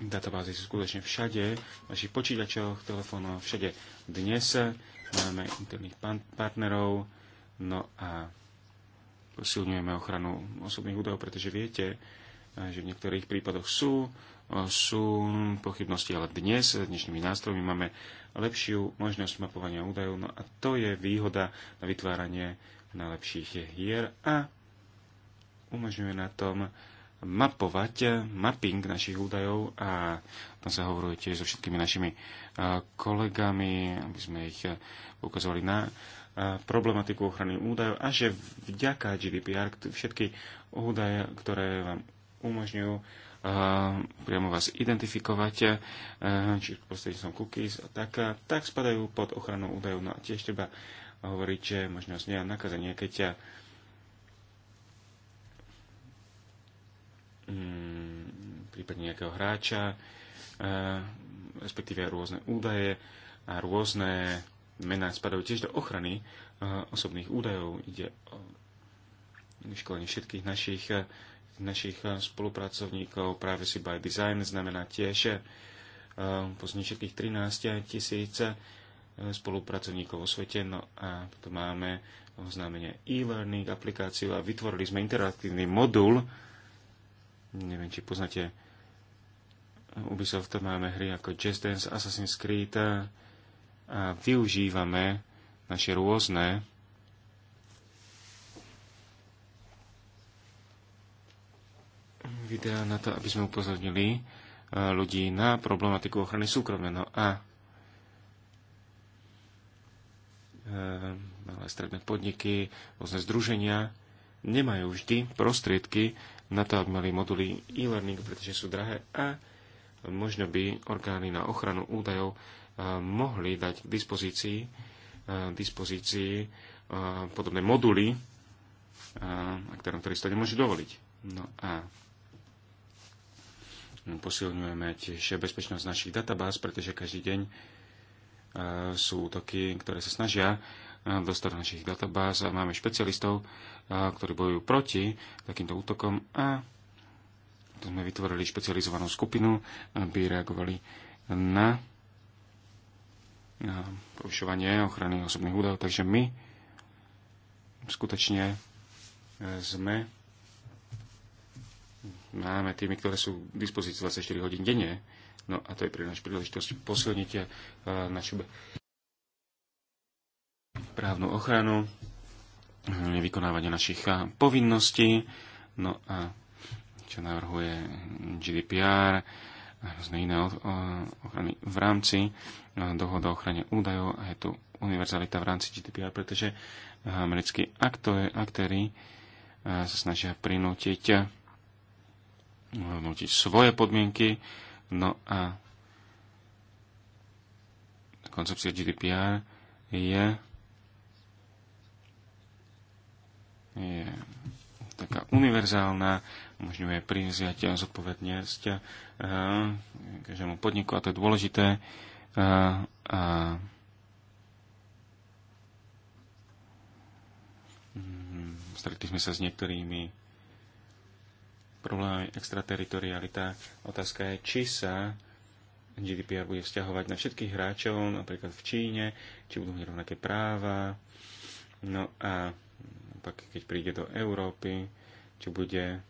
databázy sú skutočne všade, v našich počítačoch, telefónoch, všade. Dnes máme interných partnerov, no a posilňujeme ochranu osobných údajov, pretože viete, eh, že v niektorých prípadoch sú sú pochybnosti, ale dnes, dnešnými nástrojmi máme lepšiu možnosť mapovania údajov, no a to je výhoda na vytváranie najlepších hier a umožňuje na tom mapovať, mapping našich údajov a tam sa hovoruje tiež so všetkými našimi kolegami, aby sme ich ukazovali na problematiku ochrany údajov a že vďaka GDPR všetky údaje, ktoré vám umožňujú priamo vás identifikovať, e, či prostredníctvom cookies, tak, tak spadajú pod ochranu údajov. No a tiež treba hovoriť, že možnosť nie nakazenia, keď ťa mm, prípadne nejakého hráča, e, respektíve rôzne údaje a rôzne mená spadajú tiež do ochrany e, osobných údajov. Ide o vyškolenie všetkých našich našich eh, spolupracovníkov Privacy by Design znamená tiež eh, po všetkých 13 tisíc eh, spolupracovníkov vo svete. No a tu máme oznámenie e-learning aplikáciu a vytvorili sme interaktívny modul. Neviem, či poznáte Ubisoft, máme hry ako Just Dance, Assassin's Creed a využívame naše rôzne Videa na to, aby sme upozornili e, ľudí na problematiku ochrany súkromia. No a e, malé stredné podniky, rôzne združenia nemajú vždy prostriedky na to, aby mali moduly e-learning, pretože sú drahé a možno by orgány na ochranu údajov e, mohli dať k dispozícii, dispozícii podobné moduly, a ktorom ktorý si to nemôžu dovoliť. No a Posilňujeme tiež bezpečnosť našich databáz, pretože každý deň e, sú útoky, ktoré sa snažia e, dostať do našich databáz a máme špecialistov, e, ktorí bojujú proti takýmto útokom a to sme vytvorili špecializovanú skupinu, aby reagovali na porušovanie ochrany osobných údajov. Takže my skutočne sme máme tými, ktoré sú k dispozícii 24 hodín denne. No a to je pre nás príležitosť posilniť eh, našu právnu ochranu, vykonávanie našich eh, povinností, no a čo navrhuje GDPR, a rôzne iné ochrany v rámci eh, dohoda o ochrane údajov a je tu univerzalita v rámci GDPR, pretože americkí aktéry sa snažia prinútiť vnútiť svoje podmienky. No a koncepcia GDPR je, je taká univerzálna, umožňuje prinziať zodpovednosť eh, každému podniku a to je dôležité. Eh, a, a hm, stretli sme sa s niektorými problémom je extrateritorialita. Otázka je, či sa GDPR bude vzťahovať na všetkých hráčov, napríklad v Číne, či budú mať rovnaké práva. No a pak, keď príde do Európy, či bude,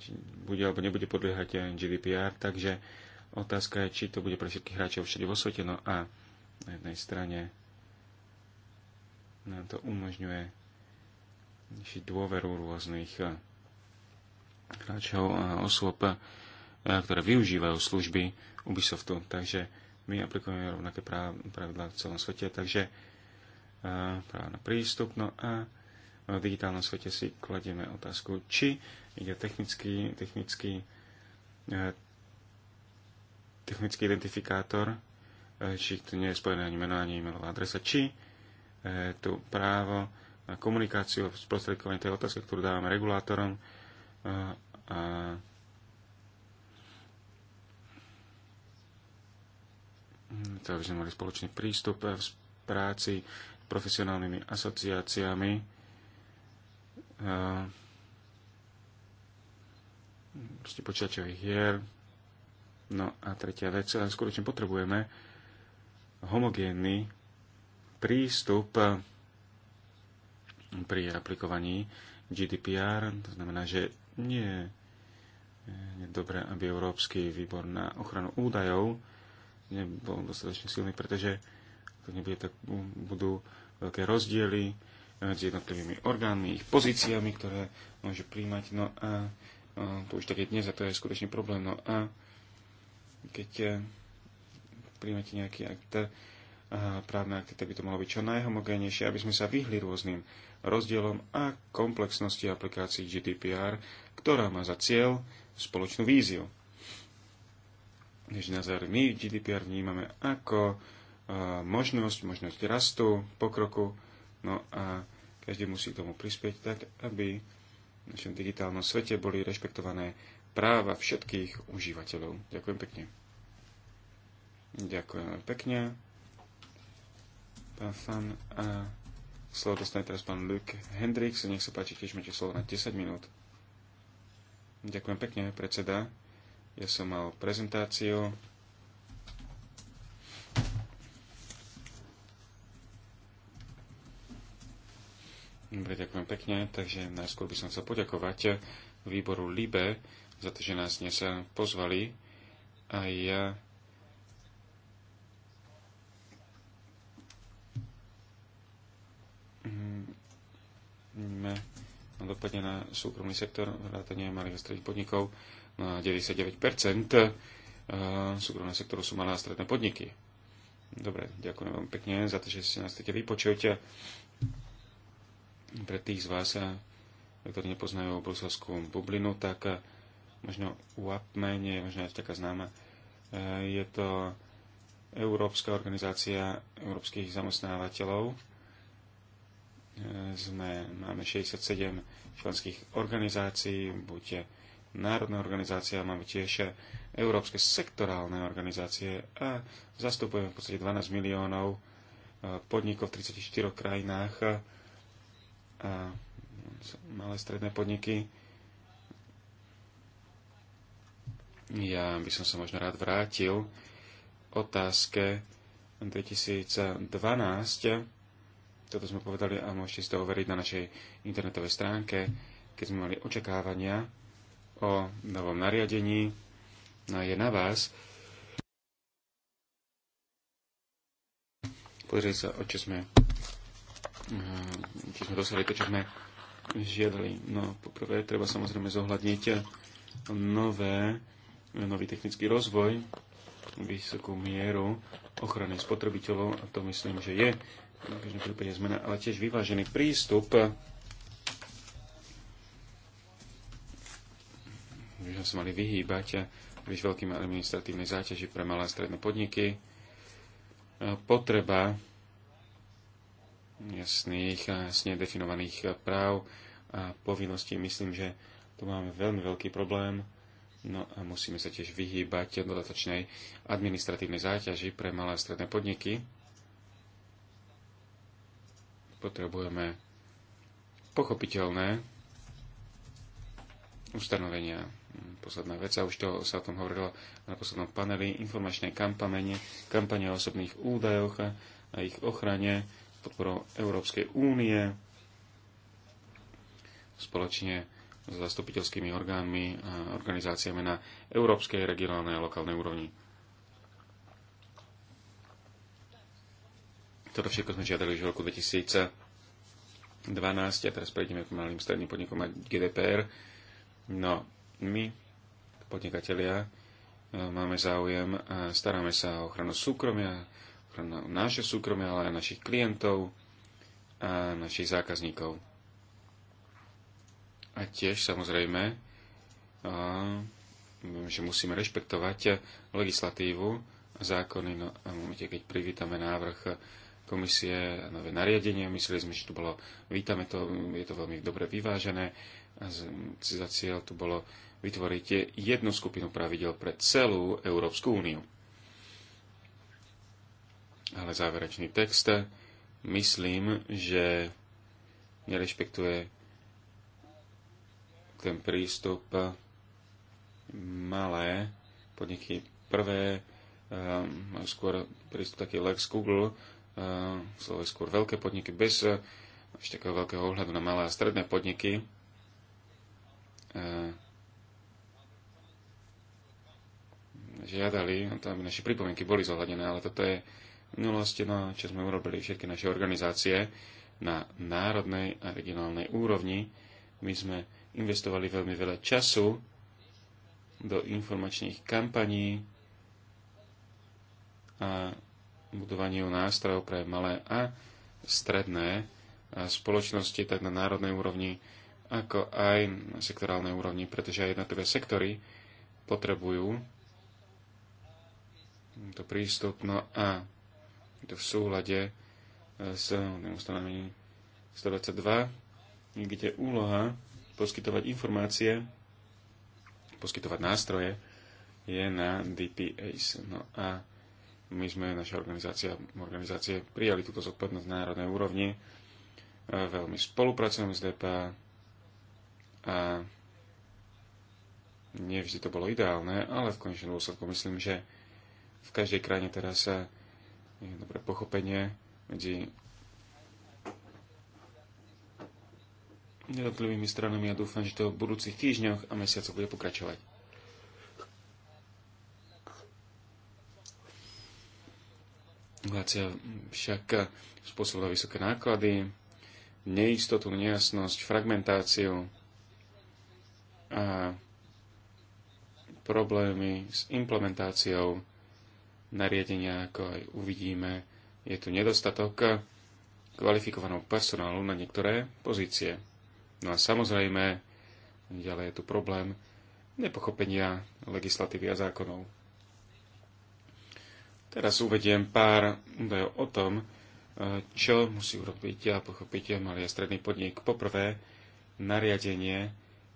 či bude alebo nebude podliehať GDPR. Takže otázka je, či to bude pre všetkých hráčov všade vo svete. No a na jednej strane nám to umožňuje dôveru rôznych hráčov a eh, osôb, eh, ktoré využívajú služby Ubisoftu. Takže my aplikujeme rovnaké pravidlá v celom svete, takže eh, práve na prístup. No a v digitálnom svete si kladieme otázku, či ide technický, technický, technický identifikátor, či to nie je spojené ani meno, ani e-mailová adresa, či tu právo na komunikáciu a sprostredkovanie tej otázky, ktorú dávame regulátorom, a to by sme mali spoločný prístup v práci s profesionálnymi asociáciami. Proste počiačových hier. No a tretia vec, skutočne potrebujeme homogénny prístup pri aplikovaní GDPR, to znamená, že nie je dobré, aby Európsky výbor na ochranu údajov nebol dostatočne silný, pretože to nebude tak, budú veľké rozdiely medzi jednotlivými orgánmi, ich pozíciami, ktoré môže príjmať. No a, e, to už tak je dnes a to je skutočný problém. No a keď e, príjmete nejaký akt, e, právne akty, tak by to malo byť čo najhomogénejšie, aby sme sa vyhli rôznym rozdielom a komplexnosti aplikácií GDPR, ktorá má za cieľ spoločnú víziu. Takže na záver my GDPR vnímame ako možnosť, možnosť rastu, pokroku, no a každý musí k tomu prispieť tak, aby v našom digitálnom svete boli rešpektované práva všetkých užívateľov. Ďakujem pekne. Ďakujem pekne. Pán Fan a Slovo dostane teraz pán Luke Hendrix. Nech sa páči, tiež máte slovo na 10 minút. Ďakujem pekne, predseda. Ja som mal prezentáciu. Dobre, ďakujem pekne. Takže najskôr by som chcel poďakovať výboru LIBE za to, že nás dnes pozvali. A ja dopadne na súkromný sektor, vrátanie malých a stredných podnikov, na 99% e, súkromného sektoru sú malé a stredné podniky. Dobre, ďakujem vám pekne za to, že ste nás chcete vypočuť. Pre tých z vás, e, ktorí nepoznajú bruselskú bublinu, tak e, možno UAPME nie je možno aj taká známa. Je to Európska organizácia európskych zamestnávateľov, E, sme, máme 67 členských organizácií, buď národné organizácie, máme tiež európske sektorálne organizácie a zastupujeme v podstate 12 miliónov e, podnikov v 34 krajinách e, a malé stredné podniky. Ja by som sa možno rád vrátil otázke 2012 toto sme povedali a môžete si to overiť na našej internetovej stránke, keď sme mali očakávania o novom nariadení. No a je na vás. Pozrieť sa, o čo sme, hm, či sme dosiahli to, čo sme žiadali. No, poprvé treba samozrejme zohľadniť nové, nový technický rozvoj, vysokú mieru ochrany spotrebiteľov a to myslím, že je v každom prípade zmena, ale tiež vyvážený prístup. Že sa mali vyhýbať príliš veľkým administratívnej záťaži pre malé a stredné podniky. Potreba jasných a jasne definovaných práv a povinností. Myslím, že tu máme veľmi veľký problém. No a musíme sa tiež vyhýbať dodatočnej administratívnej záťaži pre malé a stredné podniky potrebujeme pochopiteľné ustanovenia. Posledná vec, a už to sa o tom hovorilo na poslednom paneli, informačné kampane, kampane o osobných údajoch a ich ochrane podporou Európskej únie spoločne s zastupiteľskými orgánmi a organizáciami na európskej, regionálnej a lokálnej úrovni. Toto všetko sme žiadali už v roku 2012 a teraz prejdeme k malým stredným podnikom a GDPR. No, my, podnikatelia, e, máme záujem a staráme sa o ochranu súkromia, ochranu nášho súkromia, ale aj našich klientov a našich zákazníkov. A tiež samozrejme, e, že musíme rešpektovať legislatívu a zákony. No, a momente, keď privítame návrh komisie nové nariadenie. Mysleli sme, že tu bolo, vítame to, je to veľmi dobre vyvážené. A za cieľ tu bolo vytvoriť jednu skupinu pravidel pre celú Európsku úniu. Ale záverečný text, myslím, že nerešpektuje ten prístup malé podniky prvé, um, skôr prístup taký Lex Google, Eh, skôr veľké podniky bez ešte eh, takého veľkého ohľadu na malé a stredné podniky. Eh, Žiadali, no to aby naše pripomienky boli zohľadené, ale toto je minulosti, no, čo sme urobili všetky naše organizácie na národnej a regionálnej úrovni. My sme investovali veľmi veľa času do informačných kampaní a budovaniu nástrojov pre malé a stredné spoločnosti, tak na národnej úrovni, ako aj na sektorálnej úrovni, pretože aj jednotlivé sektory potrebujú to prístup, no a to v súhľade e, s ustanovením 122, kde úloha poskytovať informácie, poskytovať nástroje je na DPAs. No a my sme, naša organizácia, organizácie prijali túto zodpovednosť na národnej úrovni. E, veľmi spolupracujeme s DPA a nevždy to bolo ideálne, ale v konečnom dôsledku myslím, že v každej krajine teraz sa je dobré pochopenie medzi jednotlivými stranami a ja dúfam, že to v budúcich týždňoch a mesiacoch bude pokračovať. Inflácia však spôsobila vysoké náklady, neistotu, nejasnosť, fragmentáciu a problémy s implementáciou nariadenia, ako aj uvidíme, je tu nedostatok kvalifikovaného personálu na niektoré pozície. No a samozrejme, ďalej je tu problém nepochopenia legislatívy a zákonov. Teraz uvediem pár údajov o tom, e, čo musí urobiť a pochopiť malý a stredný podnik. Poprvé, nariadenie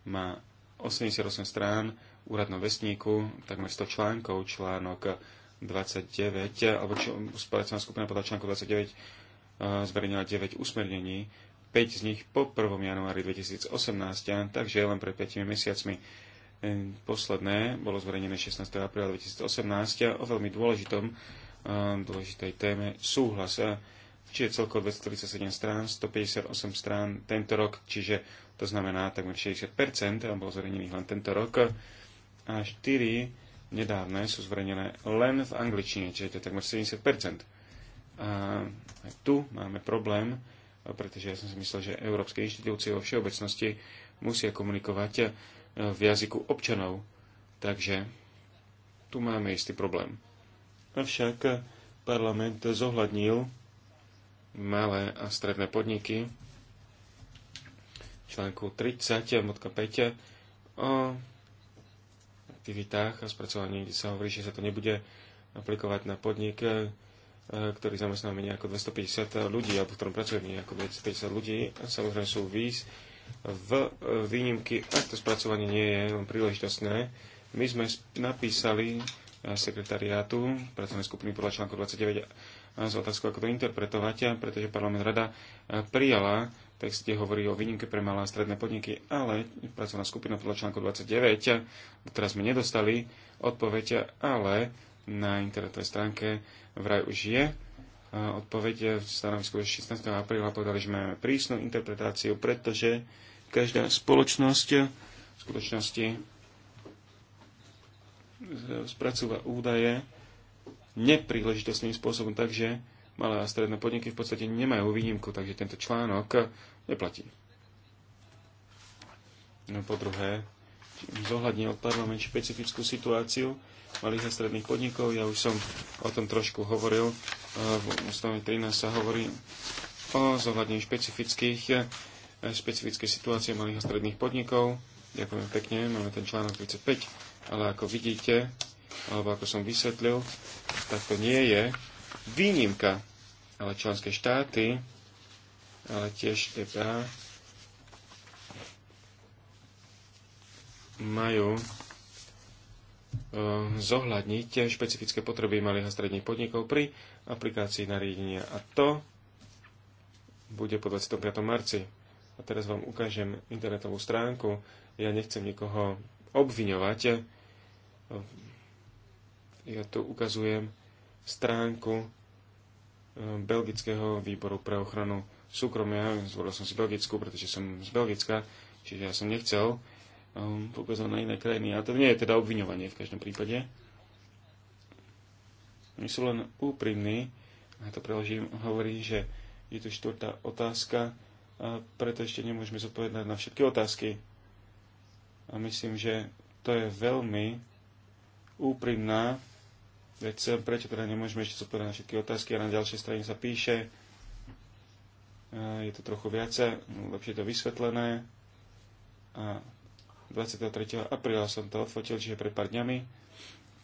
má 88 strán v úradnom vestníku, takmer 100 článkov, článok 29, alebo čo, spoločná skupina podľa článku 29 e, zverejnila 9 usmernení, 5 z nich po 1. januári 2018, takže len pred 5 mesiacmi E, posledné bolo zverejnené 16. apríla 2018 o veľmi dôležitom, e, dôležitej téme súhlas. E, je celkovo 237 strán, 158 strán tento rok, čiže to znamená takmer 60%, a bolo zverejnených len tento rok. A 4 nedávne sú zverejnené len v angličtine, čiže to je takmer 70%. A aj tu máme problém, pretože ja som si myslel, že európske inštitúcie vo všeobecnosti musia komunikovať v jazyku občanov. Takže tu máme istý problém. Avšak parlament zohľadnil malé a stredné podniky článku 30 modka 5 o aktivitách a spracovaní, kde sa hovorí, že sa to nebude aplikovať na podnik, eh, ktorý zamestnáme nejako 250 ľudí, alebo v ktorom pracuje nejako 250 ľudí. A samozrejme sú výz, v e, výnimky, ak to spracovanie nie je príležitostné. My sme napísali e, sekretariátu pracovnej skupiny podľa článku 29 e, s otázkou, ako to interpretovať, pretože parlament rada prijala text, kde hovorí o výnimke pre malé a stredné podniky, ale pracovná skupina podľa článku 29, teraz sme nedostali odpoveď, ale na internetovej stránke vraj už je odpoveď v stanovisku 16. apríla povedali, že máme prísnu interpretáciu, pretože každá spoločnosť v skutočnosti spracúva údaje nepríležitostným spôsobom, takže malé a stredné podniky v podstate nemajú výnimku, takže tento článok neplatí. No po druhé, zohľadnil parlament špecifickú situáciu malých a stredných podnikov. Ja už som o tom trošku hovoril. Eh, v ústave 13 sa hovorí o zohľadnení špecifických, eh, špecifické situácie malých a stredných podnikov. Ďakujem pekne, máme ten článok 35, ale ako vidíte, alebo ako som vysvetlil, tak to nie je výnimka, ale členské štáty, ale tiež EPA majú Eh, zohľadniť špecifické potreby malých a stredných podnikov pri aplikácii nariadenia. A to bude po 25. marci. A teraz vám ukážem internetovú stránku. Ja nechcem nikoho obviňovať. Eh, ja tu ukazujem stránku eh, Belgického výboru pre ochranu súkromia. Zvolil som si Belgicku, pretože som z Belgicka, čiže ja som nechcel Um, poukazujú na iné krajiny. A to nie je teda obviňovanie v každom prípade. My sú len úprimní, a to preložím, hovorí, že je tu štvrtá otázka, a preto ešte nemôžeme zodpovedať na všetky otázky. A myslím, že to je veľmi úprimná vec, prečo teda nemôžeme ešte zodpovedať na všetky otázky a na ďalšej strane sa píše, je to trochu viacej, lepšie to vysvetlené a 23. apríla som to odfotil, čiže pred pár dňami.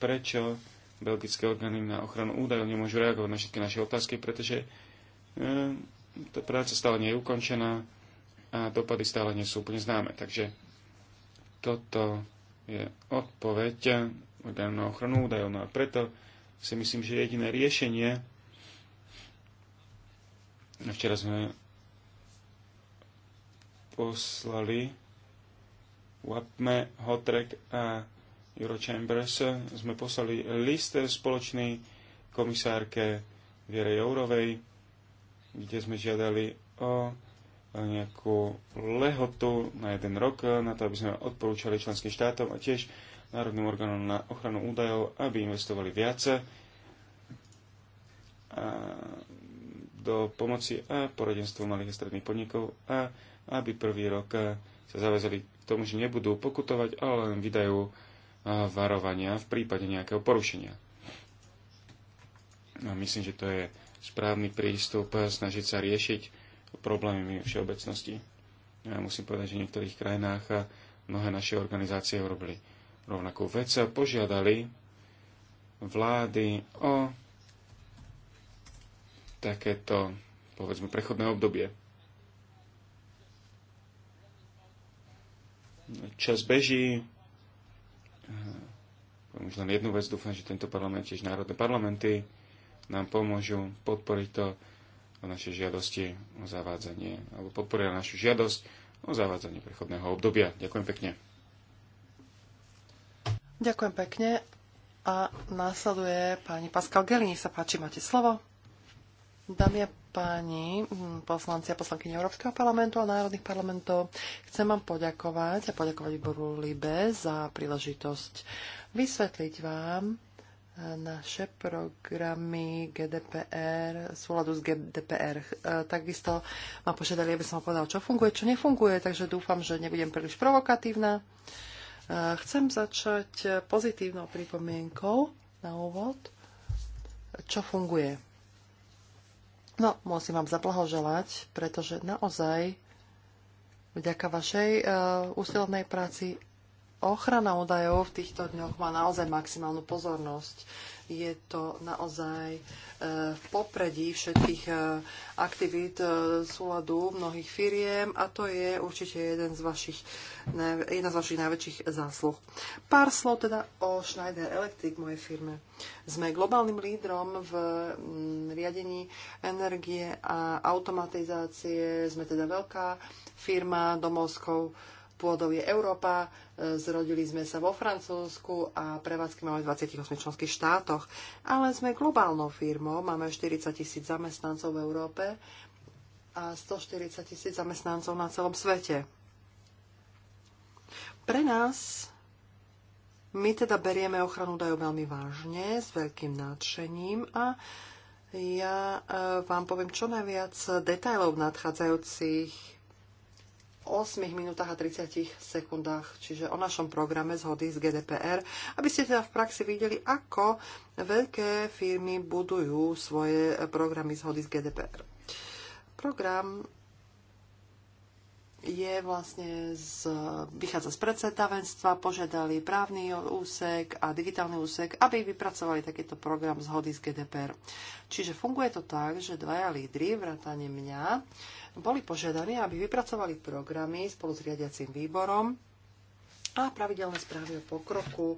Prečo belgické orgány na ochranu údajov nemôžu reagovať na všetky naše otázky, pretože eh, tá práca stále nie je ukončená a dopady stále nie sú úplne známe. Takže toto je odpoveď orgánu na ochranu údajov. No a preto si myslím, že jediné riešenie, no včera sme poslali WAPME, HOTREK a Eurochambers sme poslali list spoločný komisárke Viere Jourovej, kde sme žiadali o nejakú lehotu na jeden rok, na to, aby sme odporúčali členským štátom a tiež Národným orgánom na ochranu údajov, aby investovali viac do pomoci a poradenstvo malých a stredných podnikov a aby prvý rok sa zavezali k tomu, že nebudú pokutovať, ale len vydajú varovania v prípade nejakého porušenia. A no, myslím, že to je správny prístup snažiť sa riešiť problémy všeobecnosti. Ja musím povedať, že v niektorých krajinách mnohé naše organizácie urobili rovnakú vec. Požiadali vlády o takéto, povedzme, prechodné obdobie. Čas beží. Ehm, už len jednu vec dúfam, že tento parlament, tiež národné parlamenty, nám pomôžu podporiť to o naše žiadosti o zavádzanie, alebo podporia našu žiadosť o zavádzanie prechodného obdobia. Ďakujem pekne. Ďakujem pekne. A následuje pani Pascal Gelini. sa páči, máte slovo. Dámy a páni mm, poslanci a poslankyne Európskeho parlamentu a národných parlamentov. Chcem vám poďakovať a poďakovať výboru LIBE za príležitosť vysvetliť vám e, naše programy GDPR, súladu s GDPR. E, takisto ma požiadali, aby som povedal, čo funguje, čo nefunguje, takže dúfam, že nebudem príliš provokatívna. E, chcem začať pozitívnou pripomienkou na úvod, čo funguje No, musím vám zablahoželať, pretože naozaj vďaka vašej uh, úsilovnej práci ochrana údajov v týchto dňoch má naozaj maximálnu pozornosť. Je to naozaj e, v popredí všetkých e, aktivít e, súladu mnohých firiem a to je určite jeden z vašich, jedna z vašich najväčších zásluh. Pár slov teda o Schneider Electric, mojej firme. Sme globálnym lídrom v riadení energie a automatizácie. Sme teda veľká firma domovskou pôdou je Európa, e, zrodili sme sa vo Francúzsku a prevádzky máme v 28 členských štátoch. Ale sme globálnou firmou, máme 40 tisíc zamestnancov v Európe a 140 tisíc zamestnancov na celom svete. Pre nás, my teda berieme ochranu dajú veľmi vážne, s veľkým nadšením a ja e, vám poviem čo najviac detajlov v nadchádzajúcich 8 minútach a 30 sekundách, čiže o našom programe zhody z GDPR, aby ste teda v praxi videli, ako veľké firmy budujú svoje programy zhody z GDPR. Program je vlastne z, vychádza z predsetavenstva, požiadali právny úsek a digitálny úsek, aby vypracovali takýto program zhody z GDPR. Čiže funguje to tak, že dvaja lídry, vrátane mňa, boli požiadaní, aby vypracovali programy spolu s riadiacím výborom a pravidelné správy o pokroku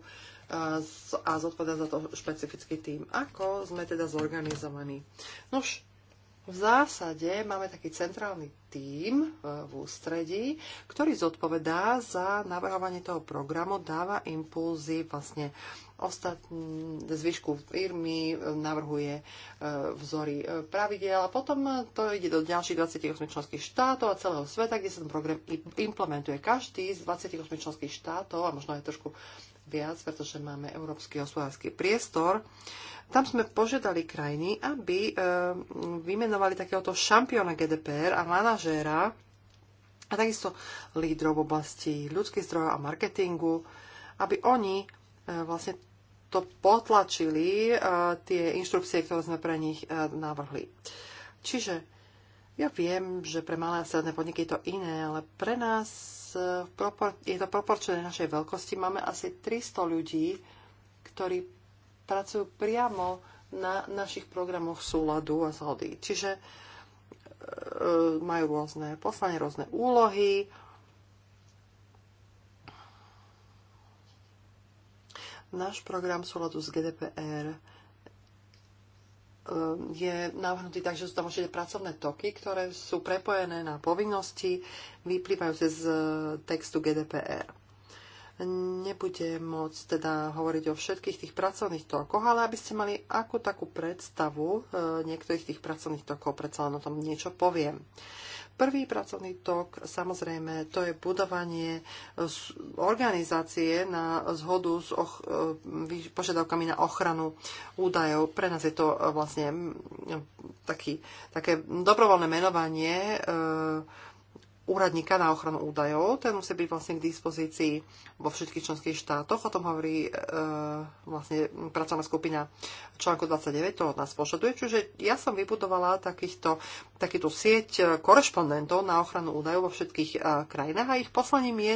a zodpovedá za to špecifický tým, ako sme teda zorganizovaní. Nož, v zásade máme taký centrálny tím eh, v ústredí, ktorý zodpovedá za navrhovanie toho programu, dáva impulzy vlastne ostatní zvyšku firmy, eh, navrhuje eh, vzory pravidel a potom to ide do ďalších 28 členských štátov a celého sveta, kde sa ten program implementuje. Každý z 28 členských štátov a možno aj trošku viac, pretože máme Európsky hospodársky priestor. Tam sme požiadali krajiny, aby e, vymenovali takéhoto šampióna GDPR a manažéra a takisto lídrov v oblasti ľudských zdrojov a marketingu, aby oni e, vlastne to potlačili, e, tie inštrukcie, ktoré sme pre nich navrhli. Čiže ja viem, že pre malé a stredné podniky je to iné, ale pre nás je to proporčené našej veľkosti. Máme asi 300 ľudí, ktorí pracujú priamo na našich programoch súladu a zhody. Čiže e, majú rôzne poslanie, rôzne úlohy. Náš program súladu s GDPR Ehm, je navrhnutý tak, že sú tam určite pracovné toky, ktoré sú prepojené na povinnosti vyplývajúce z eh, textu GDPR. Nebude môcť teda hovoriť o všetkých tých pracovných tokoch, ale aby ste mali ako takú predstavu eh, niektorých tých pracovných tokov, predsa len o tom niečo poviem. Prvý pracovný tok, samozrejme, to je budovanie e, organizácie na zhodu s och- e, požiadavkami na ochranu údajov. Pre nás je to e, vlastne taký, také dobrovoľné menovanie e, úradníka na ochranu údajov. Ten musí byť vlastne k dispozícii vo všetkých členských štátoch. O tom hovorí e, vlastne pracovná skupina článku 29, to od nás požaduje. Čiže ja som vybudovala takýchto, takýto sieť e, korešpondentov na ochranu údajov vo všetkých e, krajinách a ich poslaním je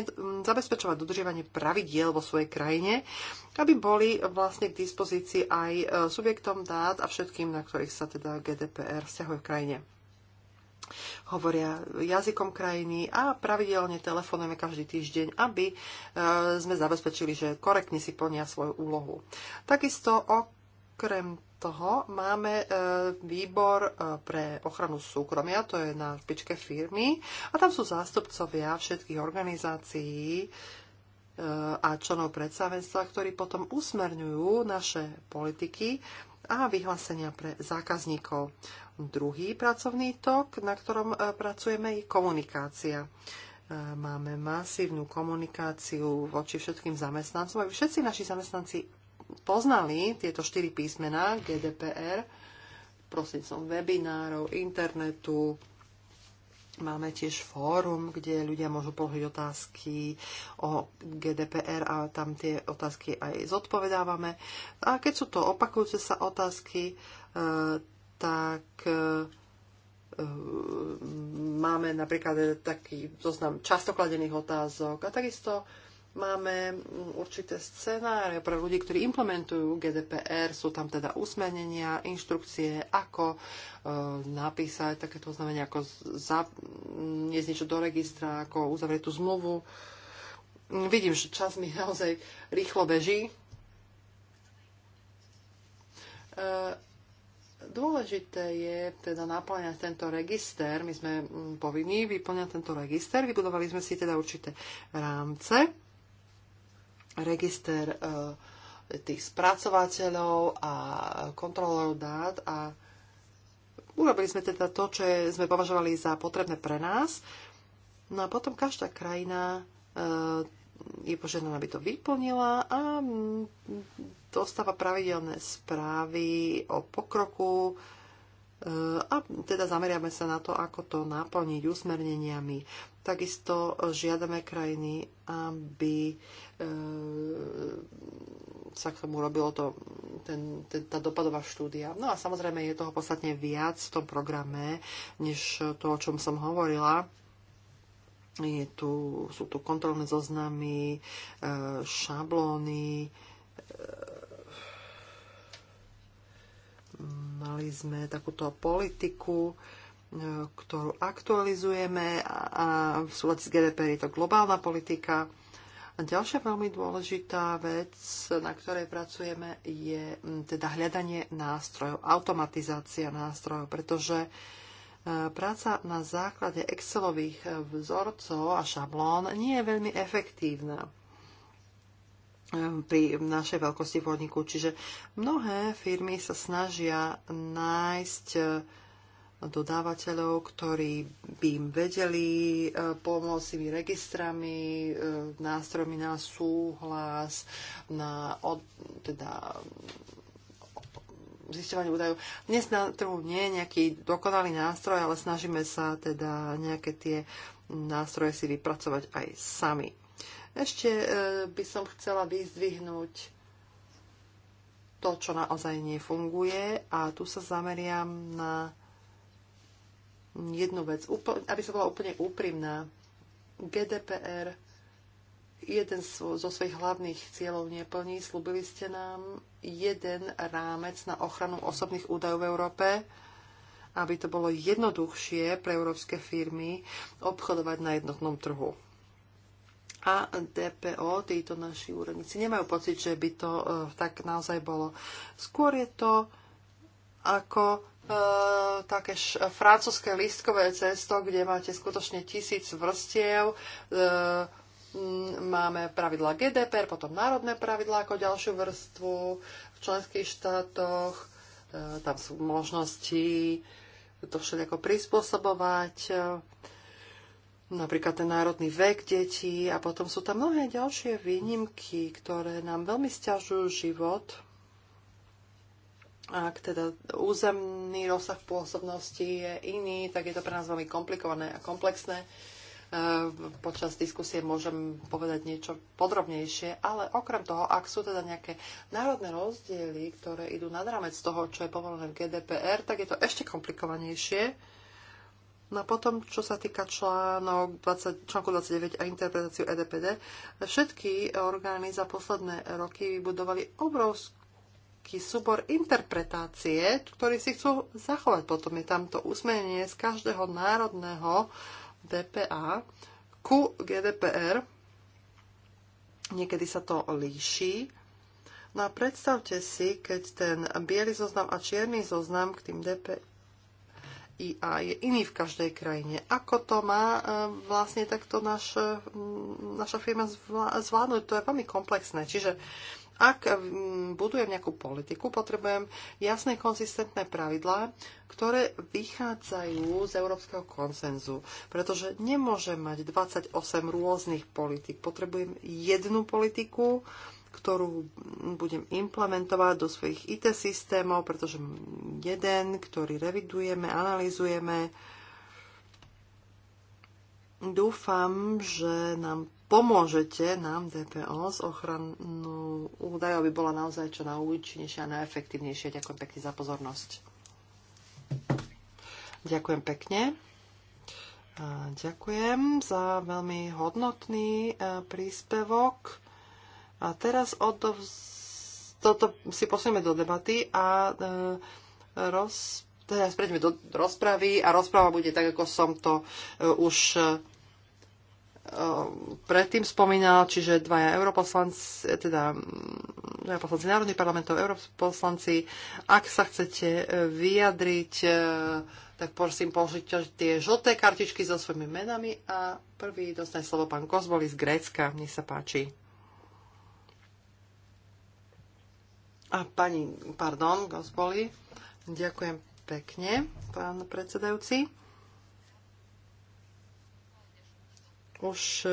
zabezpečovať dodržiavanie pravidiel vo svojej krajine, aby boli vlastne k dispozícii aj e, subjektom dát a všetkým, na ktorých sa teda GDPR vzťahuje v krajine hovoria jazykom krajiny a pravidelne telefonujeme každý týždeň, aby e, sme zabezpečili, že korektne si plnia svoju úlohu. Takisto okrem toho máme e, výbor e, pre ochranu súkromia, to je na špičke firmy a tam sú zástupcovia všetkých organizácií, a členov predstavenstva, ktorí potom usmerňujú naše politiky a vyhlásenia pre zákazníkov. Druhý pracovný tok, na ktorom e, pracujeme, je komunikácia. E, máme masívnu komunikáciu voči všetkým zamestnancom, aby všetci naši zamestnanci poznali tieto štyri písmená GDPR som, webinárov, internetu, Máme tiež fórum, kde ľudia môžu položiť otázky o GDPR a tam tie otázky aj zodpovedávame. A keď sú to opakujúce sa otázky, e, tak e, e, máme napríklad taký zoznam často kladených otázok a takisto máme určité scenáre pre ľudí, ktorí implementujú GDPR, sú tam teda usmernenia, inštrukcie, ako e, napísať takéto oznámenie, ako nie niečo do registra, ako uzavrieť tú zmluvu. Vidím, že čas mi naozaj rýchlo beží. E, Dôležité je teda naplňať tento register. My sme mm, povinní vyplňať tento register. Vybudovali sme si teda určité rámce. Register e, tých spracovateľov a kontrolorov dát a urobili sme teda to, čo sme považovali za potrebné pre nás. No a potom každá krajina e, je požiadaná, aby to vyplnila a dostáva pravidelné správy o pokroku e, a teda zameriame sa na to, ako to naplniť usmerneniami. Takisto žiadame krajiny, aby e, sa k tomu robilo to, ten, ten, tá dopadová štúdia. No a samozrejme je toho podstatne viac v tom programe, než to, o čom som hovorila je tu, sú tu kontrolné zoznamy, eh, šablóny. Eh, mali sme takúto politiku, eh, ktorú aktualizujeme a v súlade s GDPR je to globálna politika. A ďalšia veľmi dôležitá vec, na ktorej pracujeme, je teda hľadanie nástrojov, automatizácia nástrojov, pretože uh, E, práca na základe Excelových vzorcov a šablón nie je veľmi efektívna e, pri našej veľkosti podniku. Čiže mnohé firmy sa snažia nájsť e, dodávateľov, ktorí by im vedeli pomôcť tými registrami, nástrojmi na súhlas, na od, teda zisťovaniu údajov. Dnes na trhu nie je nejaký dokonalý nástroj, ale snažíme sa teda nejaké tie nástroje si vypracovať aj sami. Ešte e, by som chcela vyzdvihnúť to, čo naozaj nefunguje a tu sa zameriam na jednu vec, aby som bola úplne úprimná. GDPR jeden zo svojich hlavných cieľov neplní. Slúbili ste nám jeden rámec na ochranu osobných údajov v Európe, aby to bolo jednoduchšie pre európske firmy obchodovať na jednotnom trhu. A DPO, títo naši úradníci, nemajú pocit, že by to uh, tak naozaj bolo. Skôr je to ako uh, také š- francúzske listkové cesto, kde máte skutočne tisíc vrstiev, Uh, Mm, máme pravidla GDPR, potom národné pravidlá ako ďalšiu vrstvu v členských štátoch. E, tam sú možnosti to všetko prispôsobovať e, napríklad ten národný vek detí a potom sú tam mnohé ďalšie výnimky, ktoré nám veľmi stiažujú život. Ak teda územný rozsah pôsobnosti je iný, tak je to pre nás veľmi komplikované a komplexné. Eh, počas diskusie môžem povedať niečo podrobnejšie, ale okrem toho, ak sú teda nejaké národné rozdiely, ktoré idú nad rámec toho, čo je povolené v GDPR, tak je to ešte komplikovanejšie. No a potom, čo sa týka článok 20, článku 29 a interpretáciu EDPD, všetky orgány za posledné roky vybudovali obrovský súbor interpretácie, ktorý si chcú zachovať. Potom je tam to usmenie z každého národného DPA ku GDPR. Niekedy sa to líši. No a predstavte si, keď ten biely zoznam a čierny zoznam k tým DPIA je iný v každej krajine. Ako to má e, vlastne takto naš, naša firma zvládnuť? To je veľmi komplexné. Čiže ak mm, budujem nejakú politiku, potrebujem jasné, konzistentné pravidlá, ktoré vychádzajú z európskeho konsenzu. Pretože nemôžem mať 28 rôznych politik. Potrebujem jednu politiku, ktorú budem implementovať do svojich IT systémov, pretože jeden, ktorý revidujeme, analýzujeme, Dúfam, že nám pomôžete, nám DPO, s ochranou údajov, aby bola naozaj čo najúčinnejšia a najefektívnejšia. Ďakujem pekne za pozornosť. Ďakujem pekne. Ďakujem za veľmi hodnotný e, príspevok. A teraz odovz... toto si posunieme do debaty a e, teraz prejdeme do rozpravy a rozpráva bude tak, ako som to e, už e, predtým spomínal, čiže dvaja europoslanci, e, teda dvaja poslanci národných parlamentov, europoslanci. Ak sa chcete vyjadriť, tak prosím položiť tie žlté kartičky so svojimi menami a prvý dostane slovo pán Kozboli z Grécka. Nech sa páči. A pani, pardon, Kozboli. Ďakujem pekne, pán predsedajúci. Už e,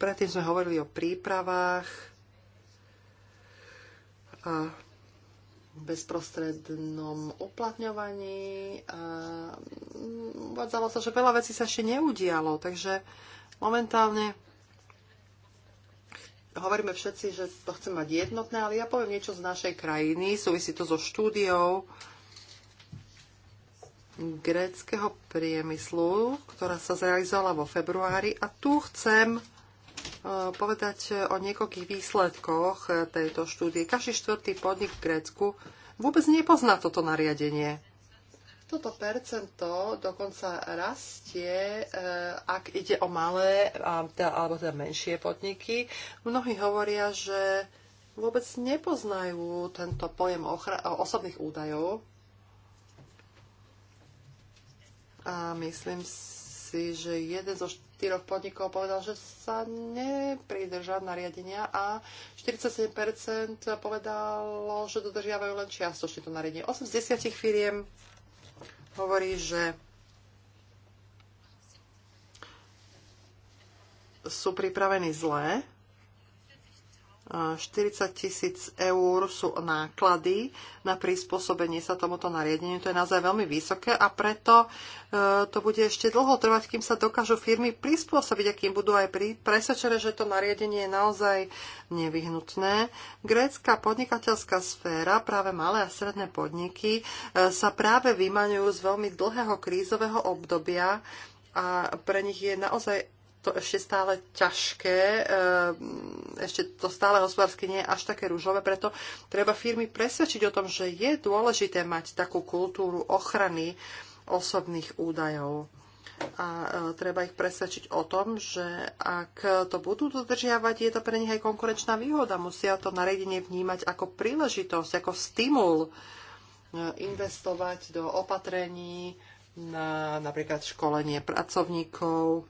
predtým sme hovorili o prípravách a bezprostrednom uplatňovaní. A mm, uvádzalo sa, že veľa vecí sa ešte neudialo, takže momentálne hovoríme všetci, že to chceme mať jednotné, ale ja poviem niečo z našej krajiny, súvisí to so štúdiou, gréckého priemyslu, ktorá sa zrealizovala vo februári. A tu chcem e, povedať e, o niekoľkých výsledkoch e, tejto štúdie. Každý štvrtý podnik v Grécku vôbec nepozná toto nariadenie. Toto percento dokonca rastie, ak ide o malé teda, alebo teda menšie podniky. Mnohí hovoria, že vôbec nepoznajú tento pojem osobných údajov a myslím si, že jeden zo štyroch podnikov povedal, že sa nepridržia nariadenia a 47% povedalo, že dodržiavajú len čiastočne to nariadenie. 8 z 10 firiem hovorí, že sú pripravení zlé 40 tisíc eur sú náklady na prispôsobenie sa tomuto nariadeniu. To je naozaj veľmi vysoké a preto e, to bude ešte dlho trvať, kým sa dokážu firmy prispôsobiť a kým budú aj presvedčené, že to nariadenie je naozaj nevyhnutné. Grécka podnikateľská sféra, práve malé a stredné podniky, e, sa práve vymaňujú z veľmi dlhého krízového obdobia a pre nich je naozaj to ešte stále ťažké, ehm, ešte to stále hospodársky nie je až také rúžové, preto treba firmy presvedčiť o tom, že je dôležité mať takú kultúru ochrany osobných údajov. A e, treba ich presvedčiť o tom, že ak to budú dodržiavať, je to pre nich aj konkurenčná výhoda. Musia to nariadenie vnímať ako príležitosť, ako stimul e, investovať do opatrení na napríklad školenie pracovníkov,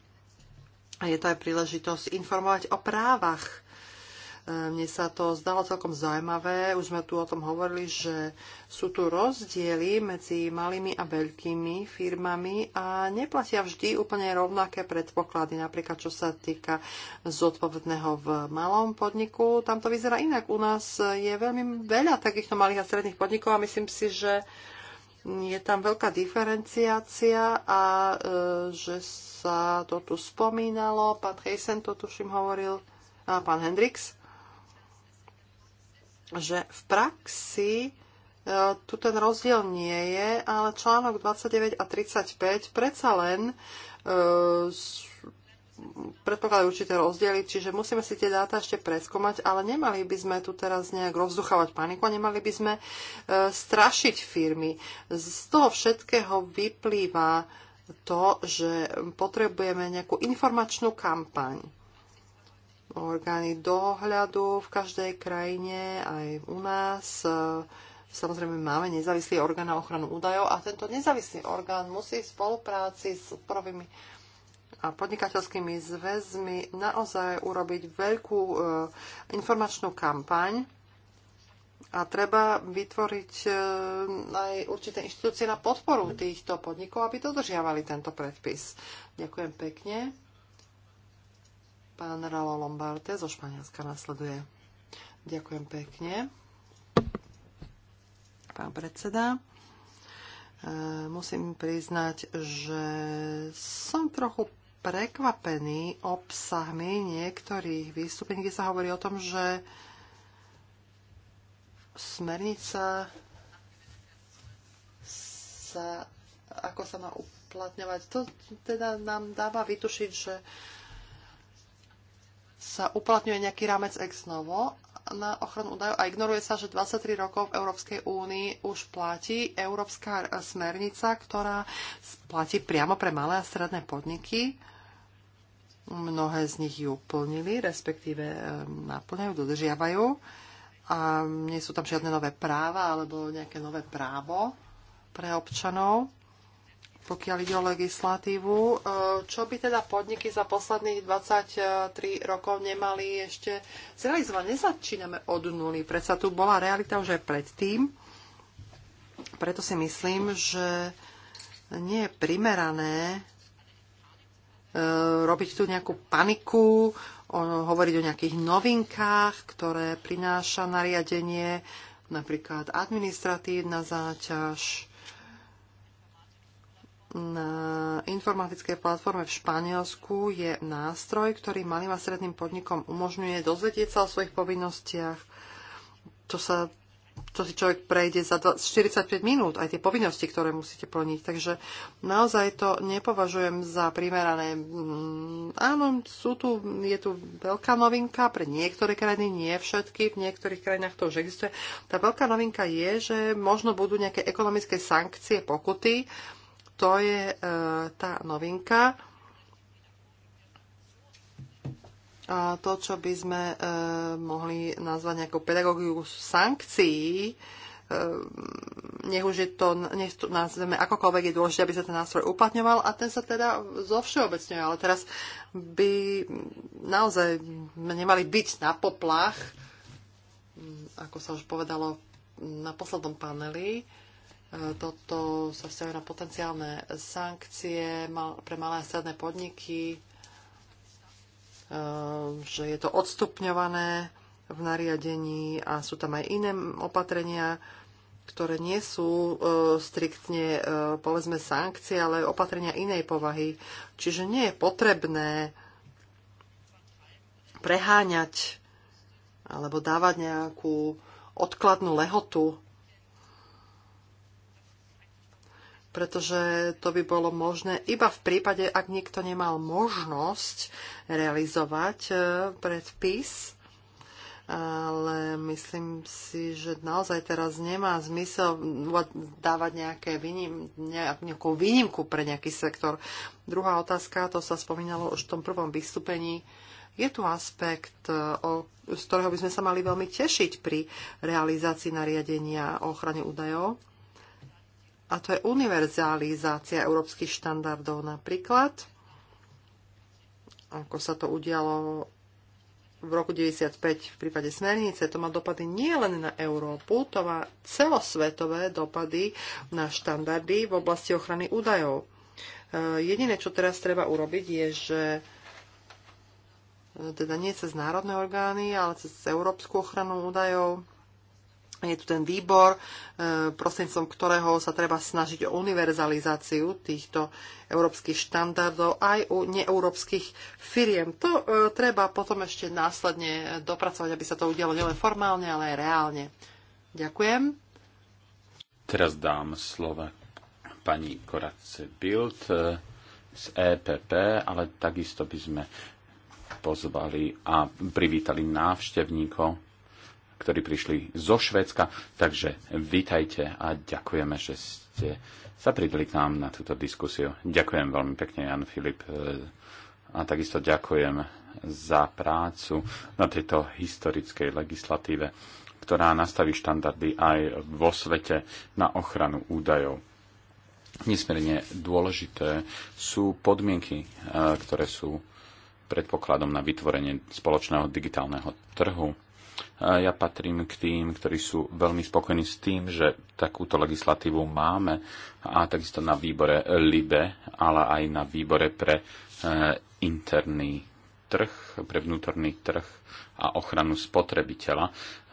a je to aj príležitosť informovať o právach. E, mne sa to zdalo celkom zaujímavé. Už sme tu o tom hovorili, že sú tu rozdiely medzi malými a veľkými firmami a neplatia vždy úplne rovnaké predpoklady. Napríklad, čo sa týka zodpovedného v malom podniku, tam to vyzerá inak. U nás je veľmi veľa takýchto malých a stredných podnikov a myslím si, že je tam veľká diferenciácia a e, že sa to tu spomínalo, pán Heysen to tuším hovoril, a pán Hendrix, že v praxi e, tu ten rozdiel nie je, ale článok 29 a 35 predsa len e, predpokladajú určité rozdiely, čiže musíme si tie dáta ešte preskomať, ale nemali by sme tu teraz nejak rozduchávať paniku a nemali by sme e, strašiť firmy. Z toho všetkého vyplýva to, že potrebujeme nejakú informačnú kampaň. Orgány dohľadu v každej krajine, aj u nás, e, samozrejme máme nezávislý orgán na ochranu údajov a tento nezávislý orgán musí v spolupráci s prvými a podnikateľskými zväzmi naozaj urobiť veľkú e, informačnú kampaň a treba vytvoriť e, aj určité inštitúcie na podporu týchto podnikov, aby dodržiavali tento predpis. Ďakujem pekne. Pán Ralo Lombarte zo Španielska nasleduje. Ďakujem pekne. Pán predseda e, musím priznať, že som trochu prekvapený obsahmi niektorých výstupení, kde sa hovorí o tom, že smernica sa, ako sa má uplatňovať. To teda nám dáva vytušiť, že sa uplatňuje nejaký rámec ex novo na ochranu údajov a ignoruje sa, že 23 rokov v Európskej únii už platí európska smernica, ktorá platí priamo pre malé a stredné podniky Mnohé z nich ju plnili, respektíve e, naplňajú, dodržiavajú. A nie sú tam žiadne nové práva alebo nejaké nové právo pre občanov pokiaľ ide o legislatívu. E, čo by teda podniky za posledných 23 rokov nemali ešte zrealizovať? Nezačíname od nuly, predsa tu bola realita už aj predtým. Preto si myslím, že nie je primerané robiť tu nejakú paniku, hovoriť o nejakých novinkách, ktoré prináša nariadenie, napríklad administratívna záťaž. Na informatickej platforme v Španielsku je nástroj, ktorý malým a stredným podnikom umožňuje dozvedieť sa o svojich povinnostiach. To sa to si človek prejde za 45 minút, aj tie povinnosti, ktoré musíte plniť. Takže naozaj to nepovažujem za primerané. Mm, áno, sú tu, je tu veľká novinka pre niektoré krajiny, nie všetky, v niektorých krajinách to už existuje. Tá veľká novinka je, že možno budú nejaké ekonomické sankcie, pokuty. To je e, tá novinka A to, čo by sme e, mohli nazvať nejakou pedagógiu sankcií, e, nech už je to, nech to nazveme akokoľvek, je dôležité, aby sa ten nástroj uplatňoval a ten sa teda zovšeobecňuje. Ale teraz by naozaj nemali byť na poplach, ako sa už povedalo na poslednom paneli, e, toto sa vzťahuje na potenciálne sankcie pre malé a stredné podniky, Ehm, že je to odstupňované v nariadení a sú tam aj iné opatrenia, ktoré nie sú e, striktne, e, povedzme, sankcie, ale opatrenia inej povahy. Čiže nie je potrebné preháňať alebo dávať nejakú odkladnú lehotu pretože to by bolo možné iba v prípade, ak niekto nemal možnosť realizovať e, predpis. Ale myslím si, že naozaj teraz nemá zmysel dávať nejaké výnim, nejakú výnimku pre nejaký sektor. Druhá otázka, to sa spomínalo už v tom prvom vystúpení, je tu aspekt, e, o, z ktorého by sme sa mali veľmi tešiť pri realizácii nariadenia o ochrane údajov a to je univerzalizácia európskych štandardov napríklad, ako sa to udialo v roku 1995, v prípade smernice, to má dopady nielen na Európu, to má celosvetové dopady na štandardy v oblasti ochrany údajov. E, jediné, čo teraz treba urobiť, je, že e, teda nie cez národné orgány, ale cez európsku ochranu údajov je tu ten výbor, e, prostredníctvom ktorého sa treba snažiť o univerzalizáciu týchto európskych štandardov aj u neeurópskych firiem. To e, treba potom ešte následne dopracovať, aby sa to udialo nielen formálne, ale aj reálne. Ďakujem. Teraz dám slovo pani Koradce Bild e, z EPP, ale takisto by sme pozvali a privítali návštevníkov ktorí prišli zo Švédska. Takže vítajte a ďakujeme, že ste sa pridali k nám na túto diskusiu. Ďakujem veľmi pekne, Jan Filip. E, a takisto ďakujem za prácu na tejto historickej legislatíve, ktorá nastaví štandardy aj vo svete na ochranu údajov. Nesmierne dôležité sú podmienky, e, ktoré sú predpokladom na vytvorenie spoločného digitálneho trhu ja patrím k tým, ktorí sú veľmi spokojní s tým, že takúto legislatívu máme a takisto na výbore LIBE, ale aj na výbore pre e, interný trh, pre vnútorný trh a ochranu spotrebiteľa.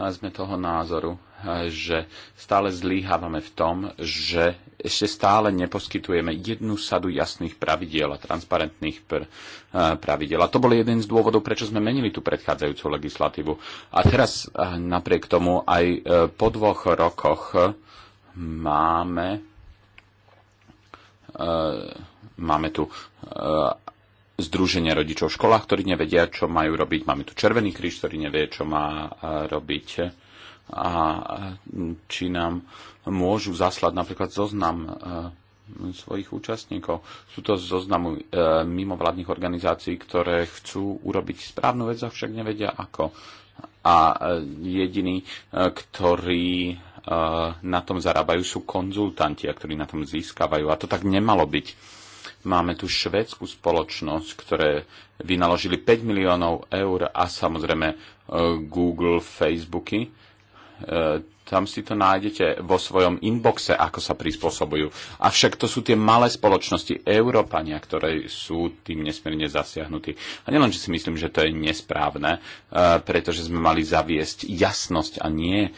A sme toho názoru, že stále zlíhávame v tom, že ešte stále neposkytujeme jednu sadu jasných pravidiel a transparentných pr- eh, pravidiel. A to bol jeden z dôvodov, prečo sme menili tú predchádzajúcu legislatívu. A teraz eh, napriek tomu aj eh, po dvoch rokoch máme máme tu Združenie rodičov v školách, ktorí nevedia, čo majú robiť. Máme tu Červený kríž, ktorý nevie, čo má robiť a či nám môžu zaslať napríklad zoznam e, svojich účastníkov. Sú to zoznamu e, mimovládnych organizácií, ktoré chcú urobiť správnu vec, avšak nevedia ako. A e, jediní, e, ktorí e, na tom zarábajú, sú konzultanti, a ktorí na tom získavajú. A to tak nemalo byť. Máme tu švédsku spoločnosť, ktoré vynaložili 5 miliónov eur a samozrejme e, Google, Facebooky E, tam si to nájdete vo svojom inboxe, ako sa prispôsobujú. Avšak to sú tie malé spoločnosti Európania, ktoré sú tým nesmierne zasiahnutí. A nielen, že si myslím, že to je nesprávne, e, pretože sme mali zaviesť jasnosť a nie e,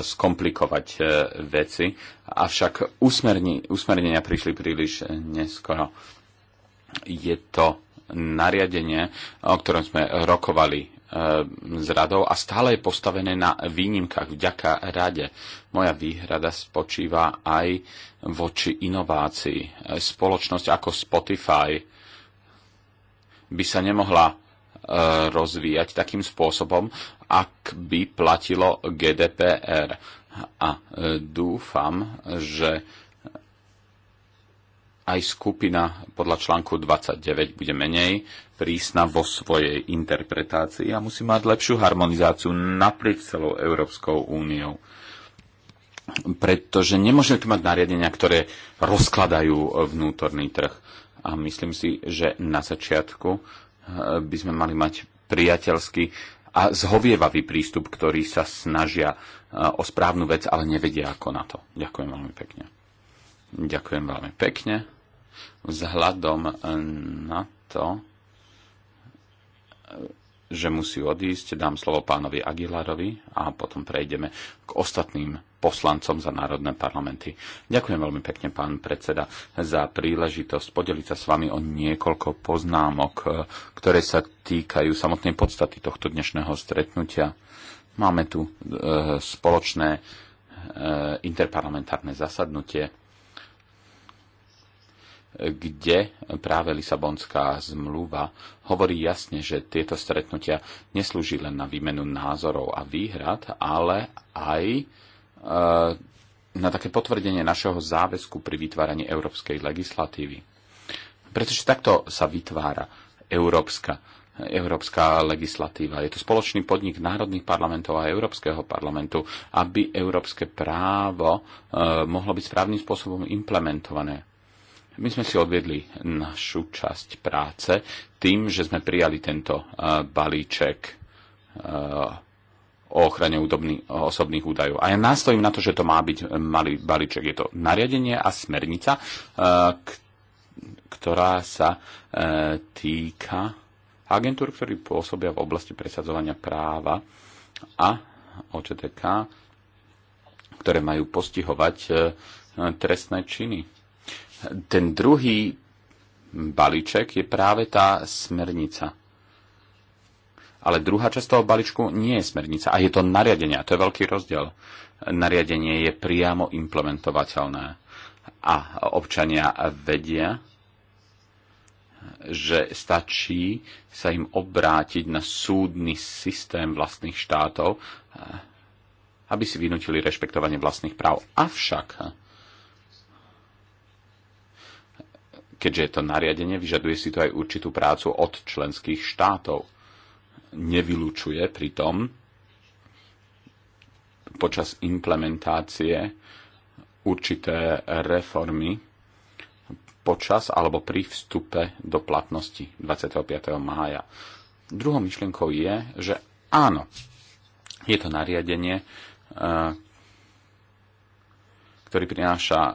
skomplikovať veci, avšak usmerni, usmernenia prišli príliš neskoro. Je to nariadenie, o ktorom sme rokovali Eh, z radou a stále je postavené na výnimkách vďaka rade. Moja výhrada spočíva aj voči inovácii. Eh, spoločnosť ako Spotify by sa nemohla eh, rozvíjať takým spôsobom, ak by platilo GDPR. A dúfam, že aj skupina podľa článku 29 bude menej prísna vo svojej interpretácii a musí mať lepšiu harmonizáciu napriek celou Európskou úniou. Pretože nemôžeme tu mať nariadenia, ktoré rozkladajú vnútorný trh. A myslím si, že na začiatku eh, by sme mali mať priateľský a zhovievavý prístup, ktorý sa snažia eh, o správnu vec, ale nevedia ako na to. Ďakujem veľmi pekne. Ďakujem veľmi pekne vzhľadom eh, na to, eh, že musí odísť, dám slovo pánovi Aguilarovi a potom prejdeme k ostatným poslancom za národné parlamenty. Ďakujem veľmi pekne, pán predseda, za príležitosť podeliť sa s vami o niekoľko poznámok, eh, ktoré sa týkajú samotnej podstaty tohto dnešného stretnutia. Máme tu spoločné interparlamentárne zasadnutie kde práve Lisabonská zmluva hovorí jasne, že tieto stretnutia neslúži len na výmenu názorov a výhrad, ale aj e, na také potvrdenie našeho záväzku pri vytváraní európskej legislatívy. Pretože takto sa vytvára európska, európska legislatíva. Je to spoločný podnik národných parlamentov a Európskeho parlamentu, aby európske právo e, mohlo byť správnym spôsobom implementované my sme si odvedli našu časť práce tým, že sme prijali tento eh, balíček eh, o ochrane osobných údajov. A ja nastojím na to, že to má byť malý balíček. Je to nariadenie a smernica, eh, ktorá sa týka agentúr, ktorí pôsobia v oblasti presadzovania práva a OČTK, ktoré majú postihovať trestné činy ten druhý balíček je práve tá smernica. Ale druhá časť toho balíčku nie je smernica a je to nariadenie. A to je veľký rozdiel. Nariadenie je priamo implementovateľné a občania vedia, že stačí sa im obrátiť na súdny systém vlastných štátov, aby si vynutili rešpektovanie vlastných práv. Avšak Keďže je to nariadenie, vyžaduje si to aj určitú prácu od členských štátov. Nevylučuje pritom počas implementácie určité reformy počas alebo pri vstupe do platnosti 25. mája. Druhou myšlienkou je, že áno, je to nariadenie, eh, ktorý prináša e,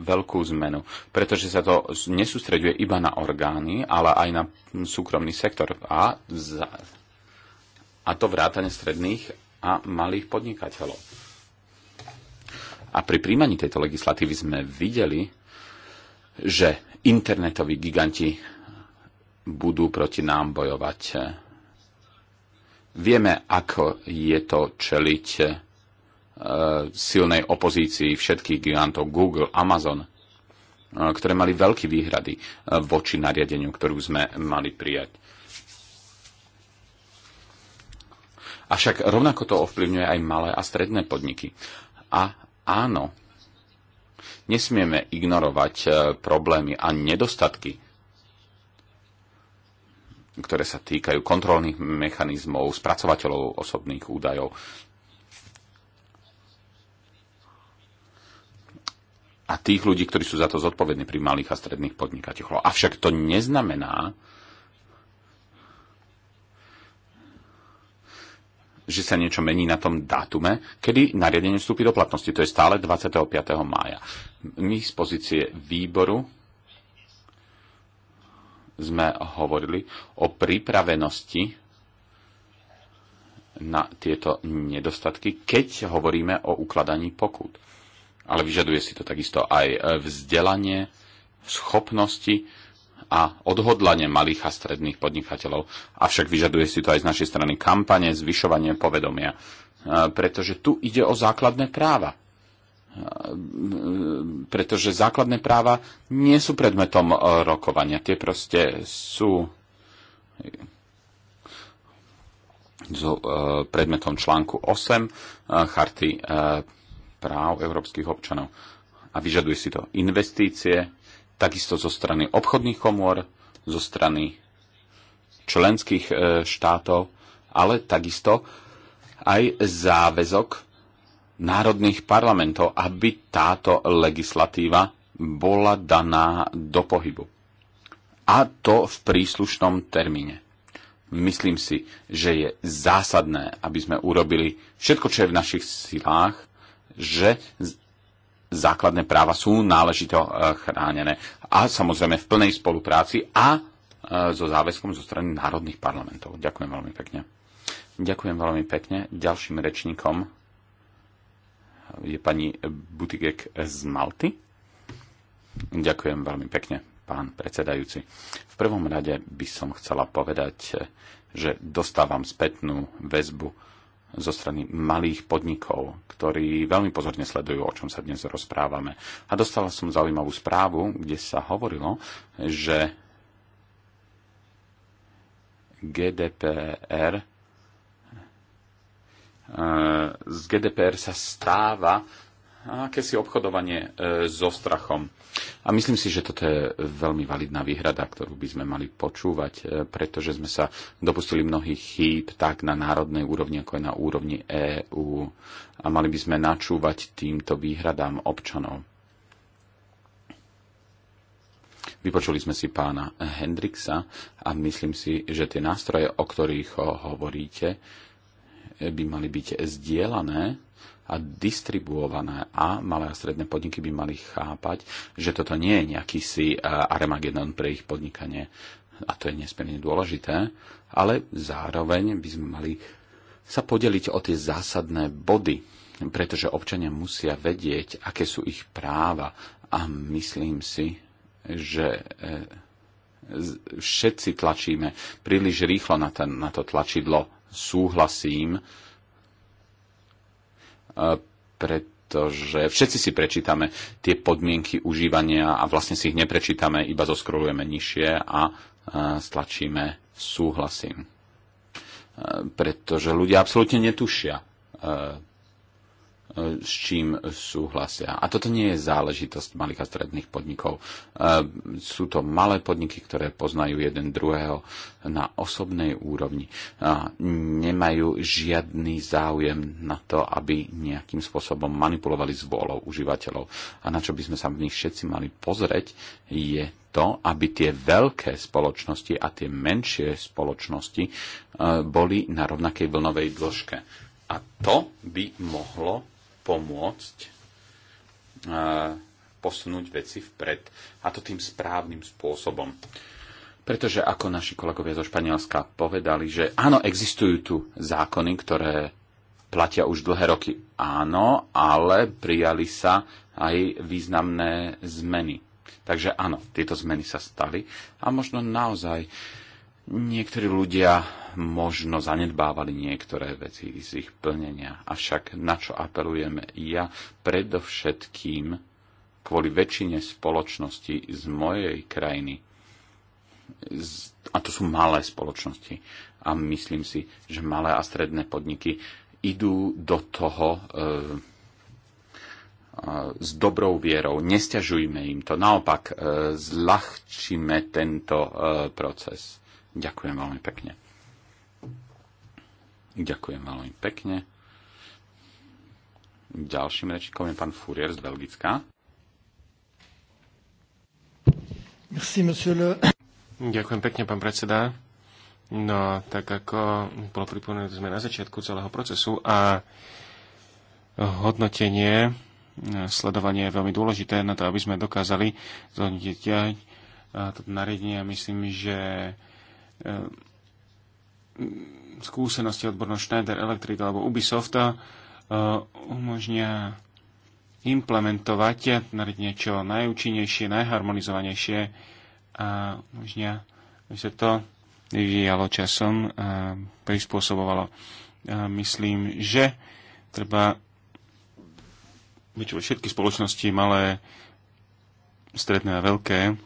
veľkú zmenu, pretože sa to nesústreďuje iba na orgány, ale aj na súkromný sektor a, za, a to vrátane stredných a malých podnikateľov. A pri príjmaní tejto legislatívy sme videli, že internetoví giganti budú proti nám bojovať. Vieme, ako je to čeliť Eh, silnej opozícii všetkých gigantov Google, Amazon, eh, ktoré mali veľké výhrady eh, voči nariadeniu, ktorú sme mali prijať. Avšak rovnako to ovplyvňuje aj malé a stredné podniky. A áno, nesmieme ignorovať problémy a nedostatky, ktoré sa týkajú kontrolných mechanizmov, spracovateľov osobných údajov, a tých ľudí, ktorí sú za to zodpovední pri malých a stredných podnikateľoch. Avšak to neznamená, že sa niečo mení na tom dátume, kedy nariadenie vstúpi do platnosti. To je stále 25. mája. My z pozície výboru sme hovorili o pripravenosti na tieto nedostatky, keď hovoríme o ukladaní pokút ale vyžaduje si to takisto aj e, vzdelanie, schopnosti a odhodlanie malých a stredných podnikateľov. Avšak vyžaduje si to aj z našej strany kampane, zvyšovanie povedomia, e, pretože tu ide o základné práva e, pretože základné práva nie sú predmetom rokovania. Tie proste sú, sú predmetom článku 8 charty práv európskych občanov. A vyžaduje si to investície, takisto zo strany obchodných komôr, zo strany členských e, štátov, ale takisto aj záväzok národných parlamentov, aby táto legislatíva bola daná do pohybu. A to v príslušnom termíne. Myslím si, že je zásadné, aby sme urobili všetko, čo je v našich silách, že základné práva sú náležito e, chránené. A samozrejme v plnej spolupráci a e, so záväzkom zo strany národných parlamentov. Ďakujem veľmi pekne. Ďakujem veľmi pekne. Ďalším rečníkom je pani Butigek z Malty. Ďakujem veľmi pekne, pán predsedajúci. V prvom rade by som chcela povedať, že dostávam spätnú väzbu zo strany malých podnikov, ktorí veľmi pozorne sledujú, o čom sa dnes rozprávame. A dostala som zaujímavú správu, kde sa hovorilo, že GDPR eh, z GDPR sa stáva akési obchodovanie e, so strachom. A myslím si, že toto je veľmi validná výhrada, ktorú by sme mali počúvať, e, pretože sme sa dopustili mnohých chýb tak na národnej úrovni, ako aj na úrovni EÚ. A mali by sme načúvať týmto výhradám občanov. Vypočuli sme si pána Hendrixa a myslím si, že tie nástroje, o ktorých hovoríte, e, by mali byť zdieľané a distribuované a malé a stredné podniky by mali chápať, že toto nie je nejaký si eh, Armagedon pre ich podnikanie a to je nesmierne dôležité, ale zároveň by sme mali sa podeliť o tie zásadné body, pretože občania musia vedieť, aké sú ich práva a myslím si, že eh, všetci tlačíme príliš rýchlo na, ten, na to tlačidlo súhlasím, pretože všetci si prečítame tie podmienky užívania a vlastne si ich neprečítame, iba zoskrolujeme nižšie a e, stlačíme súhlasím. E, pretože ľudia absolútne netušia, e, s čím súhlasia. A toto nie je záležitosť malých a stredných podnikov. E, sú to malé podniky, ktoré poznajú jeden druhého na osobnej úrovni. Nemajú žiadny záujem na to, aby nejakým spôsobom manipulovali s vôľou užívateľov. A na čo by sme sa v nich všetci mali pozrieť, je to, aby tie veľké spoločnosti a tie menšie spoločnosti e, boli na rovnakej vlnovej dĺžke. A to by mohlo pomôcť posunúť veci vpred. A to tým správnym spôsobom. Pretože ako naši kolegovia zo Španielska povedali, že áno, existujú tu zákony, ktoré platia už dlhé roky. Áno, ale prijali sa aj významné zmeny. Takže áno, tieto zmeny sa stali a možno naozaj niektorí ľudia možno zanedbávali niektoré veci z ich plnenia. Avšak na čo apelujem ja predovšetkým kvôli väčšine spoločnosti z mojej krajiny, a to sú malé spoločnosti, a myslím si, že malé a stredné podniky idú do toho e, e, s dobrou vierou. nestiažujme im to. Naopak, e, zľahčíme tento e, proces. Ďakujem veľmi pekne. Ďakujem veľmi pekne. Ďalším rečníkom je pán Furier z Belgická. Merci, le... Ďakujem pekne, pán predseda. No, tak ako bolo pripomenuté, sme na začiatku celého procesu a hodnotenie, sledovanie je veľmi dôležité na to, aby sme dokázali zhodnotiť toto nariadenie a myslím, že e, skúsenosti odborno Schneider Electric alebo Ubisoft eh, umožnia implementovať niečo najúčinnejšie, najharmonizovanejšie a umožnia, aby sa to vyvíjalo časom a prispôsobovalo. A myslím, že treba vyčuť všetky spoločnosti, malé, stredné a veľké, eh,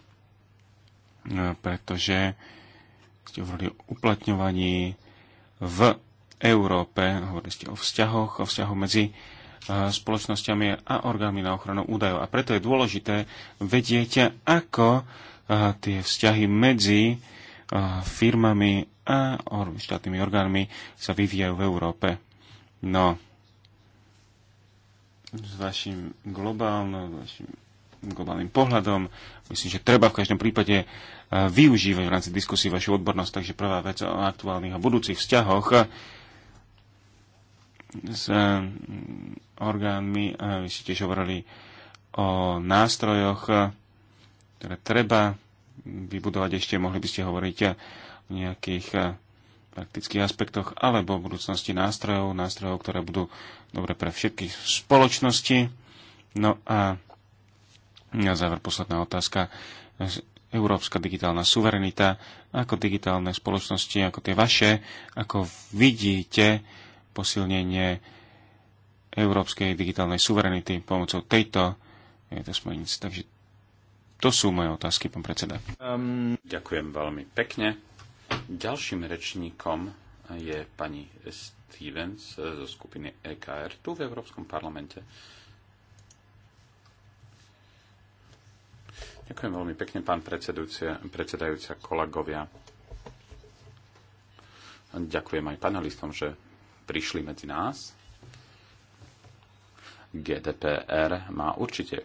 pretože ste hovorili o uplatňovaní v Európe. Hovorili ste o vzťahoch, o vzťahu medzi e, spoločnosťami a orgánmi na ochranu údajov. A preto je dôležité vedieť, ako e, tie vzťahy medzi e, firmami a štátnymi orgánmi sa vyvíjajú v Európe. No, s vašim globálnym, vašim globálnym pohľadom. Myslím, že treba v každom prípade e, využívať v rámci diskusie vašu odbornosť. Takže prvá vec o aktuálnych a budúcich vzťahoch s e, orgánmi. E, vy ste tiež hovorili o nástrojoch, ktoré treba vybudovať ešte. Mohli by ste hovoriť o nejakých praktických aspektoch alebo v budúcnosti nástrojov, nástrojov, ktoré budú dobre pre všetky spoločnosti. No a na záver posledná otázka. Európska digitálna suverenita, ako digitálne spoločnosti, ako tie vaše, ako vidíte posilnenie európskej digitálnej suverenity pomocou tejto je to smernice. Takže to sú moje otázky, pán predseda. Um, ďakujem veľmi pekne. Ďalším rečníkom je pani Stevens zo skupiny EKR tu v Európskom parlamente. Ďakujem veľmi pekne, pán predsedajúca, kolegovia. Ďakujem aj panelistom, že prišli medzi nás. GDPR má určite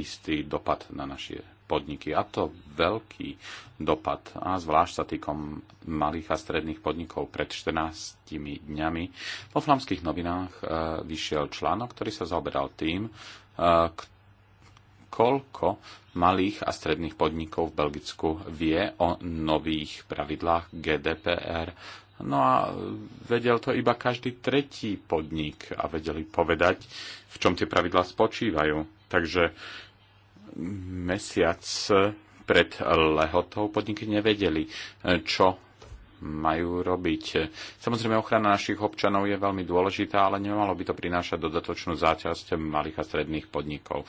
istý dopad na naše podniky. A to veľký dopad. A zvlášť sa týkom malých a stredných podnikov. Pred 14 dňami vo flamských novinách eh, vyšiel článok, ktorý sa zaoberal tým, eh, koľko malých a stredných podnikov v Belgicku vie o nových pravidlách GDPR. No a vedel to iba každý tretí podnik a vedeli povedať, v čom tie pravidlá spočívajú. Takže mesiac pred lehotou podniky nevedeli, čo majú robiť. Samozrejme, ochrana našich občanov je veľmi dôležitá, ale nemalo by to prinášať dodatočnú záťažť malých a stredných podnikov. E,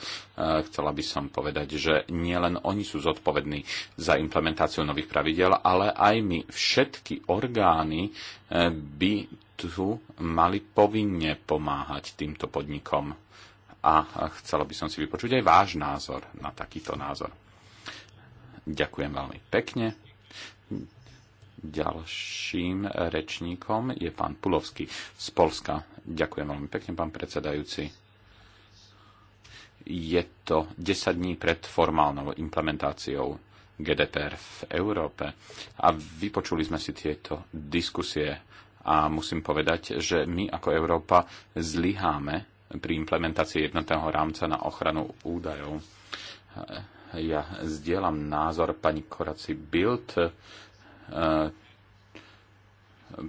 chcela by som povedať, že nielen oni sú zodpovední za implementáciu nových pravidel, ale aj my, všetky orgány e, by tu mali povinne pomáhať týmto podnikom. A chcela by som si vypočuť aj váš názor na takýto názor. Ďakujem veľmi pekne. Ďalším rečníkom je pán Pulovský z Polska. Ďakujem veľmi pekne, pán predsedajúci. Je to 10 dní pred formálnou implementáciou GDPR v Európe a vypočuli sme si tieto diskusie a musím povedať, že my ako Európa zlyháme pri implementácii jednotného rámca na ochranu údajov. Ja zdieľam názor pani Koraci Bild, E,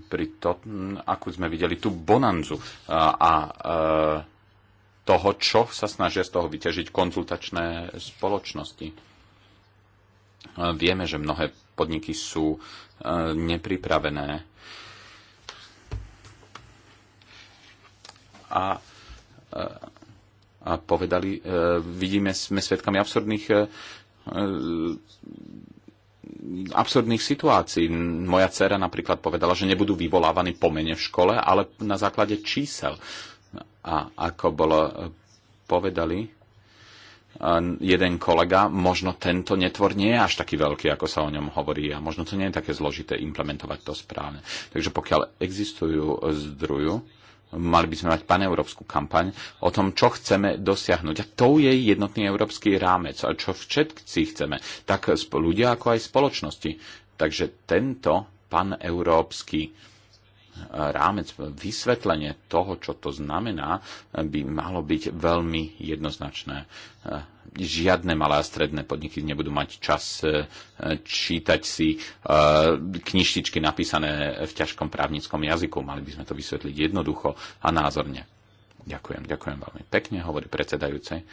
pri to, ako sme videli tú bonanzu e, a e, toho, čo sa snažia z toho vyťažiť konzultačné spoločnosti. Vieme, že mnohé podniky sú nepripravené. A a povedali, vidíme, sme svedkami absurdných absurdných situácií. Moja dcera napríklad povedala, že nebudú vyvolávaní po mene v škole, ale na základe čísel. A ako bolo e, povedali, e, jeden kolega, možno tento netvor nie je až taký veľký, ako sa o ňom hovorí a možno to nie je také zložité implementovať to správne. Takže pokiaľ existujú e, zdruju, mali by sme mať paneurópsku kampaň o tom, čo chceme dosiahnuť. A to je jednotný európsky rámec a čo všetci chceme, tak ľudia ako aj spoločnosti. Takže tento paneurópsky európsky rámec, vysvetlenie toho, čo to znamená, by malo byť veľmi jednoznačné. Žiadne malé a stredné podniky nebudú mať čas e, čítať si e, knižtičky napísané v ťažkom právnickom jazyku. Mali by sme to vysvetliť jednoducho a názorne. Ďakujem, ďakujem veľmi pekne, hovorí predsedajúce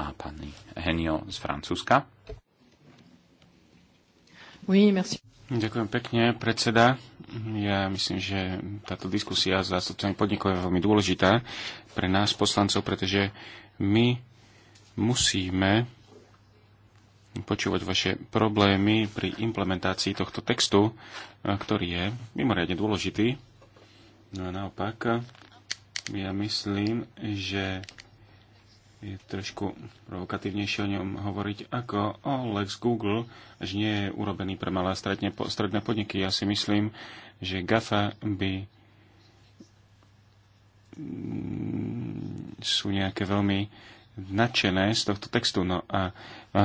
a pani Henio z Francúzska. Oui, merci. Ďakujem pekne, predseda. Ja myslím, že táto diskusia s zástupcami podnikov je veľmi dôležitá pre nás, poslancov, pretože my musíme počúvať vaše problémy pri implementácii tohto textu, eh, ktorý je mimoriadne dôležitý. No a naopak, ja myslím, že je trošku provokatívnejšie o ňom hovoriť ako o Lex Google, že nie je urobený pre malé a stredné podniky. Ja si myslím, že GAFA by mm, sú nejaké veľmi nadšené z tohto textu. No a,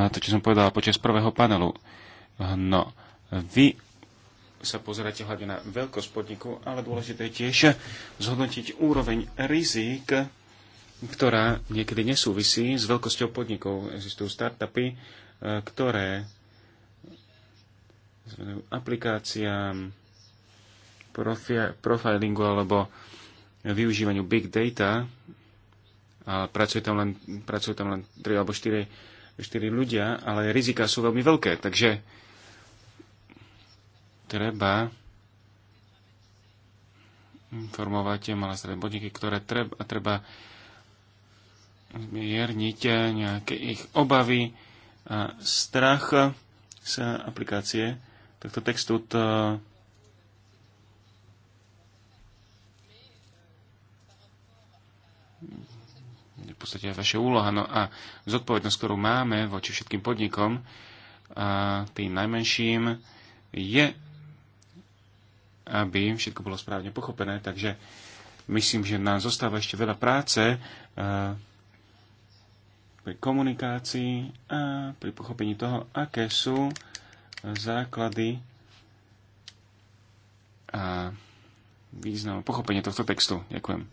to, čo som povedal počas prvého panelu, no, vy sa pozeráte hlavne na veľkosť podniku, ale dôležité je tiež zhodnotiť úroveň rizik, ktorá niekedy nesúvisí s veľkosťou podnikov. Existujú startupy, e, ktoré aplikáciám profilingu alebo využívaniu big data a pracujú tam len, pracujú tam len 3 alebo 4, 4 ľudia, ale rizika sú veľmi veľké, takže treba informovať tie malé stredné podniky, ktoré treba, treba zmierniť nejaké ich obavy a strach z aplikácie tohto textu. To v podstate aj vaša úloha. No a zodpovednosť, ktorú máme voči všetkým podnikom, a tým najmenším, je, aby všetko bolo správne pochopené. Takže myslím, že nám zostáva ešte veľa práce pri komunikácii a pri pochopení toho, aké sú základy a význam pochopenie tohto textu. Ďakujem.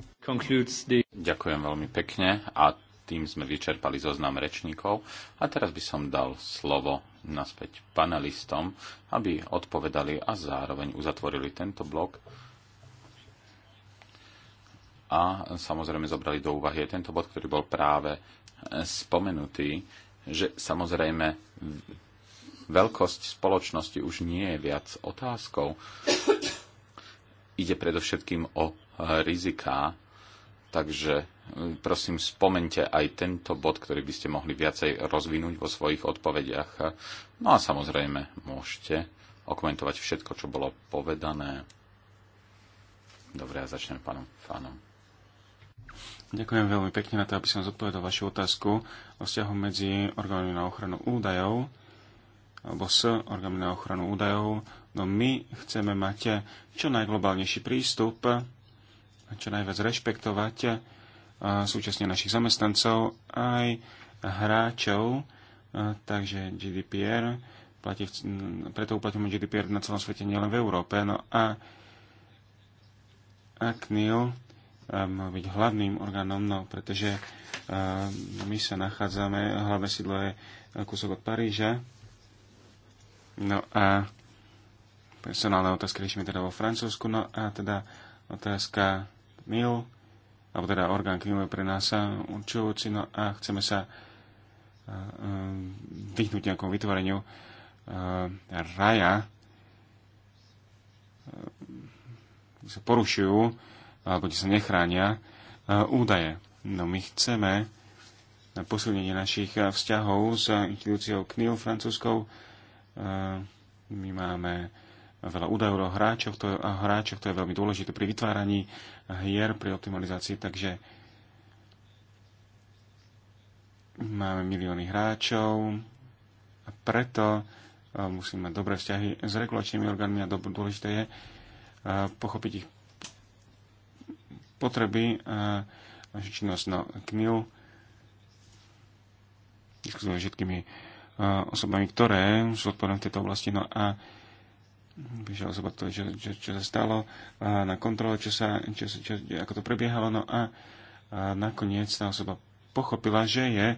Ďakujem veľmi pekne a tým sme vyčerpali zoznam rečníkov a teraz by som dal slovo naspäť panelistom, aby odpovedali a zároveň uzatvorili tento blok a samozrejme zobrali do úvahy aj tento bod, ktorý bol práve spomenutý, že samozrejme veľkosť spoločnosti už nie je viac otázkou. Ide predovšetkým o riziká, takže e, prosím spomente aj tento bod, ktorý by ste mohli viacej rozvinúť vo svojich odpovediach. No a samozrejme môžete okomentovať všetko, čo bolo povedané. Dobre, ja začnem pánom Fánom. Ďakujem veľmi pekne na to, aby som zodpovedal vašu otázku o vzťahu medzi orgánmi na ochranu údajov alebo s orgánmi na ochranu údajov. No my chceme mať čo najglobálnejší prístup, a čo najviac rešpektovať súčasne našich zamestnancov aj hráčov, takže GDPR, platí, preto uplatňujeme GDPR na celom svete, nielen v Európe. No a ak NIL mal byť hlavným orgánom, no pretože e, my sa nachádzame, hlavné sídlo je e, kúsok od Paríža. No a personálne otázky riešime teda vo Francúzsku, no a teda otázka MIL, alebo teda orgán KNIL je pre nás určujúci, no a chceme sa e, vyhnúť nejakom vytvoreniu raja, sa porušujú alebo kde sa nechránia e, údaje. No my chceme na posilnenie našich e, vzťahov s inštitúciou KNIL francúzskou. E, my máme veľa údajov o hráčoch, to je, a hráčoch, to je veľmi dôležité pri vytváraní hier, pri optimalizácii, takže máme milióny hráčov a preto musíme mať dobré vzťahy s regulačnými orgánmi a dôležité je pochopiť ich potreby eh, a činnosť na no, KNIL. Diskutujeme všetkými eh, osobami, ktoré sú odporné v tejto oblasti. No a píše osoba, to, čo, čo, čo sa stalo eh, na kontrole, čo sa, čo, čo, ako to prebiehalo. No a, a nakoniec tá osoba pochopila, že je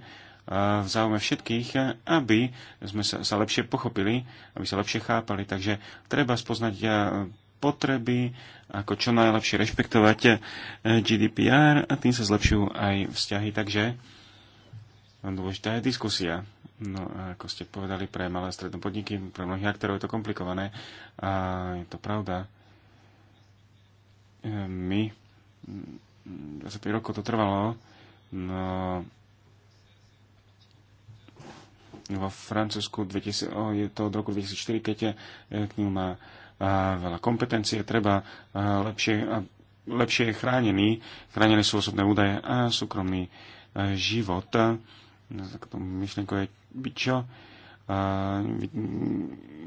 v záujme všetkých, aby sme sa, sa lepšie pochopili, aby sa lepšie chápali. Takže treba spoznať potreby, ako čo najlepšie rešpektovať eh, GDPR a tým sa zlepšujú aj vzťahy. Takže dôležitá je diskusia. No a ako ste povedali, pre malé a stredné podniky, pre mnohých aktérov je to komplikované a je to pravda. Eh, my, 25 mm, rokov to trvalo, no vo Francúzsku 2000, oh, je to od roku 2004, keď je, eh, knihu má veľa kompetencie, treba lepšie, lepšie chránený, chránené sú osobné údaje a súkromný e, život. No, myšlenko je byť čo?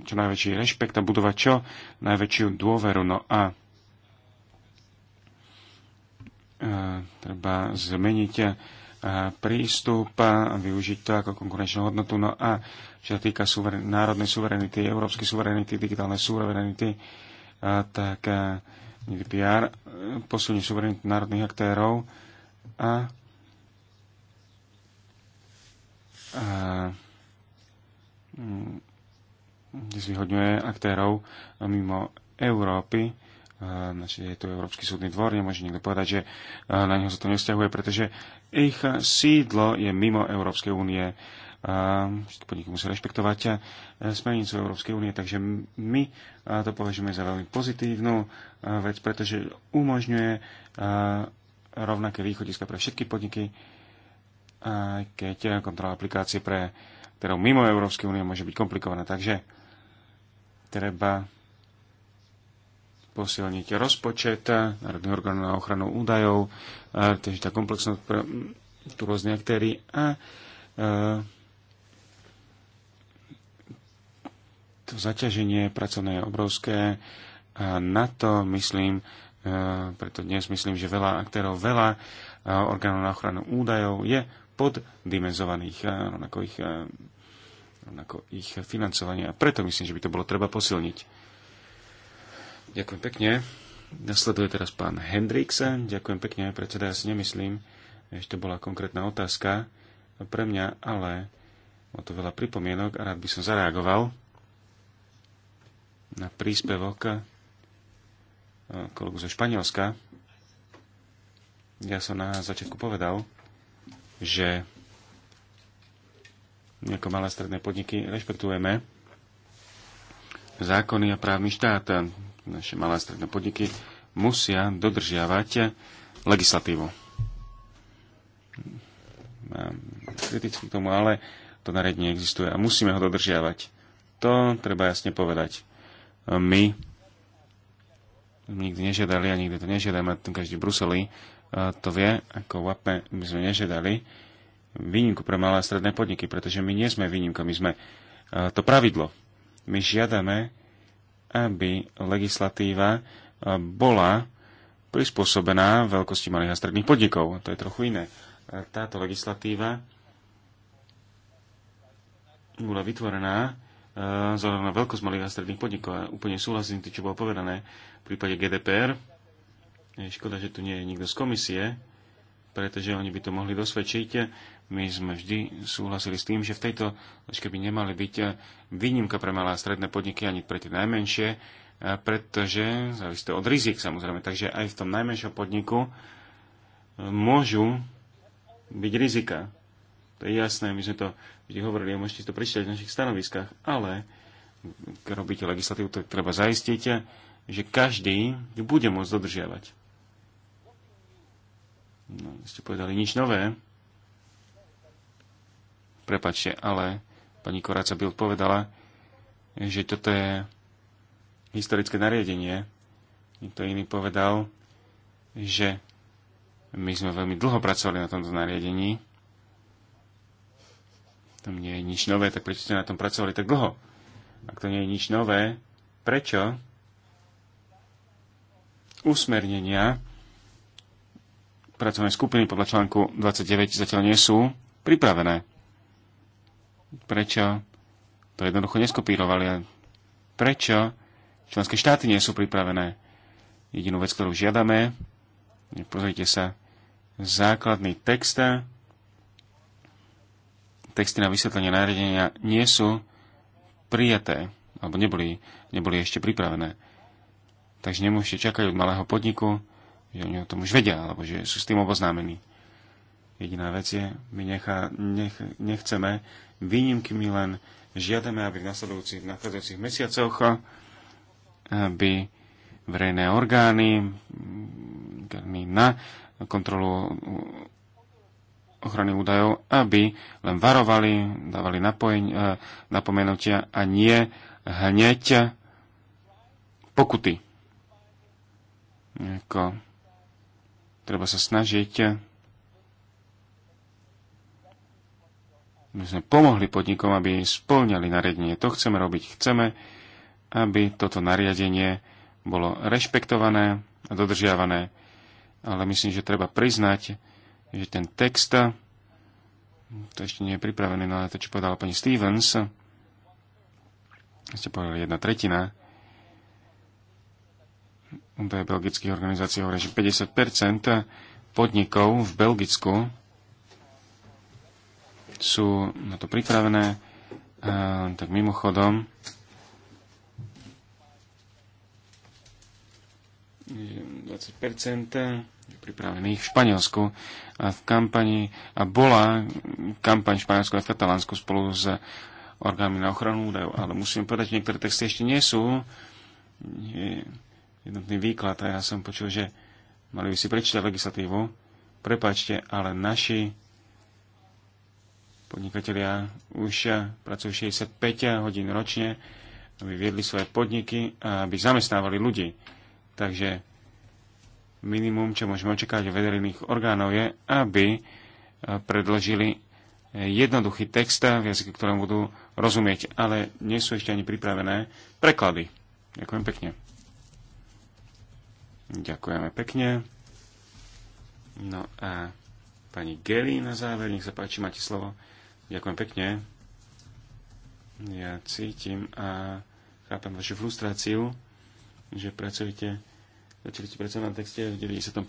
čo najväčší rešpekt a budovať čo najväčšiu dôveru. No a e, treba zmeniť prístup a využiť to ako konkurenčnú hodnotu. No a čo sa týka suveren- národnej suverenity, európskej suverenity, digitálnej suverenity, a, tak a, GDPR posunie suverenitu národných aktérov a, a mm, zvyhodňuje aktérov mimo Európy je tu Európsky súdny dvor, nemôže nikto povedať, že na neho sa to nevzťahuje, pretože ich sídlo je mimo Európskej únie. Podniky musia rešpektovať smernicu Európskej únie, takže my to považujeme za veľmi pozitívnu vec, pretože umožňuje rovnaké východiska pre všetky podniky, aj keď kontrola aplikácie pre ktorou mimo Európskej únie môže byť komplikovaná. Takže treba posilniť rozpočet Národných orgánov na ochranu údajov, tiež tá komplexnosť pre tu rôzne aktéry a to zaťaženie pracovné je obrovské a na to myslím, preto dnes myslím, že veľa aktérov, veľa orgánov na ochranu údajov je poddimenzovaných, rovnako ich, rovnako ich financovanie. A preto myslím, že by to bolo treba posilniť. Ďakujem pekne. Nasleduje teraz pán Hendriksen. Ďakujem pekne, predseda. Ja si nemyslím, že to bola konkrétna otázka pre mňa, ale o to veľa pripomienok a rád by som zareagoval na príspevok eh, kolegu zo Španielska. Ja som na začiatku povedal, že ako malé stredné podniky rešpektujeme zákony a právny štát naše malé a stredné podniky musia dodržiavať legislatívu. Mám kriticky k tomu, ale to nariadenie existuje a musíme ho dodržiavať. To treba jasne povedať. My nikdy nežiadali a nikdy to nežiadame, každý v Bruseli to vie, ako VAPME my sme nežiadali výnimku pre malé a stredné podniky, pretože my nie sme výnimka, my sme to pravidlo. My žiadame aby legislatíva e, bola prispôsobená veľkosti malých a stredných podnikov. To je trochu iné. E, táto legislatíva bola vytvorená e, zároveň na veľkosť malých a stredných podnikov. A úplne súhlasím tým, čo bolo povedané v prípade GDPR. Je škoda, že tu nie je nikto z komisie, pretože oni by to mohli dosvedčiť my sme vždy súhlasili s tým, že v tejto zložke by nemali byť eh, výnimka pre malé a stredné podniky ani pre tie najmenšie, eh, pretože závisí to od rizik samozrejme. Takže aj v tom najmenšom podniku eh, môžu byť rizika. To je jasné, my sme to vždy hovorili a môžete to prečítať v našich stanoviskách, ale keď robíte legislatívu, tak treba zaistiť, že každý ju bude môcť dodržiavať. No, ste povedali nič nové. Prepačte, ale pani Koráca Bild povedala, že toto je historické nariadenie. Niekto iný povedal, že my sme veľmi dlho pracovali na tomto nariadení. Tam nie je nič nové, tak prečo ste na tom pracovali tak dlho? Ak to nie je nič nové, prečo usmernenia pracovnej skupiny podľa článku 29 zatiaľ nie sú pripravené prečo to jednoducho neskopírovali. Prečo členské štáty nie sú pripravené? Jedinú vec, ktorú žiadame, pozrite sa, základný text, texty na vysvetlenie nariadenia nie sú prijaté, alebo neboli, neboli ešte pripravené. Takže nemôžete čakať od malého podniku, že oni o tom už vedia, alebo že sú s tým oboznámení. Jediná vec je, my nech, nechceme výnimky, my len žiadame, aby v nasledujúcich, nasledujúcich mesiacoch aby verejné orgány na kontrolu ochrany údajov, aby len varovali, dávali napojeň, eh, napomenutia a nie hneď pokuty. Jako, treba sa snažiť My sme pomohli podnikom, aby splňali nariadenie. To chceme robiť. Chceme, aby toto nariadenie bolo rešpektované a dodržiavané. Ale myslím, že treba priznať, že ten text, to ešte nie je pripravený, no ale to, čo povedala pani Stevens, ste povedali jedna tretina, je belgických organizácií hovorí, že 50% podnikov v Belgicku sú na to pripravené. A, tak mimochodom, že 20% pripravených v Španielsku a v kampani a bola kampaň v Španielsku a v Katalánsku spolu s orgánmi na ochranu údajov, ale musím povedať, že niektoré texty ešte nie sú je jednotný výklad a ja som počul, že mali by si prečítať legislatívu. Prepačte, ale naši Podnikatelia už eh, pracujú 65 eh, hodín ročne, aby viedli svoje podniky a aby zamestnávali ľudí. Takže minimum, čo môžeme očakávať od vedených orgánov, je, aby eh, predložili jednoduchý text, v jazyku, ktorom budú rozumieť, ale nie sú ešte ani pripravené preklady. Ďakujem pekne. Ďakujeme pekne. No a pani Geli na záver, nech sa páči, máte slovo. Ďakujem pekne. Ja cítim a chápem vašu frustráciu, že pracujete, začali ste pracovať na texte v 95.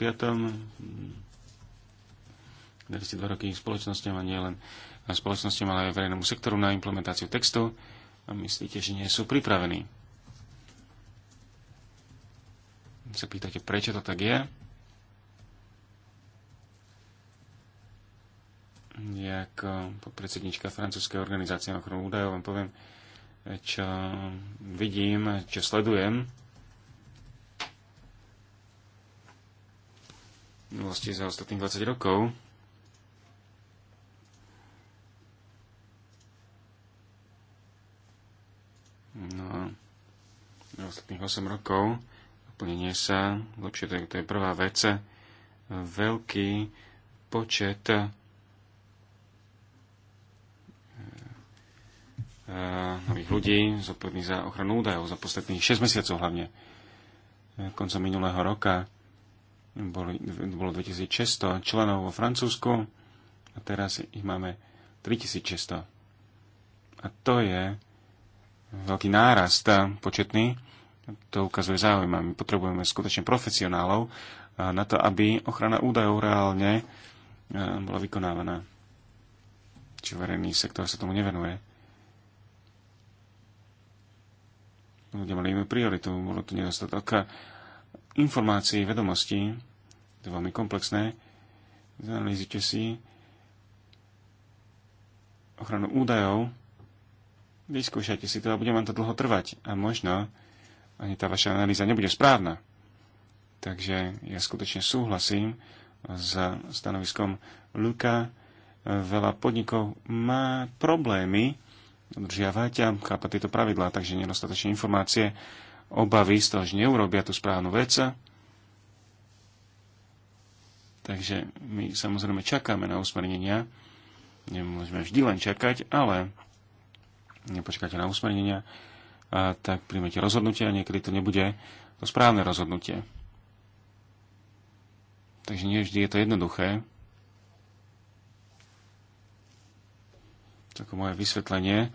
Dali ste dva roky spoločnosťam a nie len a spoločnosťam, ale aj verejnému sektoru na implementáciu textu a myslíte, že nie sú pripravení. Sa pýtate, prečo to tak je? ja ako eh, podpredsednička francúzskej organizácie na ochranu údajov vám poviem, čo vidím, čo sledujem. Vlastne za ostatných 20 rokov. No a za ostatných 8 rokov plnenie sa lepšie, to je, to je prvá vec. Veľký počet E, nových ľudí zodpovedných za ochranu údajov za posledných 6 mesiacov hlavne. E, koncom minulého roka boli, bolo 2600 členov vo Francúzsku a teraz ich máme 3600. A to je veľký nárast e, početný. To ukazuje záujem. My potrebujeme skutočne profesionálov na to, aby ochrana údajov reálne bola vykonávaná. Či verejný sektor sa tomu nevenuje ľudia mali inú prioritu, bolo tu nedostatok informácií, vedomostí, to je veľmi komplexné. Zanalýzite si ochranu údajov, vyskúšajte si to a bude vám to dlho trvať. A možno ani tá vaša analýza nebude správna. Takže ja skutočne súhlasím s stanoviskom Luka. Veľa podnikov má problémy dodržiavať a chápať tieto pravidlá, takže nedostatočné informácie, obavy z toho, že neurobia tú správnu vec. Takže my samozrejme čakáme na usmernenia, nemôžeme vždy len čakať, ale nepočkáte na usmernenia, a tak príjmete rozhodnutie a niekedy to nebude to správne rozhodnutie. Takže nie vždy je to jednoduché. Také moje vysvetlenie,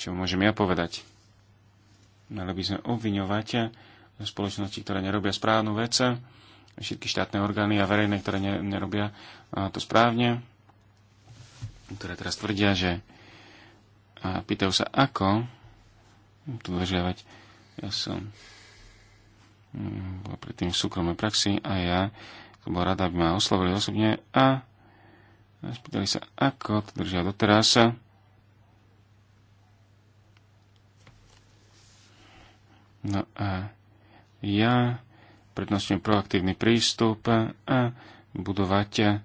čo môžem ja povedať. Mali by sme obviňovať spoločnosti, ktoré nerobia správnu vec, všetky štátne orgány a verejné, ktoré ne, nerobia to správne, ktoré teraz tvrdia, že a pýtajú sa, ako tu dodržiavať. Ja som mm, bol predtým v súkromnej praxi a ja som bol rada, aby ma oslovili osobne a spýtali sa, ako to držia doteraz. No a ja prednostňujem proaktívny prístup a budovať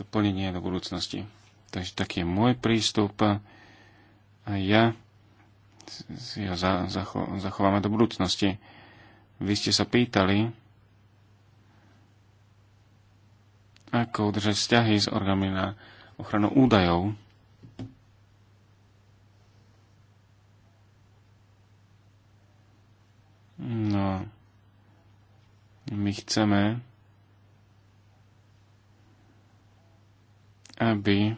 to plnenie do budúcnosti. Takže taký je môj prístup a ja si ho za, zacho, zachováme do budúcnosti. Vy ste sa pýtali, ako udržať vzťahy s orgánmi na ochranu údajov. No, my chceme, aby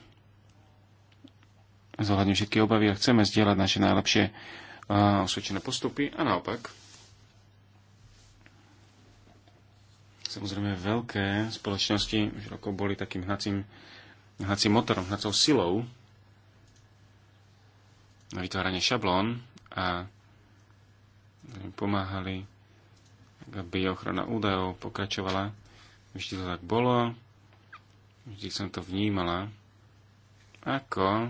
zohľadne všetky obavy a chceme zdieľať naše najlepšie osvedčené postupy a naopak. Samozrejme, veľké spoločnosti už roko boli takým hnacím, hnacím motorom, hnacou silou na vytváranie šablón a pomáhali, aby ochrana údajov pokračovala. Vždy to tak bolo, vždy som to vnímala ako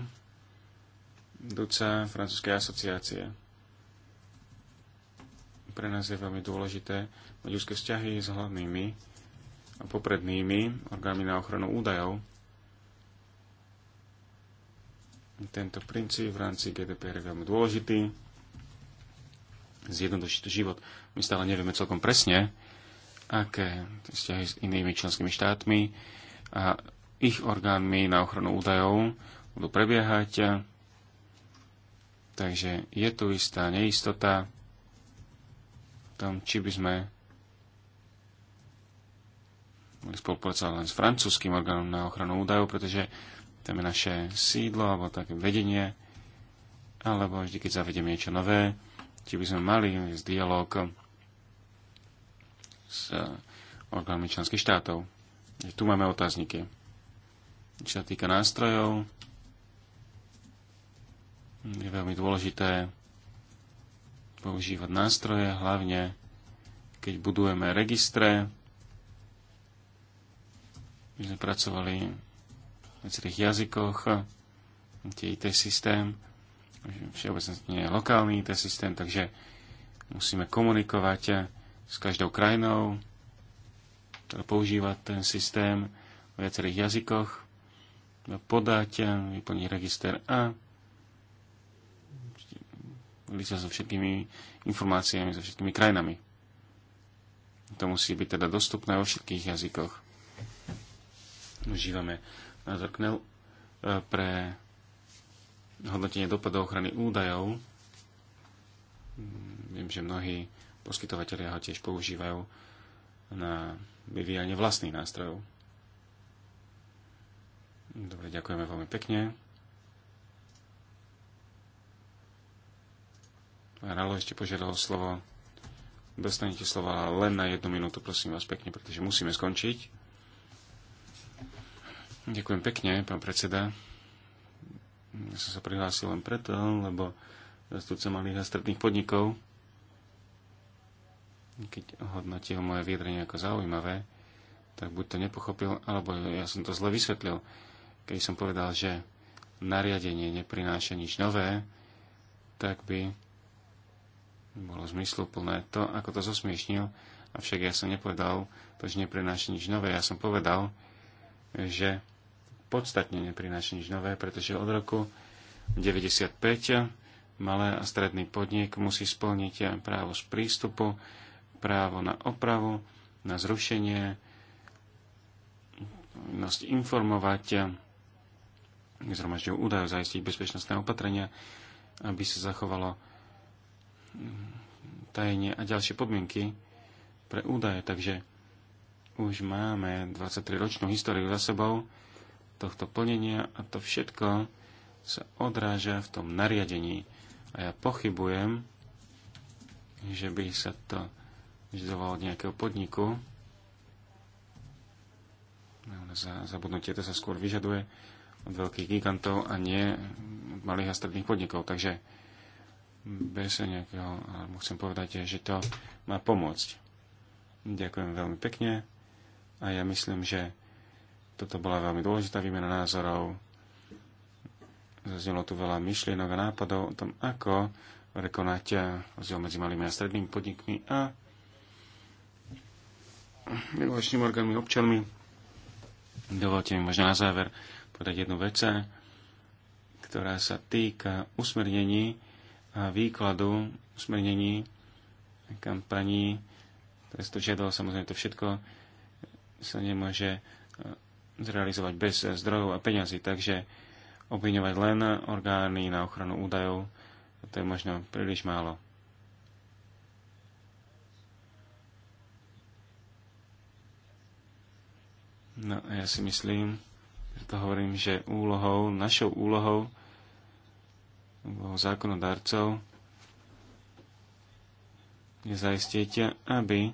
duca francúzskej asociácie. Pre nás je veľmi dôležité mať úzke vzťahy s hlavnými a poprednými orgánmi na ochranu údajov. Tento princíp v rámci GDPR je veľmi dôležitý zjednodušiť život. My stále nevieme celkom presne, aké vzťahy s inými členskými štátmi a ich orgánmi na ochranu údajov budú prebiehať. Takže je tu istá neistota v tom, či by sme mohli spolupracovať len s francúzským orgánom na ochranu údajov, pretože tam je naše sídlo alebo také vedenie, alebo vždy, keď zavedieme niečo nové, či by sme mali z dialog s orgánmi členských štátov. Tu máme otázniky. Čo sa týka nástrojov, je veľmi dôležité používať nástroje, hlavne keď budujeme registre. My sme pracovali v viacerých jazykoch, tie IT systém, všeobecne je lokálny ten systém, takže musíme komunikovať eh, s každou krajinou, teda používať ten systém v viacerých jazykoch, podať, eh, vyplniť register A, sa so všetkými informáciami, so všetkými krajinami. To musí byť teda dostupné vo všetkých jazykoch. Užívame názor eh, pre hodnotenie dopadov ochrany údajov. Mm, viem, že mnohí poskytovateľia ho tiež používajú na vyvíjanie vlastných nástrojov. Dobre, ďakujeme veľmi pekne. Pán Ralo ešte požiadal slovo. Dostanete slova len na jednu minútu, prosím vás pekne, pretože musíme skončiť. Ďakujem pekne, pán predseda. Ja som sa prihlásil len preto, lebo zastupca malých a stredných podnikov, keď hodnotil moje vyjadrenie ako zaujímavé, tak buď to nepochopil, alebo ja som to zle vysvetlil, keď som povedal, že nariadenie neprináša nič nové, tak by bolo zmysluplné to, ako to zosmiešnil, avšak ja som nepovedal to, že neprináša nič nové, ja som povedal, že podstatne neprináša nič nové, pretože od roku 1995 malé a stredný podnik musí splniť právo z prístupu, právo na opravu, na zrušenie, povinnosť informovať, zhromažďujú údajov, zaistiť bezpečnostné opatrenia, aby sa zachovalo mm, tajenie a ďalšie podmienky pre údaje. Takže už máme 23-ročnú históriu za sebou tohto plnenia a to všetko sa odráža v tom nariadení. A ja pochybujem, že by sa to vyžadovalo od nejakého podniku. No, za zabudnutie to sa skôr vyžaduje od veľkých gigantov a nie od malých a stredných podnikov. Takže bez nejakého, alebo chcem povedať, že to má pomôcť. Ďakujem veľmi pekne a ja myslím, že toto bola veľmi dôležitá výmena názorov. Zaznelo tu veľa myšlienok a nápadov o tom, ako rekonať rozdiel medzi malými a strednými podnikmi a regulačnými orgánmi občanmi. Dovolte mi možno na záver povedať jednu vec, ktorá sa týka usmernení a výkladu usmernení kampaní. To je to žiadalo, samozrejme to všetko sa nemôže zrealizovať bez zdrojov a peňazí. Takže obviňovať len orgány na ochranu údajov, to je možno príliš málo. No, ja si myslím, že to hovorím, že úlohou, našou úlohou, úlohou zákonodarcov je zaistiť, aby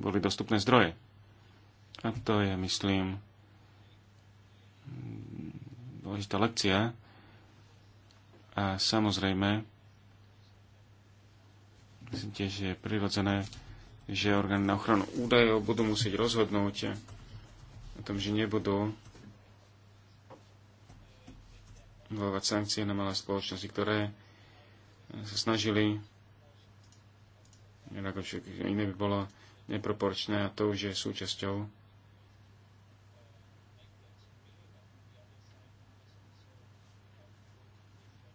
boli dostupné zdroje. A To je, myslím, dôležitá lekcia. A samozrejme, myslím tiež, že je prirodzené, že orgány na ochranu údajov budú musieť rozhodnúť o tom, že nebudú uvalovať sankcie na malé spoločnosti, ktoré sa snažili inak iné by bolo neproporčné a to už je súčasťou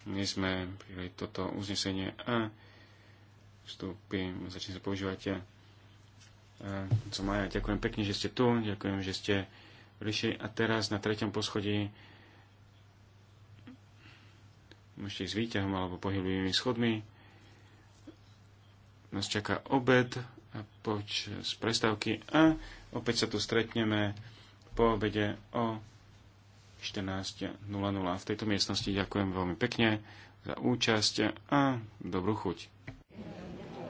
my sme prijali toto uznesenie a vstúpi, začne sa používať eh, co maja. Ďakujem pekne, že ste tu, ďakujem, že ste prišli a teraz na treťom poschodí môžete s výťahom alebo pohybovými schodmi nás čaká obed a poč z prestávky a opäť sa tu stretneme po obede o 14.00 v tejto miestnosti. Ďakujem veľmi pekne za účasť a dobrú chuť.